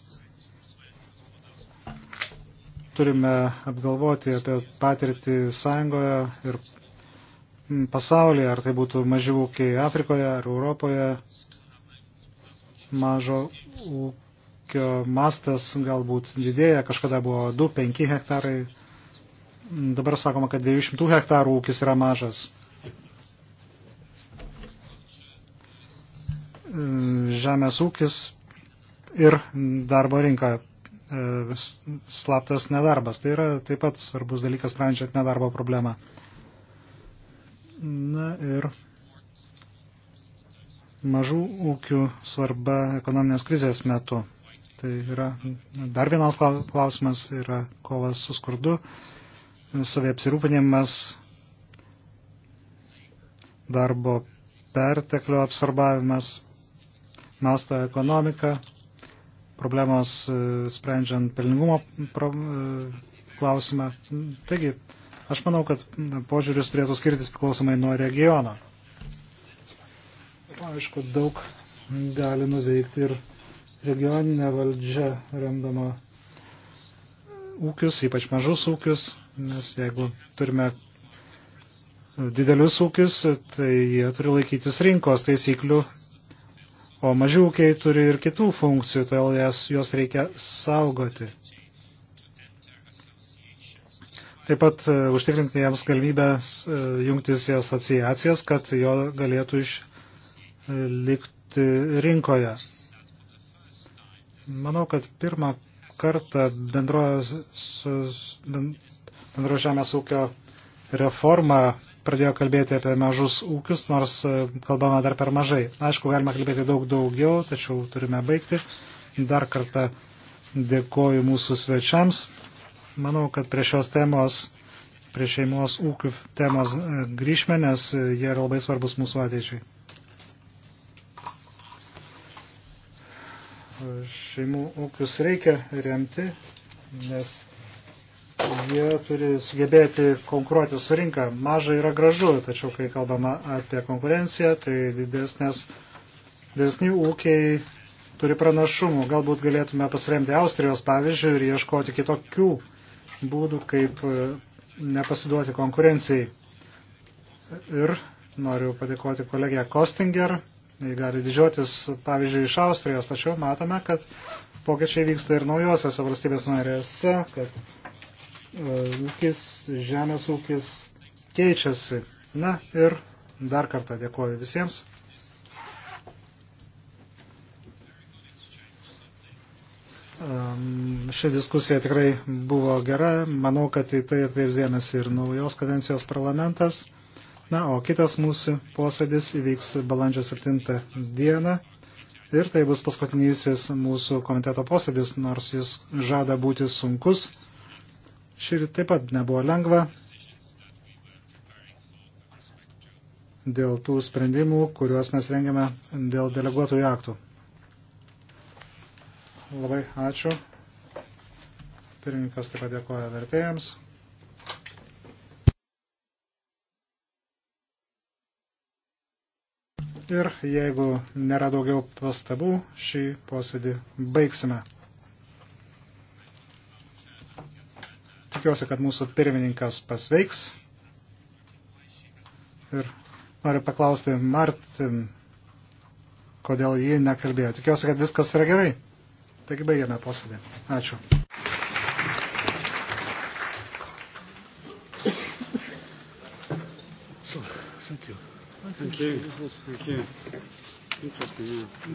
Turime apgalvoti apie patirtį sąjungoje ir pasaulyje, ar tai būtų maži ūkiai Afrikoje ar Europoje. Mažo ūkio mastas galbūt didėja, kažkada buvo 2-5 hektarai, dabar sakoma, kad 200 hektarų ūkis yra mažas. Žemės ūkis ir darbo rinka e, slaptas nedarbas. Tai yra taip pat svarbus dalykas, sprendžiant nedarbo problemą. Na ir mažų ūkių svarba ekonominės krizės metu. Tai yra dar vienas klausimas yra kovas su skurdu, saviapsirūpinimas, darbo perteklio apsarbavimas, mastą ekonomiką, problemos e, sprendžiant pelningumo e, klausimą. Taigi, Aš manau, kad požiūris turėtų skirtis priklausomai nuo regiono. Aišku, daug gali nuveikti ir regioninė valdžia remdama ūkius, ypač mažus ūkius, nes jeigu turime didelius ūkius, tai jie turi laikytis rinkos taisyklių, o maži ūkiai turi ir kitų funkcijų, todėl jas, juos reikia saugoti. Taip pat e, užtikrinti jiems galimybės e, jungtis į asociacijas, kad jo galėtų išlikti e, rinkoje. Manau, kad pirmą kartą bendro žemės ūkio reforma pradėjo kalbėti apie mažus ūkius, nors kalbama dar per mažai. Aišku, galima kalbėti daug daugiau, tačiau turime baigti. Dar kartą dėkoju mūsų svečiams. Manau, kad prie šios temos, prie šeimos ūkių temos e, grįžme, nes e, jie yra labai svarbus mūsų ateičiai. E, šeimų ūkius reikia remti, nes jie turi sugebėti konkuruoti su rinka. Maža yra gražu, tačiau kai kalbama apie konkurenciją, tai didesnės, didesni ūkiai turi pranašumų. Galbūt galėtume pasiremti Austrijos pavyzdžių ir ieškoti kitokių būdų, kaip e, nepasiduoti konkurencijai. Ir noriu padėkoti kolegė Kostinger, jį gali didžiuotis pavyzdžiui iš Austrijos, tačiau matome, kad pokyčiai vyksta ir naujosiose valstybės narėse, kad e, ūkis, žemės ūkis keičiasi. Na ir dar kartą dėkoju visiems. Ehm, ši diskusija tikrai buvo gera. Manau, kad į tai atkreips dėmesį ir naujos kadencijos parlamentas. Na, o kitas mūsų posėdis įvyks balandžio 7 dieną. Ir tai bus paskutinysis mūsų komiteto posėdis, nors jis žada būti sunkus. Šį taip pat nebuvo lengva dėl tų sprendimų, kuriuos mes rengiame dėl deleguotojų aktų. Labai ačiū. Pirmininkas taip pat dėkoja vertėjams. Ir jeigu nėra daugiau pastabų, šį posėdį baigsime. Tikiuosi, kad mūsų pirmininkas pasveiks. Ir noriu paklausti Martin, kodėl ji nekalbėjo. Tikiuosi, kad viskas yra gerai. Taigi baigiame posėdį. Ačiū. So, thank you. Thank you. Thank you. Interesting, yeah.